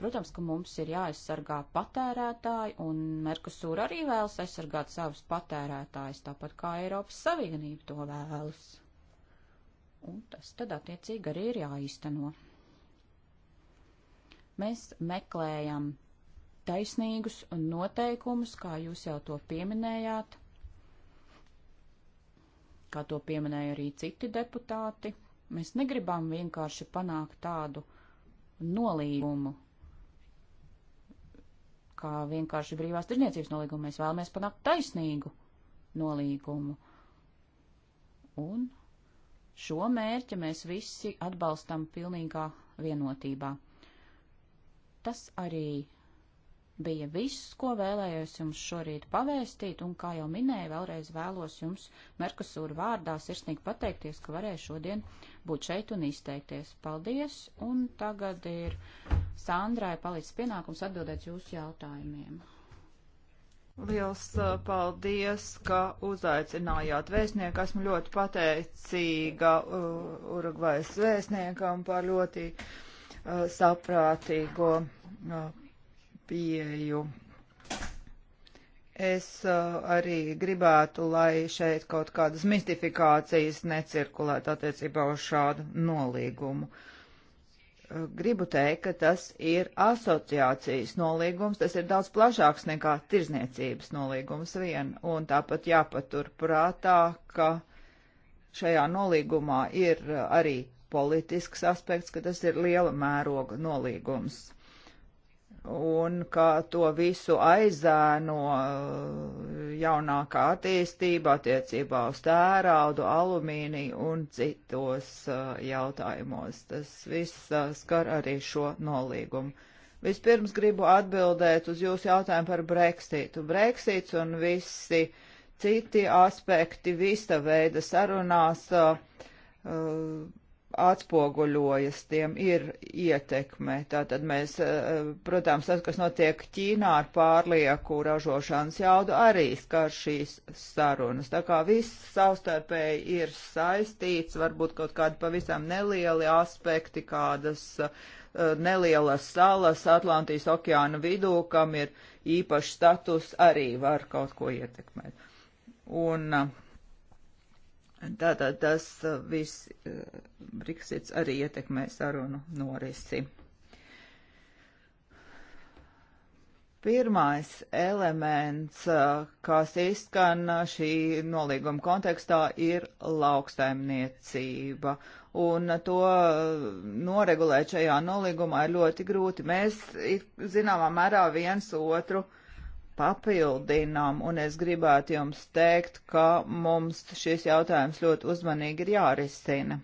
Protams, ka mums ir jāaizsargā patērētāji, un Merkusūra arī vēlas aizsargāt savus patērētājus, tāpat kā Eiropas Savienība to vēlas un tas tad attiecīgi arī ir jāīsteno. Mēs meklējam taisnīgus noteikumus, kā jūs jau to pieminējāt, kā to pieminēja arī citi deputāti. Mēs negribam vienkārši panākt tādu nolīgumu, kā vienkārši brīvās tirdzniecības nolīgumu. Mēs vēlamies panākt taisnīgu nolīgumu. Un Šo mērķi mēs visi atbalstam pilnīgā vienotībā. Tas arī bija viss, ko vēlējos jums šorīt pavēstīt, un, kā jau minēju, vēlreiz vēlos jums Merkusūra vārdā sirsnīgi pateikties, ka varēju šodien būt šeit un izteikties. Paldies, un tagad ir Sandrai palicis pienākums atbildēt jūsu jautājumiem. Liels uh, paldies, ka uzaicinājāt vēstnieku. Esmu ļoti pateicīga uh, Urugvajas vēstniekam par ļoti uh, saprātīgo uh, pieju. Es uh, arī gribētu, lai šeit kaut kādas mistifikācijas necirkulētu attiecībā uz šādu nolīgumu. Uh, gribu teikt, ka tas ir asociācijas nolīgums, tas ir daudz plašāks nekā tirzniecības nolīgums vien, un tāpat jāpatur prātā, ka šajā nolīgumā ir uh, arī politisks aspekts, ka tas ir liela mēroga nolīgums un ka to visu aizēno eh, jaunākā attīstība attiecībā uz tēraudu, alumīniju un citos eh, jautājumos. Tas viss eh, skar arī šo nolīgumu. Vispirms gribu atbildēt uz jūsu jautājumu par Brexitu. Brexits un visi citi aspekti, visa veida sarunās. Uh, atspoguļojas, tiem ir ietekme. Tātad mēs, eh, protams, tas, kas notiek Ķīnā ar pārlieku ražošanas jaudu, arī skar šīs sarunas. Tā kā viss savstarpēji ir saistīts, varbūt kaut kādi pavisam nelieli aspekti, kādas eh, nelielas salas Atlantijas okeāna vidū, kam ir īpašs status, arī var kaut ko ietekmēt. Un uh, Tātad tas uh, viss uh, Brexits arī ietekmē sarunu norisi. Pirmais elements, uh, kas izskan šī nolīguma kontekstā, ir lauksaimniecība. Un to noregulēt šajā nolīgumā ir ļoti grūti. Mēs, zināmā mērā, viens otru uh, papildinām, un es gribētu jums teikt, ka mums šis jautājums ļoti uzmanīgi ir jārisina.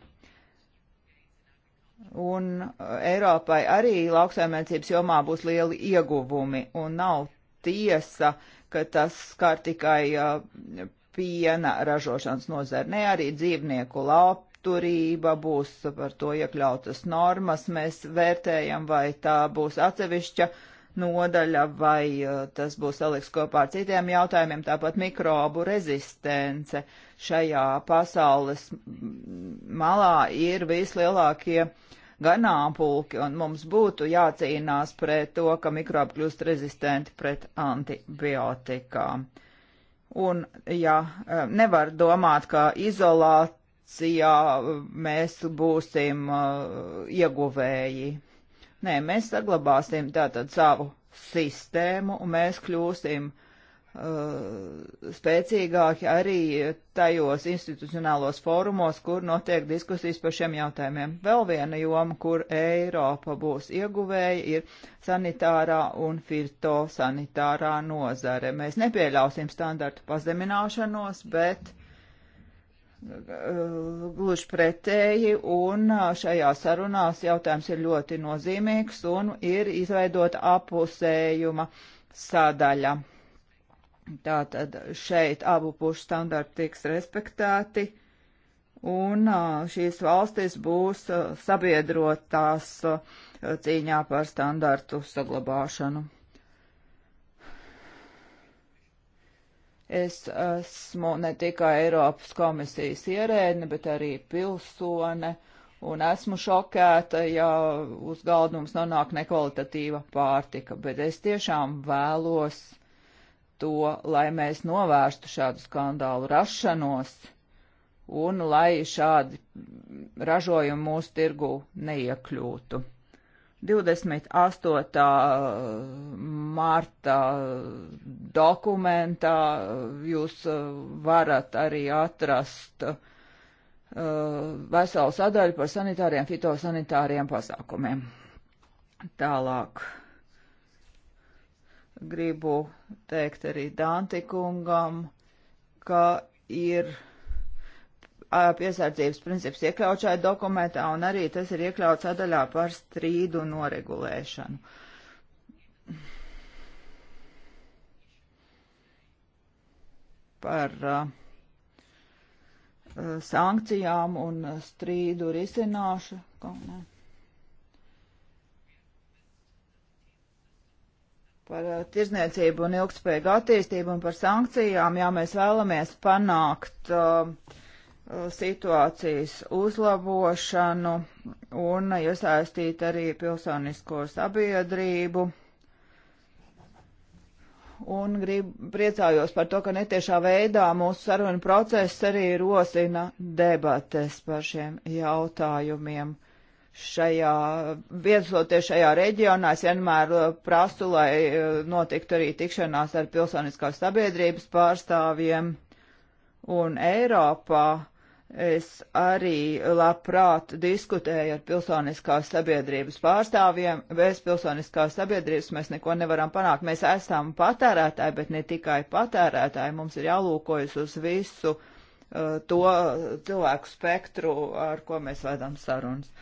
Un eh, Eiropai arī lauksaimniecības jomā būs lieli ieguvumi, un nav tiesa, ka tas skar tikai uh, piena ražošanas nozari, ne arī dzīvnieku laupu turība, būs par to iekļautas normas, mēs vērtējam, vai tā būs atsevišķa uh, nodaļa, vai uh, tas būs saliks kopā ar citiem jautājumiem, tāpat mikrobu rezistence šajā pasaules malā ir vislielākie ganāmpulki, un mums būtu jācīnās pret to, ka mikrobi kļūst rezistenti pret antibiotikām. Un, ja um, nevar domāt, ka izolācijā um, mēs būsim uh, ieguvēji Nē, mēs saglabāsim tātad savu sistēmu un mēs kļūsim uh, spēcīgāki arī tajos institucionālos fórumos, kur notiek diskusijas par šiem jautājumiem. Vēl viena joma, kur Eiropa būs ieguvēja, ir sanitārā un fitosanitārā nozare. Mēs nepieļausim standartu pazemināšanos, bet uh, Uh, gluži pretēji, un uh, šajā sarunās jautājums ir ļoti nozīmīgs un ir izveidota apusējuma sadaļa. Tātad šeit abu pušu standarti tiks respektēti, un uh, šīs valstis būs sabiedrotās cīņā par standartu saglabāšanu. Es esmu ne tikai Eiropas komisijas ierēdne, bet arī pilsone, un esmu šokēta, ja uz galda mums nonāk nekvalitatīva pārtika, bet es tiešām vēlos to, lai mēs novērstu šādu skandālu rašanos un lai šādi ražojumi mūsu tirgu neiekļūtu. 28. marta dokumentā jūs varat arī atrast uh, veselu sadaļu par sanitāriem, fitosanitāriem pasākumiem. Tālāk gribu teikt arī Dantikungam, ka ir piesardzības princips iekļauts šajā dokumentā, un arī tas ir iekļauts sadaļā par strīdu noregulēšanu. Par uh, sankcijām un strīdu risināšu. Par uh, tirzniecību un ilgspējīgu attīstību un par sankcijām, ja mēs vēlamies panākt uh, Uh, situācijas uzlabošanu un iesaistīt arī pilsonisko sabiedrību. Un grib, priecājos par to, ka netiešā veidā mūsu saruna process arī rosina debates par šiem jautājumiem. Šajā, viesoties šajā reģionā, es vienmēr uh, prasu, lai uh, notiktu arī tikšanās ar pilsoniskās sabiedrības pārstāvjiem un Eiropā Es arī labprāt diskutēju ar pilsoniskās sabiedrības pārstāvjiem. Bez pilsoniskās sabiedrības mēs neko nevaram panākt. Mēs esam patērētāji, bet ne tikai patērētāji. Mums ir jālūkojas uz visu uh, to cilvēku spektru, ar ko mēs vedam sarunas.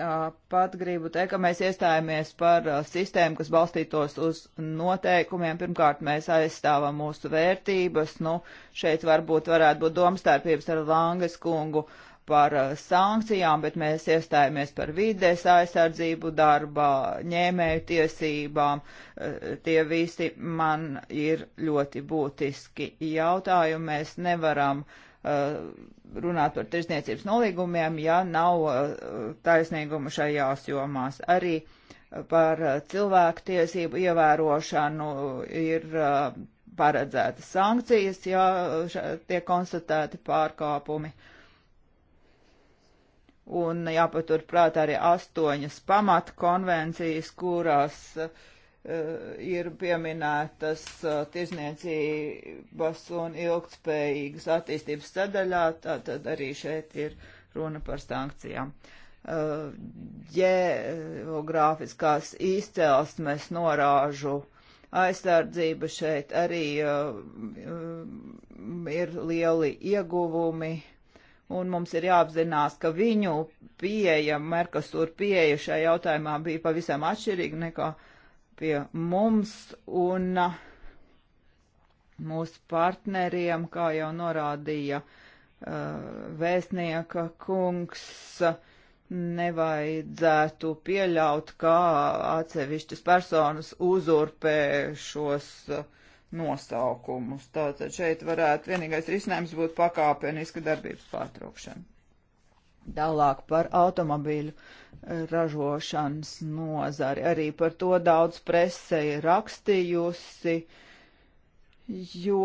Tāpat gribu teikt, ka mēs iestājāmies par uh, sistēmu, kas balstītos uz noteikumiem. Pirmkārt, mēs aizstāvam mūsu vērtības. Nu, šeit varbūt varētu būt domstarpības ar Langas kungu par uh, sankcijām, bet mēs iestājāmies par vides aizsardzību, darba, ņēmēju tiesībām. Uh, tie visi man ir ļoti būtiski jautājumi. Mēs nevaram uh, Uh, runāt par tirsniecības nolīgumiem, ja nav uh, taisnīgumu šajās jomās. Arī uh, par cilvēku tiesību ievērošanu ir paredzētas sankcijas, ja tiek konstatēti pārkāpumi. Un jāpaturprāt arī astoņas pamata konvencijas, kurās uh, Eh, ir pieminētas eh, tirzniecības un ilgtspējīgas attīstības sadaļā, tātad arī šeit ir runa par sankcijām. Geogrāfiskās eh, izcelsmes norāžu aizsardzība šeit arī ir lieli ieguvumi. Un mums ir jāapzinās, ka viņu pieeja, Merkasur pieeja šajā jautājumā bija pavisam atšķirīga nekā uh, pie mums un uh, mūsu partneriem, kā jau norādīja uh, vēstnieka kungs, nevajadzētu pieļaut, kā atsevišķas personas uzurpē šos uh, nosaukumus. Tātad šeit varētu vienīgais risinājums būt pakāpeniska darbības pārtraukšana. Tālāk par automobīļu eh, ražošanas nozari. Arī par to daudz presē ir rakstījusi, jo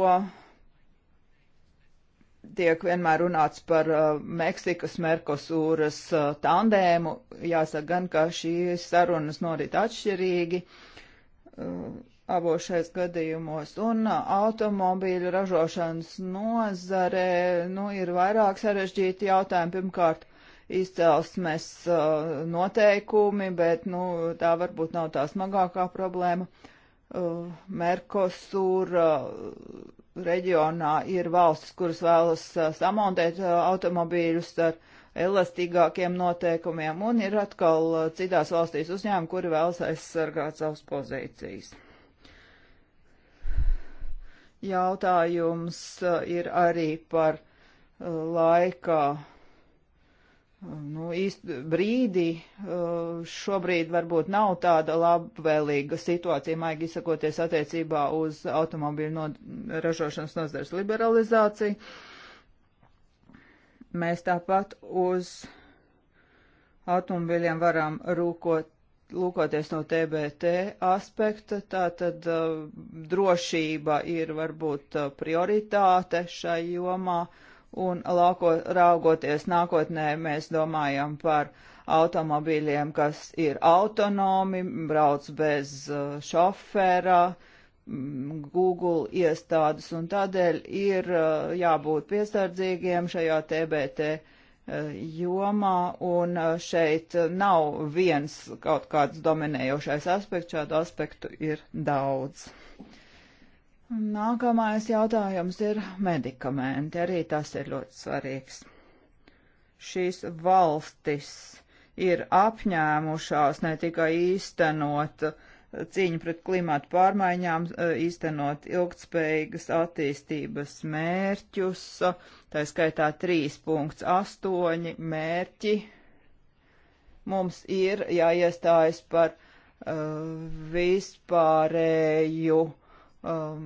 tiek vienmēr runāts par uh, Meksikas Merkosūras uh, eh, tandēmu. Jāsaka gan, ka šīs sarunas norit atšķirīgi. Uh, abos šais gadījumos. Un uh, automobīļu ražošanas nozare, nu, ir vairāk sarežģīti jautājumi. Pirmkārt, izcelsmes uh, noteikumi, bet, nu, tā varbūt nav tā smagākā problēma. Uh, Merkosur uh, reģionā ir valstis, kuras vēlas uh, samontēt uh, automobīļus ar elastīgākiem noteikumiem, un ir atkal citās valstīs uzņēmumi, kuri vēlas aizsargāt savas pozīcijas jautājums eh, ir arī par eh, laikā eh, nu, īsti brīdī šobrīd varbūt nav tāda labvēlīga situācija, maigi izsakoties attiecībā uz automobīļu no, ražošanas nozares liberalizāciju. Mēs tāpat uz automobīļiem varam rūkot lūkoties no TBT aspekta, tātad uh, drošība ir varbūt uh, prioritāte šai jomā, un lāko, raugoties nākotnē mēs domājam par automobīļiem, kas ir autonomi, brauc bez uh, šoferā, mm, Google iestādes, un tādēļ ir jābūt piesardzīgiem šajā TBT aspektā jomā, un uh, šeit nav viens kaut kāds dominējošais aspekts, šādu aspektu ir daudz. Nākamais jautājums ir medikamenti, arī tas ir ļoti svarīgs. Šīs valstis ir apņēmušās ne tikai īstenot uh, cīņu pret klimatu pārmaiņām, e, īstenot ilgtspējīgas attīstības mērķus, tā skaitā 3.8 mērķi. Mums ir jāiestājas par uh, vispārēju um,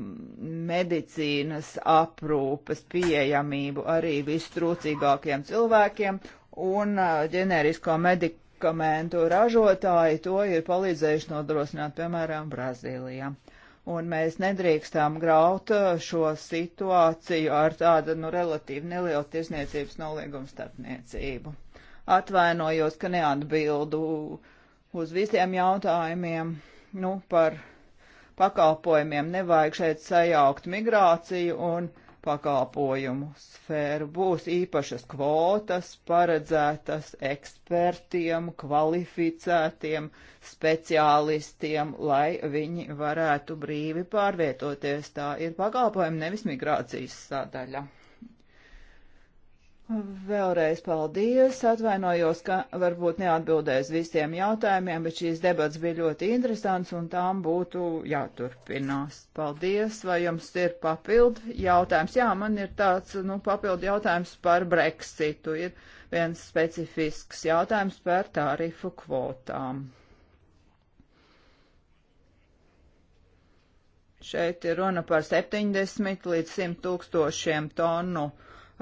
medicīnas aprūpes pieejamību arī vistrūcīgākiem cilvēkiem un ģenerisko mediku medikamentu ražotāji to ir palīdzējuši nodrošināt, piemēram, Brazīlijā. Un mēs nedrīkstām graut uh, šo situāciju ar tādu, nu, relatīvi nelielu tirsniecības nolīgumu starpniecību. Atvainojos, ka neatbildu uz visiem jautājumiem, nu, par pakalpojumiem nevajag šeit sajaukt migrāciju un uh, pakalpojumu sfēru. Būs īpašas kvotas paredzētas ekspertiem, kvalificētiem speciālistiem, lai viņi varētu brīvi pārvietoties. Tā ir pakalpojuma nevis migrācijas sadaļa. Vēlreiz paldies, atvainojos, ka varbūt neatbildēs visiem jautājumiem, bet šīs debats bija ļoti interesants un tām būtu jāturpinās. Paldies, vai jums ir papildu jautājums? Jā, man ir tāds, nu, papildu jautājums par Brexitu. Ir viens specifisks jautājums par tarifu kvotām. Šeit ir runa par 70 līdz 100 tūkstošiem tonu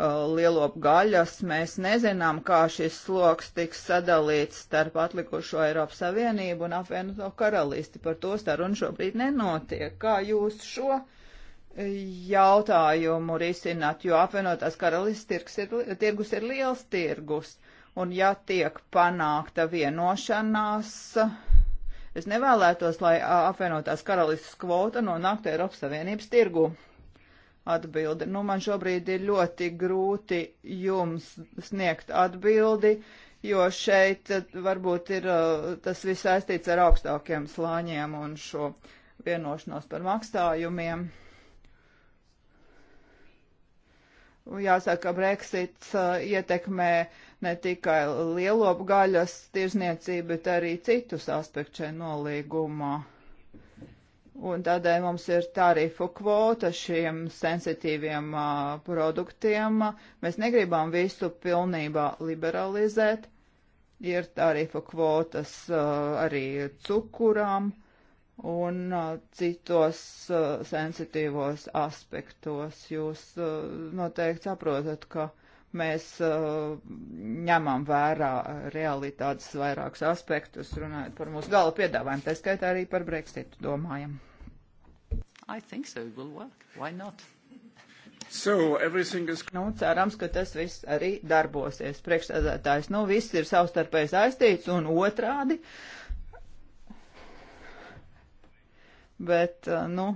Uh, lielopu gaļas. Mēs nezinām, kā šis sloks tiks sadalīts starp atlikušo Eiropas Savienību un apvienoto karalisti. Par to sarunu šobrīd nenotiek. Kā jūs šo jautājumu risināt, jo apvienotās karalists tirgus ir, tirgus ir liels tirgus, un ja tiek panākta vienošanās, es nevēlētos, lai apvienotās karalistas kvota nonāktu Eiropas Savienības tirgu atbildi. Nu, man šobrīd ir ļoti grūti jums sniegt atbildi, jo šeit eh, varbūt ir eh, tas viss saistīts ar augstākiem slāņiem un šo vienošanos par makstājumiem. Jāsaka, Brexits eh, ietekmē ne tikai lielopu gaļas tirzniecību, bet arī citus aspektus šajā nolīgumā. Un tādēļ mums ir tarifu kvota šiem sensitīviem uh, produktiem. Mēs negribam visu pilnībā liberalizēt. Ir tarifu kvotas uh, arī cukurām un uh, citos uh, sensitīvos aspektos. Jūs uh, noteikti saprotat, ka mēs uh, ņemam vērā realitātes vairākus aspektus, runājot par mūsu gala piedāvājumu, tā skaitā arī par Brexitu domājam. I think so. It will work. Why not? So everything is... Nu, cerams, ka tas viss arī darbosies. Priekšstādātājs, nu, viss ir savstarpēji saistīts un otrādi. Bet, eh, nu,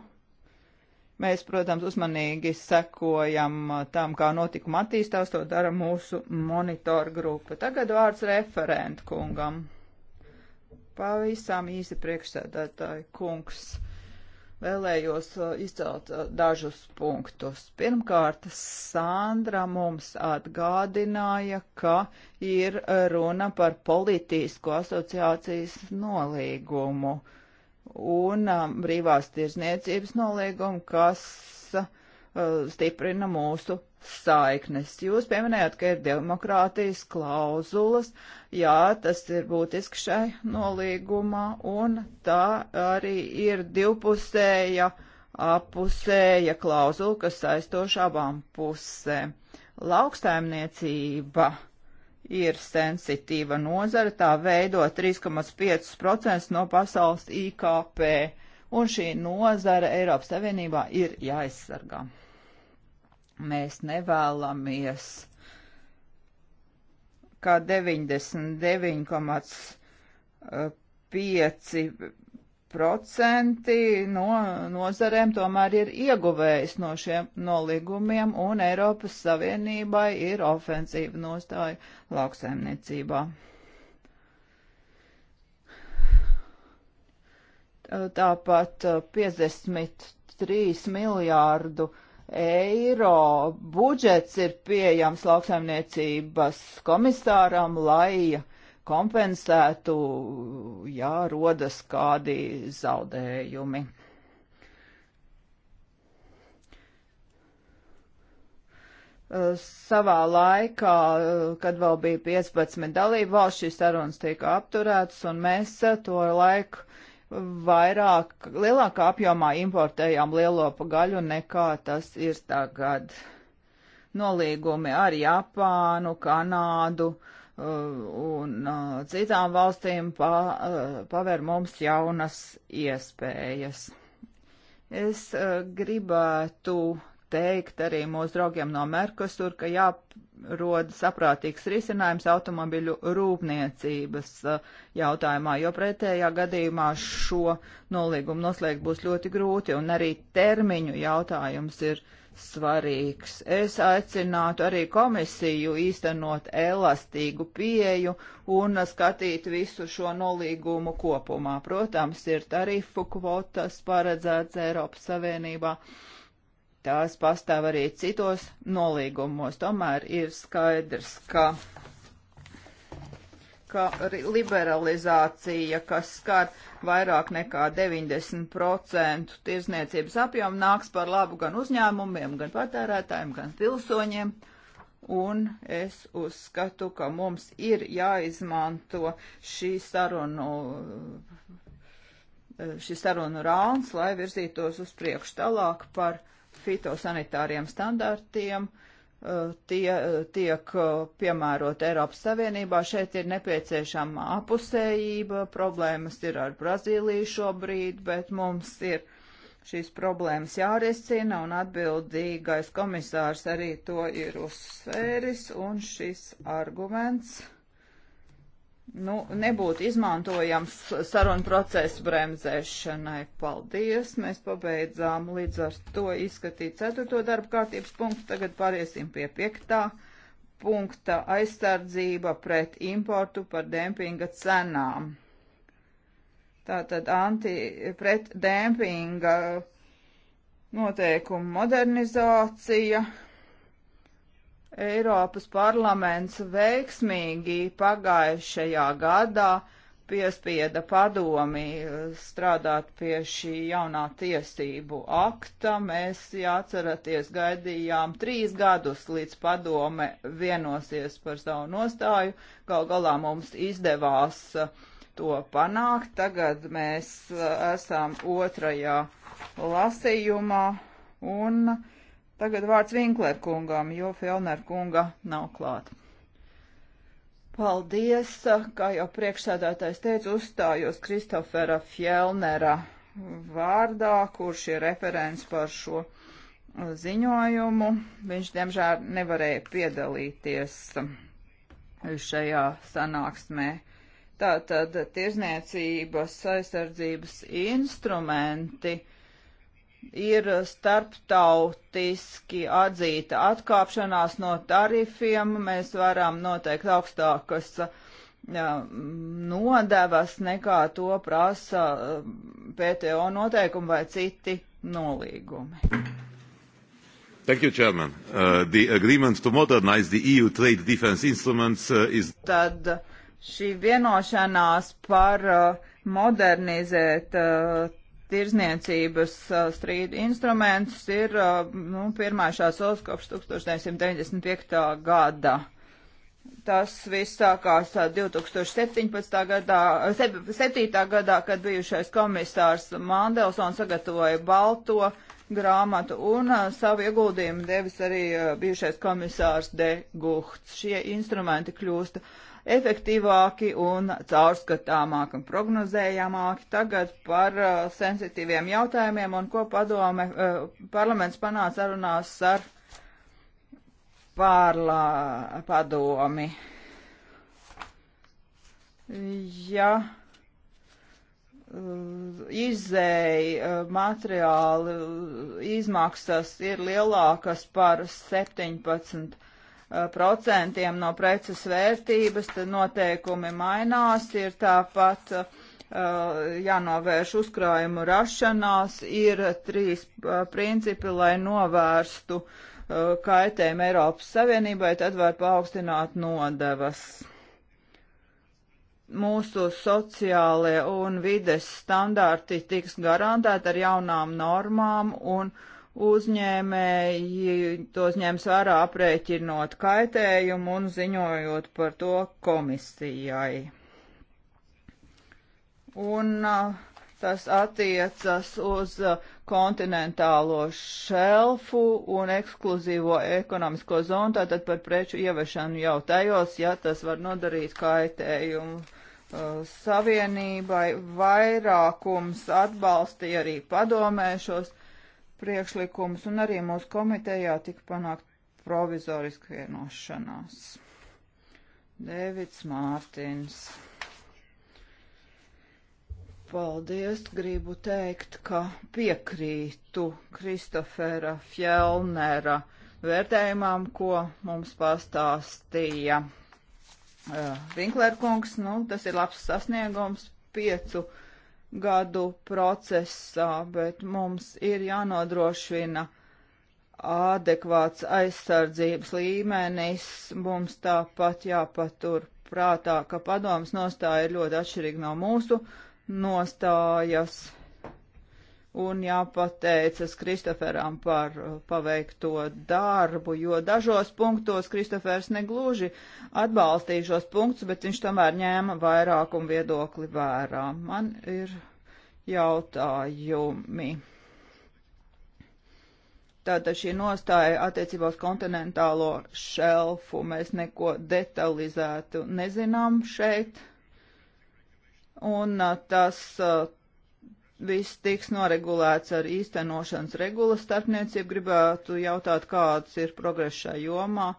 mēs, protams, uzmanīgi sekojam eh, tam, kā notikuma attīstās, to dara mūsu monitora grupa. Tagad vārds referentkungam. Pavisam īsi priekšstādātāji kungs vēlējos uh, izcelt uh, dažus punktus. Pirmkārt, Sandra mums atgādināja, ka ir runa par politisko asociācijas nolīgumu un um, brīvās tirzniecības nolīgumu, kas Uh, stiprina mūsu saiknes. Jūs pieminējat, ka ir demokrātijas klauzulas, jā, tas ir būtiski šai nolīgumā, un tā arī ir divpusēja, apusēja klauzula, kas saistoša abām pusēm. Lauksaimniecība ir sensitīva nozara, tā veido 3,5% no pasaules IKP, un šī nozara Eiropas Savienībā ir jāaizsargā. Mēs nevēlamies, kā 99,5% eh, no nozarēm tomēr ir ieguvējis no šiem nolīgumiem, un Eiropas Savienībai ir ofensīva nostāja lauksaimniecībā. Tāpat 53 eh, miljārdu eiro eiro budžets ir pieejams lauksaimniecības komisāram, lai kompensētu, ja rodas kādi zaudējumi. savā laikā, kad vēl bija 15 dalībvalsts, šīs sarunas tika apturētas, un mēs to laiku vairāk, lielākā apjomā importējām lielopu gaļu nekā tas ir tagad. Nolīgumi ar Japānu, Kanādu uh, un uh, citām valstīm pa, uh, paver mums jaunas iespējas. Es gribētu teikt arī mūsu draugiem no Merkusur, ka jārod saprātīgs risinājums automobiļu rūpniecības uh, jautājumā, jo pretējā gadījumā šo nolīgumu noslēgt būs ļoti grūti, un arī termiņu jautājums ir svarīgs. Es aicinātu arī komisiju īstenot elastīgu pieju un skatīt visu šo nolīgumu kopumā. Protams, ir tarifu kvotas paredzēts Eiropas Savienībā. Uh, tās pastāv arī citos nolīgumos. Tomēr ir skaidrs, ka, ka liberalizācija, kas skar vairāk nekā 90% tirzniecības apjomu, nāks par labu gan uzņēmumiem, gan patērētājiem, gan pilsoņiem. Un es uzskatu, ka mums ir jāizmanto šī sarunu šis sarunu rauns, lai virzītos uz priekšu tālāk par uh, fitosanitāriem standartiem. Eh, tie eh, tiek eh, piemērot Eiropas Savienībā. Šeit ir nepieciešama apusējība. Problēmas ir ar Brazīliju šobrīd, bet mums ir šīs problēmas jārisina, un atbildīgais komisārs arī to ir uzsvēris, un šis arguments nu, nebūtu izmantojams sarunu procesu bremzēšanai. Paldies! Mēs pabeidzām līdz ar to izskatīt ceturto darba kārtības punktu. Tagad pāriesim pie piektā punkta aizsardzība pret importu par dempinga cenām. Tātad anti, pret dempinga noteikumu modernizācija. Eiropas parlaments veiksmīgi pagājušajā gadā piespieda padomi eh, strādāt pie šī jaunā tiesību akta. Mēs, jāatceraties, gaidījām trīs gadus, līdz padome vienosies par savu nostāju. Gal galā mums izdevās eh, to panākt. Tagad mēs eh, esam otrajā lasījumā un Tagad vārds Vinkler kungam, jo Fjellner kunga nav klāt. Paldies, kā jau priekšsēdētājs teica, uzstājos Kristofera Fjellnera vārdā, kurš ir referents par šo ziņojumu. Viņš, diemžēl, nevarēja piedalīties šajā sanāksmē. Tātad tirzniecības aizsardzības instrumenti ir starptautiski atzīta atkāpšanās no tarifiem. Mēs varam noteikt augstākas uh, nodevas nekā to prasa uh, PTO noteikumi vai citi nolīgumi. Thank you, Chairman. Uh, the agreement to modernize the EU trade defense instruments uh, is. Tad šī vienošanās par uh, modernizēt uh, tirzniecības strīdu instruments ir nu, pirmais šāds solis kopš 1995. gada. Tas viss sākās 2017. gadā, 7. gadā, kad bijušais komisārs Mandelsons sagatavoja balto grāmatu un uh, savu ieguldījumu devis arī uh, bijušais komisārs De Guhts. Šie instrumenti kļūst efektīvāki un caurskatāmāki un prognozējamāki tagad par uh, sensitīviem jautājumiem un ko padome uh, parlaments panāca sarunās ar pārlā, padomi. Ja izēja eh, materiāli eh, izmaksas ir lielākas par 17 eh, procentiem no preces vērtības, tad noteikumi mainās, ir tāpat uh, jānovērš uzkrājumu rašanās, ir trīs uh, principi, lai novērstu uh, kaitējumu Eiropas Savienībai, tad var paaugstināt nodevas mūsu sociālie un vides standarti tiks garantēti ar jaunām normām un uzņēmēji tos ņems vērā aprēķinot kaitējumu un ziņojot par to komisijai. Un uh, tas attiecas uz uh, kontinentālo šelfu un ekskluzīvo ekonomisko zonu, tātad par preču ievešanu jau tajos, ja tas var nodarīt kaitējumu Eh, savienībai vairākums atbalstīja arī padomē šos priekšlikumus, un arī mūsu komitejā tika panākt provizoriski vienošanās. Dēvids Mārtins. Paldies, gribu teikt, ka piekrītu Kristofera Fjellnera vērtējumam, ko mums pastāstīja Eh, Vinklērkungs, nu, tas ir labs sasniegums piecu gadu procesā, bet mums ir jānodrošina adekvāts aizsardzības līmenis, mums tāpat jāpatur prātā, ka padomas nostāja ir ļoti atšķirīga no mūsu nostājas un jāpateicas Kristoferam par uh, paveikto darbu, jo dažos punktos Kristofers negluži atbalstīja šos punktus, bet viņš tomēr ņēma vairākumu viedokli vērā. Man ir jautājumi. Tātad šī nostāja attiecībā uz kontinentālo šelfu mēs neko detalizētu nezinām šeit, un uh, tas uh, viss tiks noregulēts ar īstenošanas regulas starpniecību. Gribētu jautāt, kāds ir progress šajā jomā.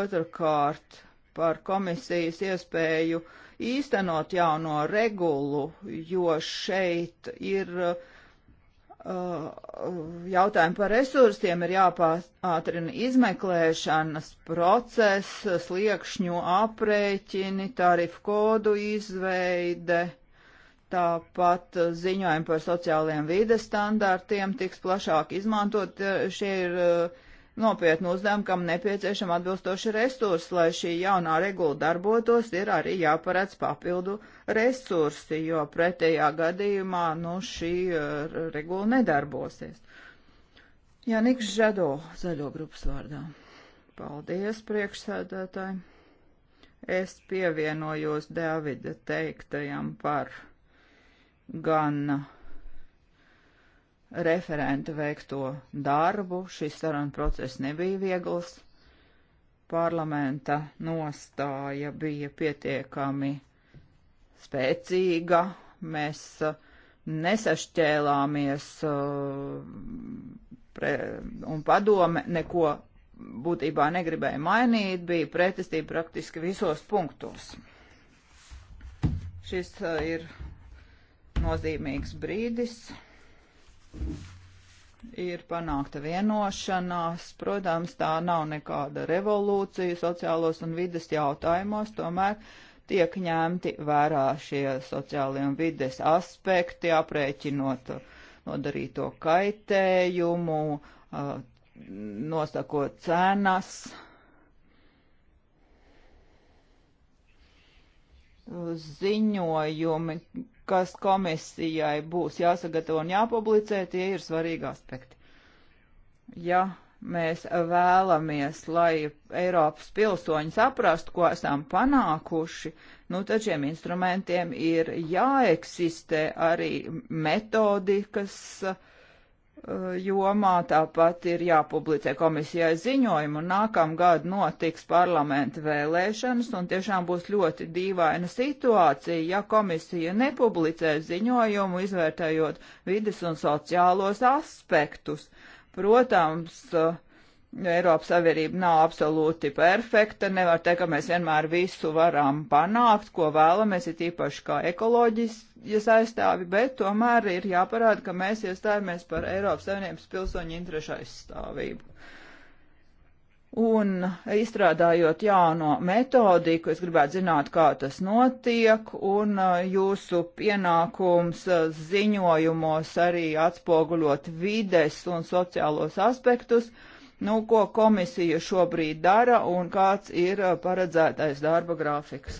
Otrakārt, par komisijas iespēju īstenot jauno regulu, jo šeit ir uh, jautājumi par resursiem, ir jāpātrina izmeklēšanas process, sliekšņu aprēķini, tarifu kodu izveide Tāpat uh, ziņojumi par sociālajiem vides standārtiem tiks plašāk izmantot. Uh, šie ir uh, nopietni uzdevumi, kam nepieciešama atbilstoši resursi, lai šī jaunā regula darbotos, ir arī jāparedz papildu resursi, jo pretējā gadījumā nu, šī regula nedarbosies. Jā, Niks Žado, zaļo grupas vārdā. Paldies, priekšsēdētāji. Es pievienojos Davida teiktajam par gan referenta veikto darbu. Šis saruna process nebija viegls. Parlamenta nostāja bija pietiekami spēcīga. Mēs uh, nesašķēlāmies uh, pre, un padome neko būtībā negribēja mainīt, bija pretestība praktiski visos punktos. Šis uh, ir nozīmīgs brīdis. Ir panākta vienošanās. Protams, tā nav nekāda revolūcija sociālos un vides jautājumos, tomēr tiek ņemti vērā šie sociālie un vides aspekti, aprēķinot nodarīto kaitējumu, nosakot cenas. Ziņojumi, kas komisijai būs jāsagatavo un jāpublicē, tie ir svarīgi aspekti. Ja mēs vēlamies, lai Eiropas pilsoņi saprastu, ko esam panākuši, nu tad šiem instrumentiem ir jāeksistē arī metodikas, kas Eh, jomā tāpat ir jāpublicē komisijai ziņojumu, un nākamgad notiks parlamenta vēlēšanas, un tiešām būs ļoti dīvaina situācija, ja komisija nepublicē ziņojumu, izvērtējot vides un sociālos aspektus. Protams, uh, Eiropas Savienība nav absolūti perfekta, nevar teikt, ka mēs vienmēr visu varam panākt, ko vēlamies, ir īpaši kā ekoloģijas aizstāvi, bet tomēr ir jāparāda, ka mēs iestājāmies par Eiropas Savienības pilsoņu interešu aizstāvību. Un izstrādājot jauno metodiku, es gribētu zināt, kā tas notiek, un uh, jūsu pienākums uh, ziņojumos arī atspoguļot vides un sociālos aspektus. Uh, nu, ko komisija šobrīd dara un kāds ir paredzētais darba grafiks.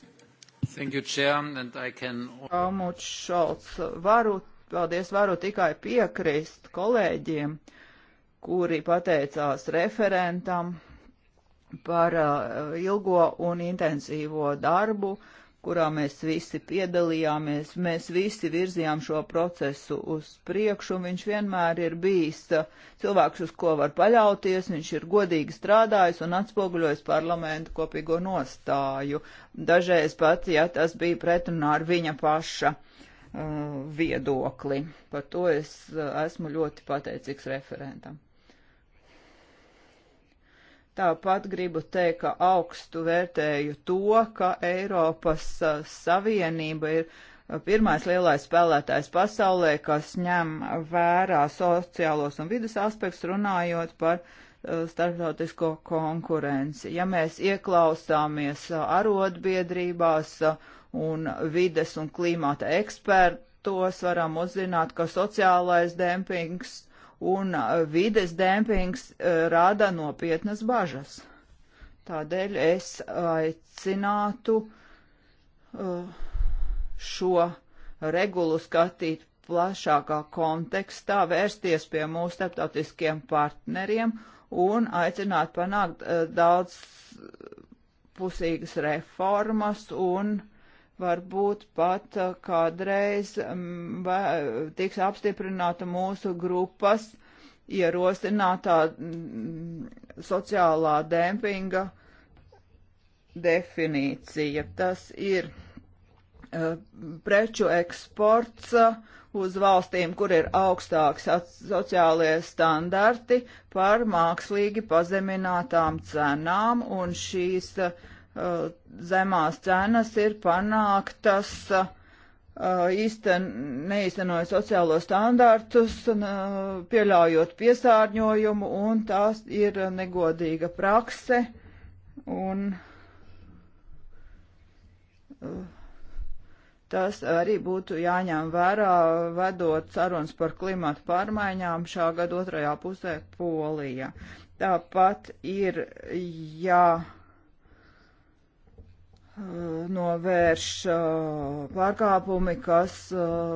Thank you, Chair, and I can... Almuts Šalts, varu, paldies, varu tikai piekrist kolēģiem, kuri pateicās referentam par uh, ilgo un intensīvo darbu. Uh, kurā mēs visi piedalījāmies, mēs visi virzījām šo procesu uz priekšu, un viņš vienmēr ir bijis uh, cilvēks, uz ko var paļauties, viņš ir godīgi strādājis un atspoguļojis parlamentu kopīgo nostāju. Dažreiz pat, ja tas bija pretrunā ar viņa paša uh, viedokli. Par to es uh, esmu ļoti pateicīgs referentam. Tāpat gribu teikt, ka augstu vērtēju to, ka Eiropas Savienība ir pirmais lielais spēlētājs pasaulē, kas ņem vērā sociālos un vidas aspektus runājot par starptautisko konkurenci. Ja mēs ieklausāmies arotbiedrībās un vides un klimata ekspertos, varam uzzināt, ka sociālais dempings un vides dempings rada nopietnas bažas. Tādēļ es aicinātu šo regulu skatīt plašākā kontekstā, vērsties pie mūsu starptautiskiem partneriem un aicināt panākt daudz pusīgas reformas un varbūt pat uh, kādreiz mm, tiks apstiprināta mūsu grupas ierosinātā mm, sociālā dempinga definīcija. Tas ir uh, preču eksports uh, uz valstīm, kur ir augstāki sociālie standarti par mākslīgi pazeminātām cenām, un šīs uh, Uh, zemās cenas ir panāktas uh, īsten, neīstenoja sociālo standārtus, uh, pieļaujot piesārņojumu, un tās ir negodīga prakse. Un tas arī būtu jāņem vērā, vedot sarunas par klimatu pārmaiņām šā gada otrajā pusē Polija. Tāpat ir jā. Ja Eh, novērš eh, pārkāpumi, kas eh,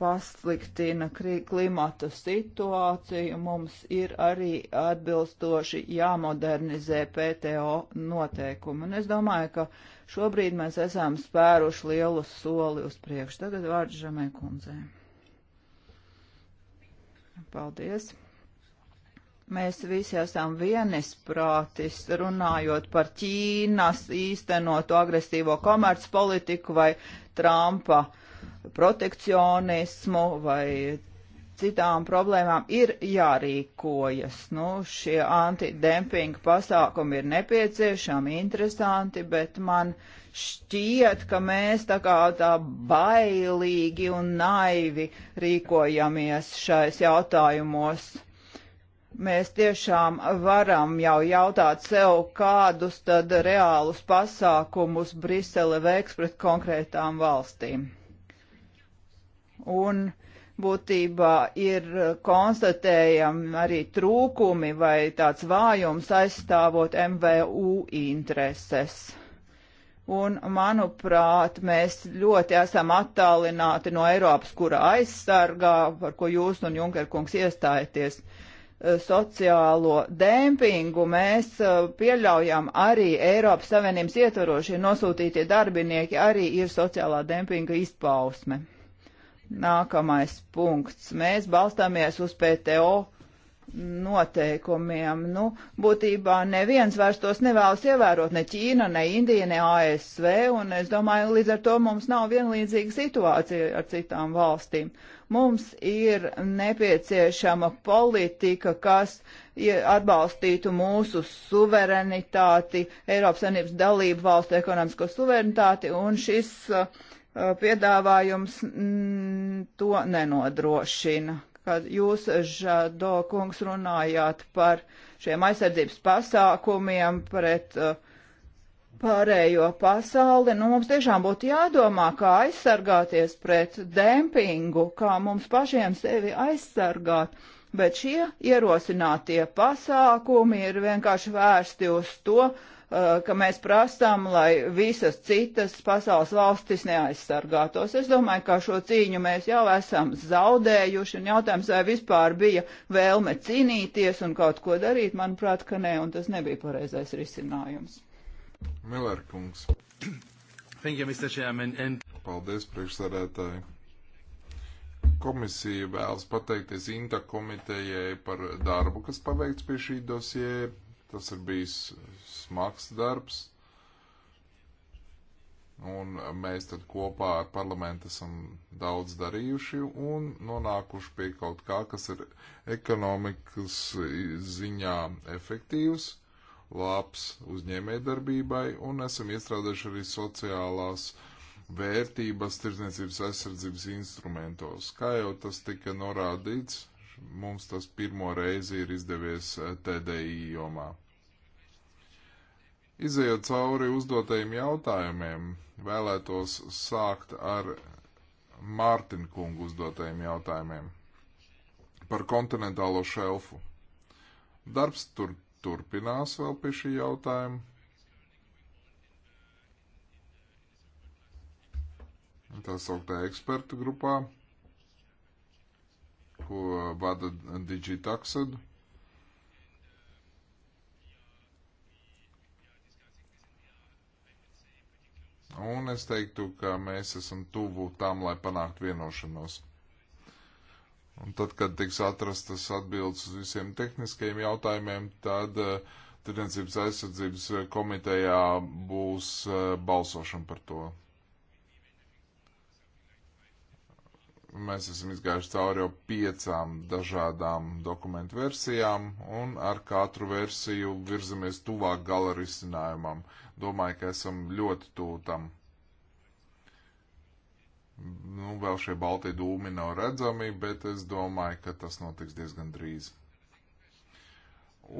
pasliktina klimata situāciju. Mums ir arī atbilstoši jāmodernizē PTO noteikumi. Un es domāju, ka šobrīd mēs esam spēruši lielu soli uz priekšu. Tagad vārds Žamē kundzē. Paldies! mēs visi esam vienisprātis runājot par Ķīnas īstenotu agresīvo komercpolitiku vai Trumpa protekcionismu vai citām problēmām ir jārīkojas. Nu, šie antidempinga pasākumi ir nepieciešami, interesanti, bet man šķiet, ka mēs tā kā tā bailīgi un naivi rīkojamies šais jautājumos mēs tiešām varam jau jautāt sev, kādus tad reālus pasākumus Brisele veiks pret konkrētām valstīm. Un būtībā ir konstatējami arī trūkumi vai tāds vājums aizstāvot MVU intereses. Un, manuprāt, mēs ļoti esam attālināti no Eiropas, kura aizsargā, par ko jūs un Junkerkungs iestājaties. Uh, Eh, sociālo dempingu mēs eh, pieļaujam arī Eiropas Savienības ietvarošie nosūtītie darbinieki arī ir sociālā dempinga izpausme. Nākamais punkts. Mēs balstāmies uz PTO noteikumiem. Nu, būtībā neviens vairs tos nevēlas ievērot, ne Ķīna, ne Indija, ne ASV, un es domāju, līdz ar to mums nav vienlīdzīga situācija ar citām valstīm. Uh, Mums ir nepieciešama politika, kas atbalstītu mūsu suverenitāti, Eiropas Savienības dalību valstu ekonomisko suverenitāti, un šis uh, piedāvājums mm, to nenodrošina. Kad jūs, Žado kungs, runājāt par šiem aizsardzības pasākumiem pret uh, pārējo pasauli. Nu, mums tiešām būtu jādomā, kā aizsargāties pret dempingu, kā mums pašiem sevi aizsargāt. Bet šie ierosinātie pasākumi ir vienkārši vērsti uz to, uh, ka mēs prasām, lai visas citas pasaules valstis neaizsargātos. Es domāju, ka šo cīņu mēs jau esam zaudējuši, un jautājums, vai vispār bija vēlme cīnīties un kaut ko darīt, manuprāt, ka nē, un tas nebija pareizais risinājums. Miller kungs. Thank you, Mr. Chairman. And... Paldies, priekšsēdētāji. Komisija vēlas pateikties INTA komitejai par darbu, kas paveikts pie šī dosie. Tas ir bijis smags darbs. Un mēs tad kopā ar parlamentu esam daudz darījuši un nonākuši pie kaut kā, kas ir ekonomikas ziņā efektīvs labs uzņēmējdarbībai un esam iestrādājuši arī sociālās vērtības tirdzniecības aizsardzības instrumentos. Kā jau tas tika norādīts, mums tas pirmo reizi ir izdevies eh, TDI jomā. Izejot cauri uzdotajiem jautājumiem, vēlētos sākt ar Mārtiņa kungu uzdotajiem jautājumiem par kontinentālo šelfu. Darbs tur turpinās vēl pie šī jautājuma. Tā sauktā ekspertu grupā, ko vada Digitaxed. Un es teiktu, ka mēs esam tuvu tam, lai panāktu vienošanos. Un tad, kad tiks atrastas atbildes uz visiem tehniskajiem jautājumiem, tad eh, Tirdzniecības aizsardzības eh, komitejā būs eh, balsošana par to. mēs esam izgājuši cauri jau piecām dažādām dokumentu versijām, un ar katru versiju virzamies tuvāk gala risinājumam. Domāju, ka esam ļoti tūlu tam. Nu, vēl šie balti dūmi nav redzami, bet es domāju, ka tas notiks diezgan drīz.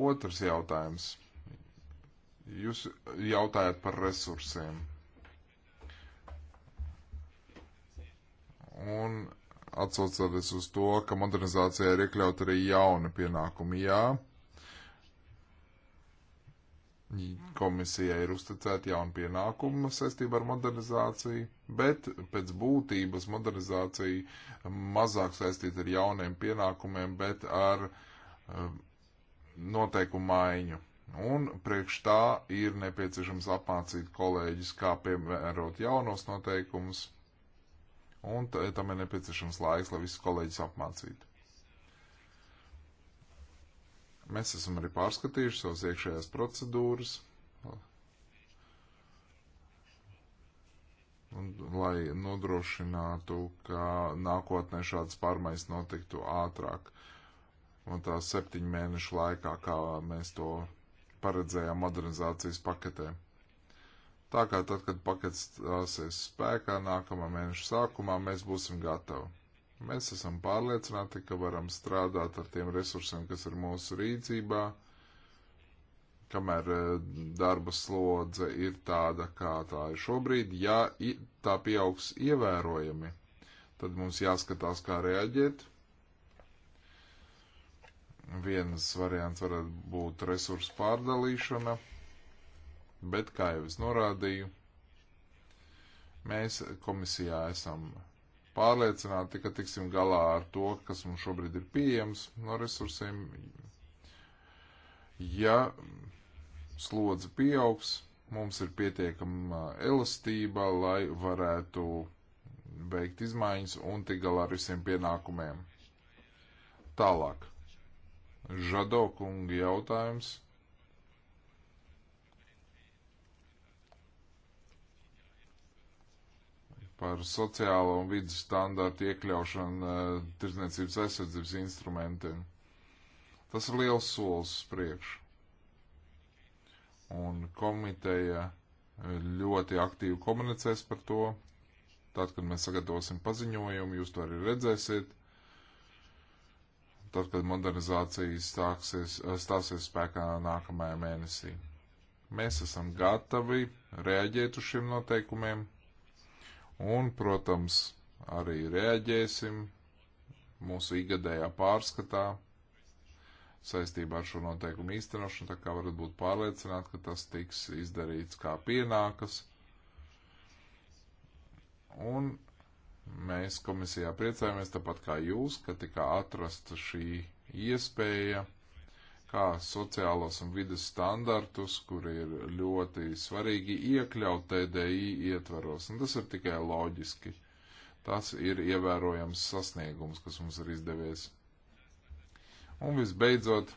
Otrs jautājums. Jūs jautājat par resursiem. Un atsaucoties uz to, ka modernizācijā ir iekļaut arī jauni pienākumi, jā. Komisijai ir uzticēta jauna pienākuma saistībā ar modernizāciju, bet pēc būtības modernizācija mazāk saistīta ar jauniem pienākumiem, bet ar um, noteikumu maiņu. Un priekš tā ir nepieciešams apmācīt kolēģis, kā piemērot jaunos noteikumus, un tam ir nepieciešams laiks, lai visus kolēģis apmācītu. Mēs esam arī pārskatījuši savas iekšējās procedūras, un, lai nodrošinātu, ka nākotnē šādas pārmaiņas notiktu ātrāk. Un tā septiņu mēnešu laikā, kā mēs to paredzējām modernizācijas paketē. Tā kā tad, kad pakets stāsies spēkā nākamā mēneša sākumā, mēs būsim gatavi. Mēs esam pārliecināti, ka varam strādāt ar tiem resursiem, kas ir mūsu rīcībā, kamēr e, darba slodze ir tāda, kā tā ir šobrīd. Ja tā pieaugs ievērojami, tad mums jāskatās, kā reaģēt. Viens variants varētu būt resursu pārdalīšana, bet, kā jau es norādīju, mēs komisijā esam pārliecināti, ka tiksim galā ar to, kas mums šobrīd ir pieejams no resursiem. Ja slodze pieaugs, mums ir pietiekama elastība, lai varētu veikt izmaiņas un tik galā ar visiem pienākumiem. Tālāk. Žadokunga jautājums par sociālo un vidus standārtu iekļaušanu uh, tirdzniecības aizsardzības instrumentiem. Tas ir liels solis priekšu. Un komiteja eh, ļoti aktīvi komunicēs par to. Tad, kad mēs sagatavosim paziņojumu, jūs to arī redzēsiet. Tad, kad modernizācija stāksies, eh, stāsies spēkā nākamajā mēnesī. Mēs esam gatavi reaģēt uz šiem noteikumiem, Un, protams, arī reaģēsim mūsu ikgadējā pārskatā saistībā ar šo noteikumu īstenošanu, tā kā varat būt pārliecināti, ka tas tiks izdarīts kā pienākas. Un mēs komisijā priecājamies, tāpat kā jūs, ka tika atrasta šī iespēja kā sociālos un vidas standartus, kuri ir ļoti svarīgi iekļaut TDI ietvaros, un tas ir tikai loģiski. Tas ir ievērojams sasniegums, kas mums ir izdevies. Un visbeidzot,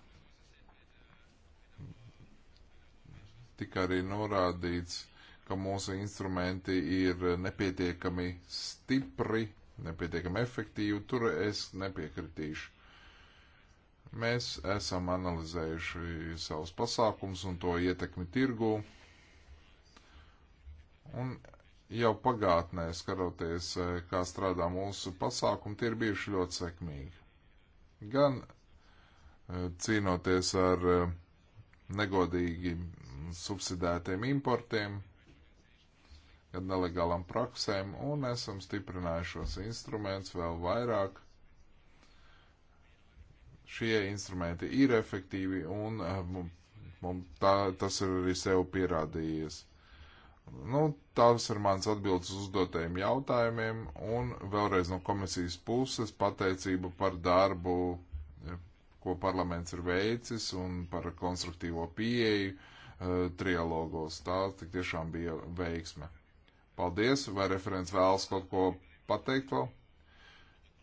tika arī norādīts, ka mūsu instrumenti ir nepietiekami stipri, nepietiekami efektīvi, tur es nepiekritīšu Mēs esam analizējuši savus pasākums un to ietekmi tirgū. Un jau pagātnē, skatoties, eh, kā strādā mūsu pasākumi, tie ir bijuši ļoti sekmīgi. Gan eh, cīnoties ar eh, negodīgi subsidētiem importiem, gan nelegālām praksēm, un esam stiprinājušos instrumentus vēl vairāk šie instrumenti ir efektīvi un eh, mums tā, tas ir arī sev pierādījies. Nu, tās ir mans atbildes uzdotajiem jautājumiem un vēlreiz no komisijas puses pateicība par darbu, eh, ko parlaments ir veicis un par konstruktīvo pieeju uh, trialogos. Tā tik tiešām bija veiksme. Paldies, vai referents vēlas kaut ko pateikt vēl?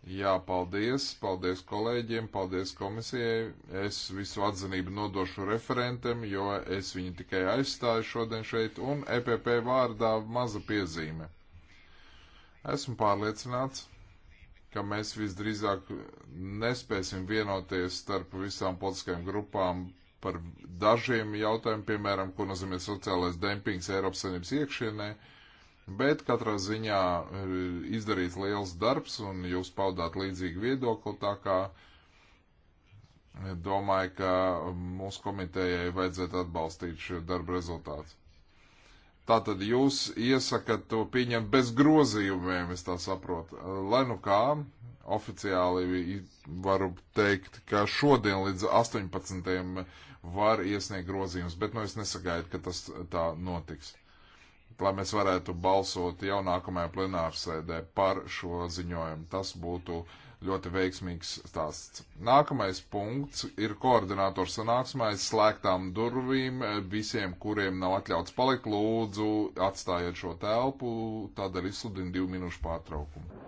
Jā, paldies, paldies kolēģiem, paldies komisijai. Es visu atzinību nodošu referentam, jo es viņu tikai aizstāju šodien šeit, un EPP vārdā maza piezīme. Esmu pārliecināts, ka mēs visdrīzāk nespēsim vienoties starp visām politiskajām grupām par dažiem jautājumiem, piemēram, ko nozīmē sociālais dempings Eiropas Savienības iekšienē. Uh, Bet katrā ziņā ir eh, izdarīts liels darbs, un jūs paudāt līdzīgu viedokli. Tā kā eh, domāju, ka mūsu komitejai vajadzētu atbalstīt šo darbu rezultātu. Tātad jūs iesakat to pieņemt bez grozījumiem, es tā saprotu. Eh, lai nu kā, oficiāli varu teikt, ka šodien līdz 18. var iesniegt grozījumus, bet nu es nesagaidu, ka tas tā notiks lai mēs varētu balsot jau nākamajā plenārsēdē par šo ziņojumu. Tas būtu ļoti veiksmīgs stāsts. Nākamais punkts ir koordinātors sanāksmē aiz slēgtām durvīm. Visiem, kuriem nav atļauts palikt, lūdzu atstājiet šo telpu, tādēļ izsludinu divu minūšu pārtraukumu.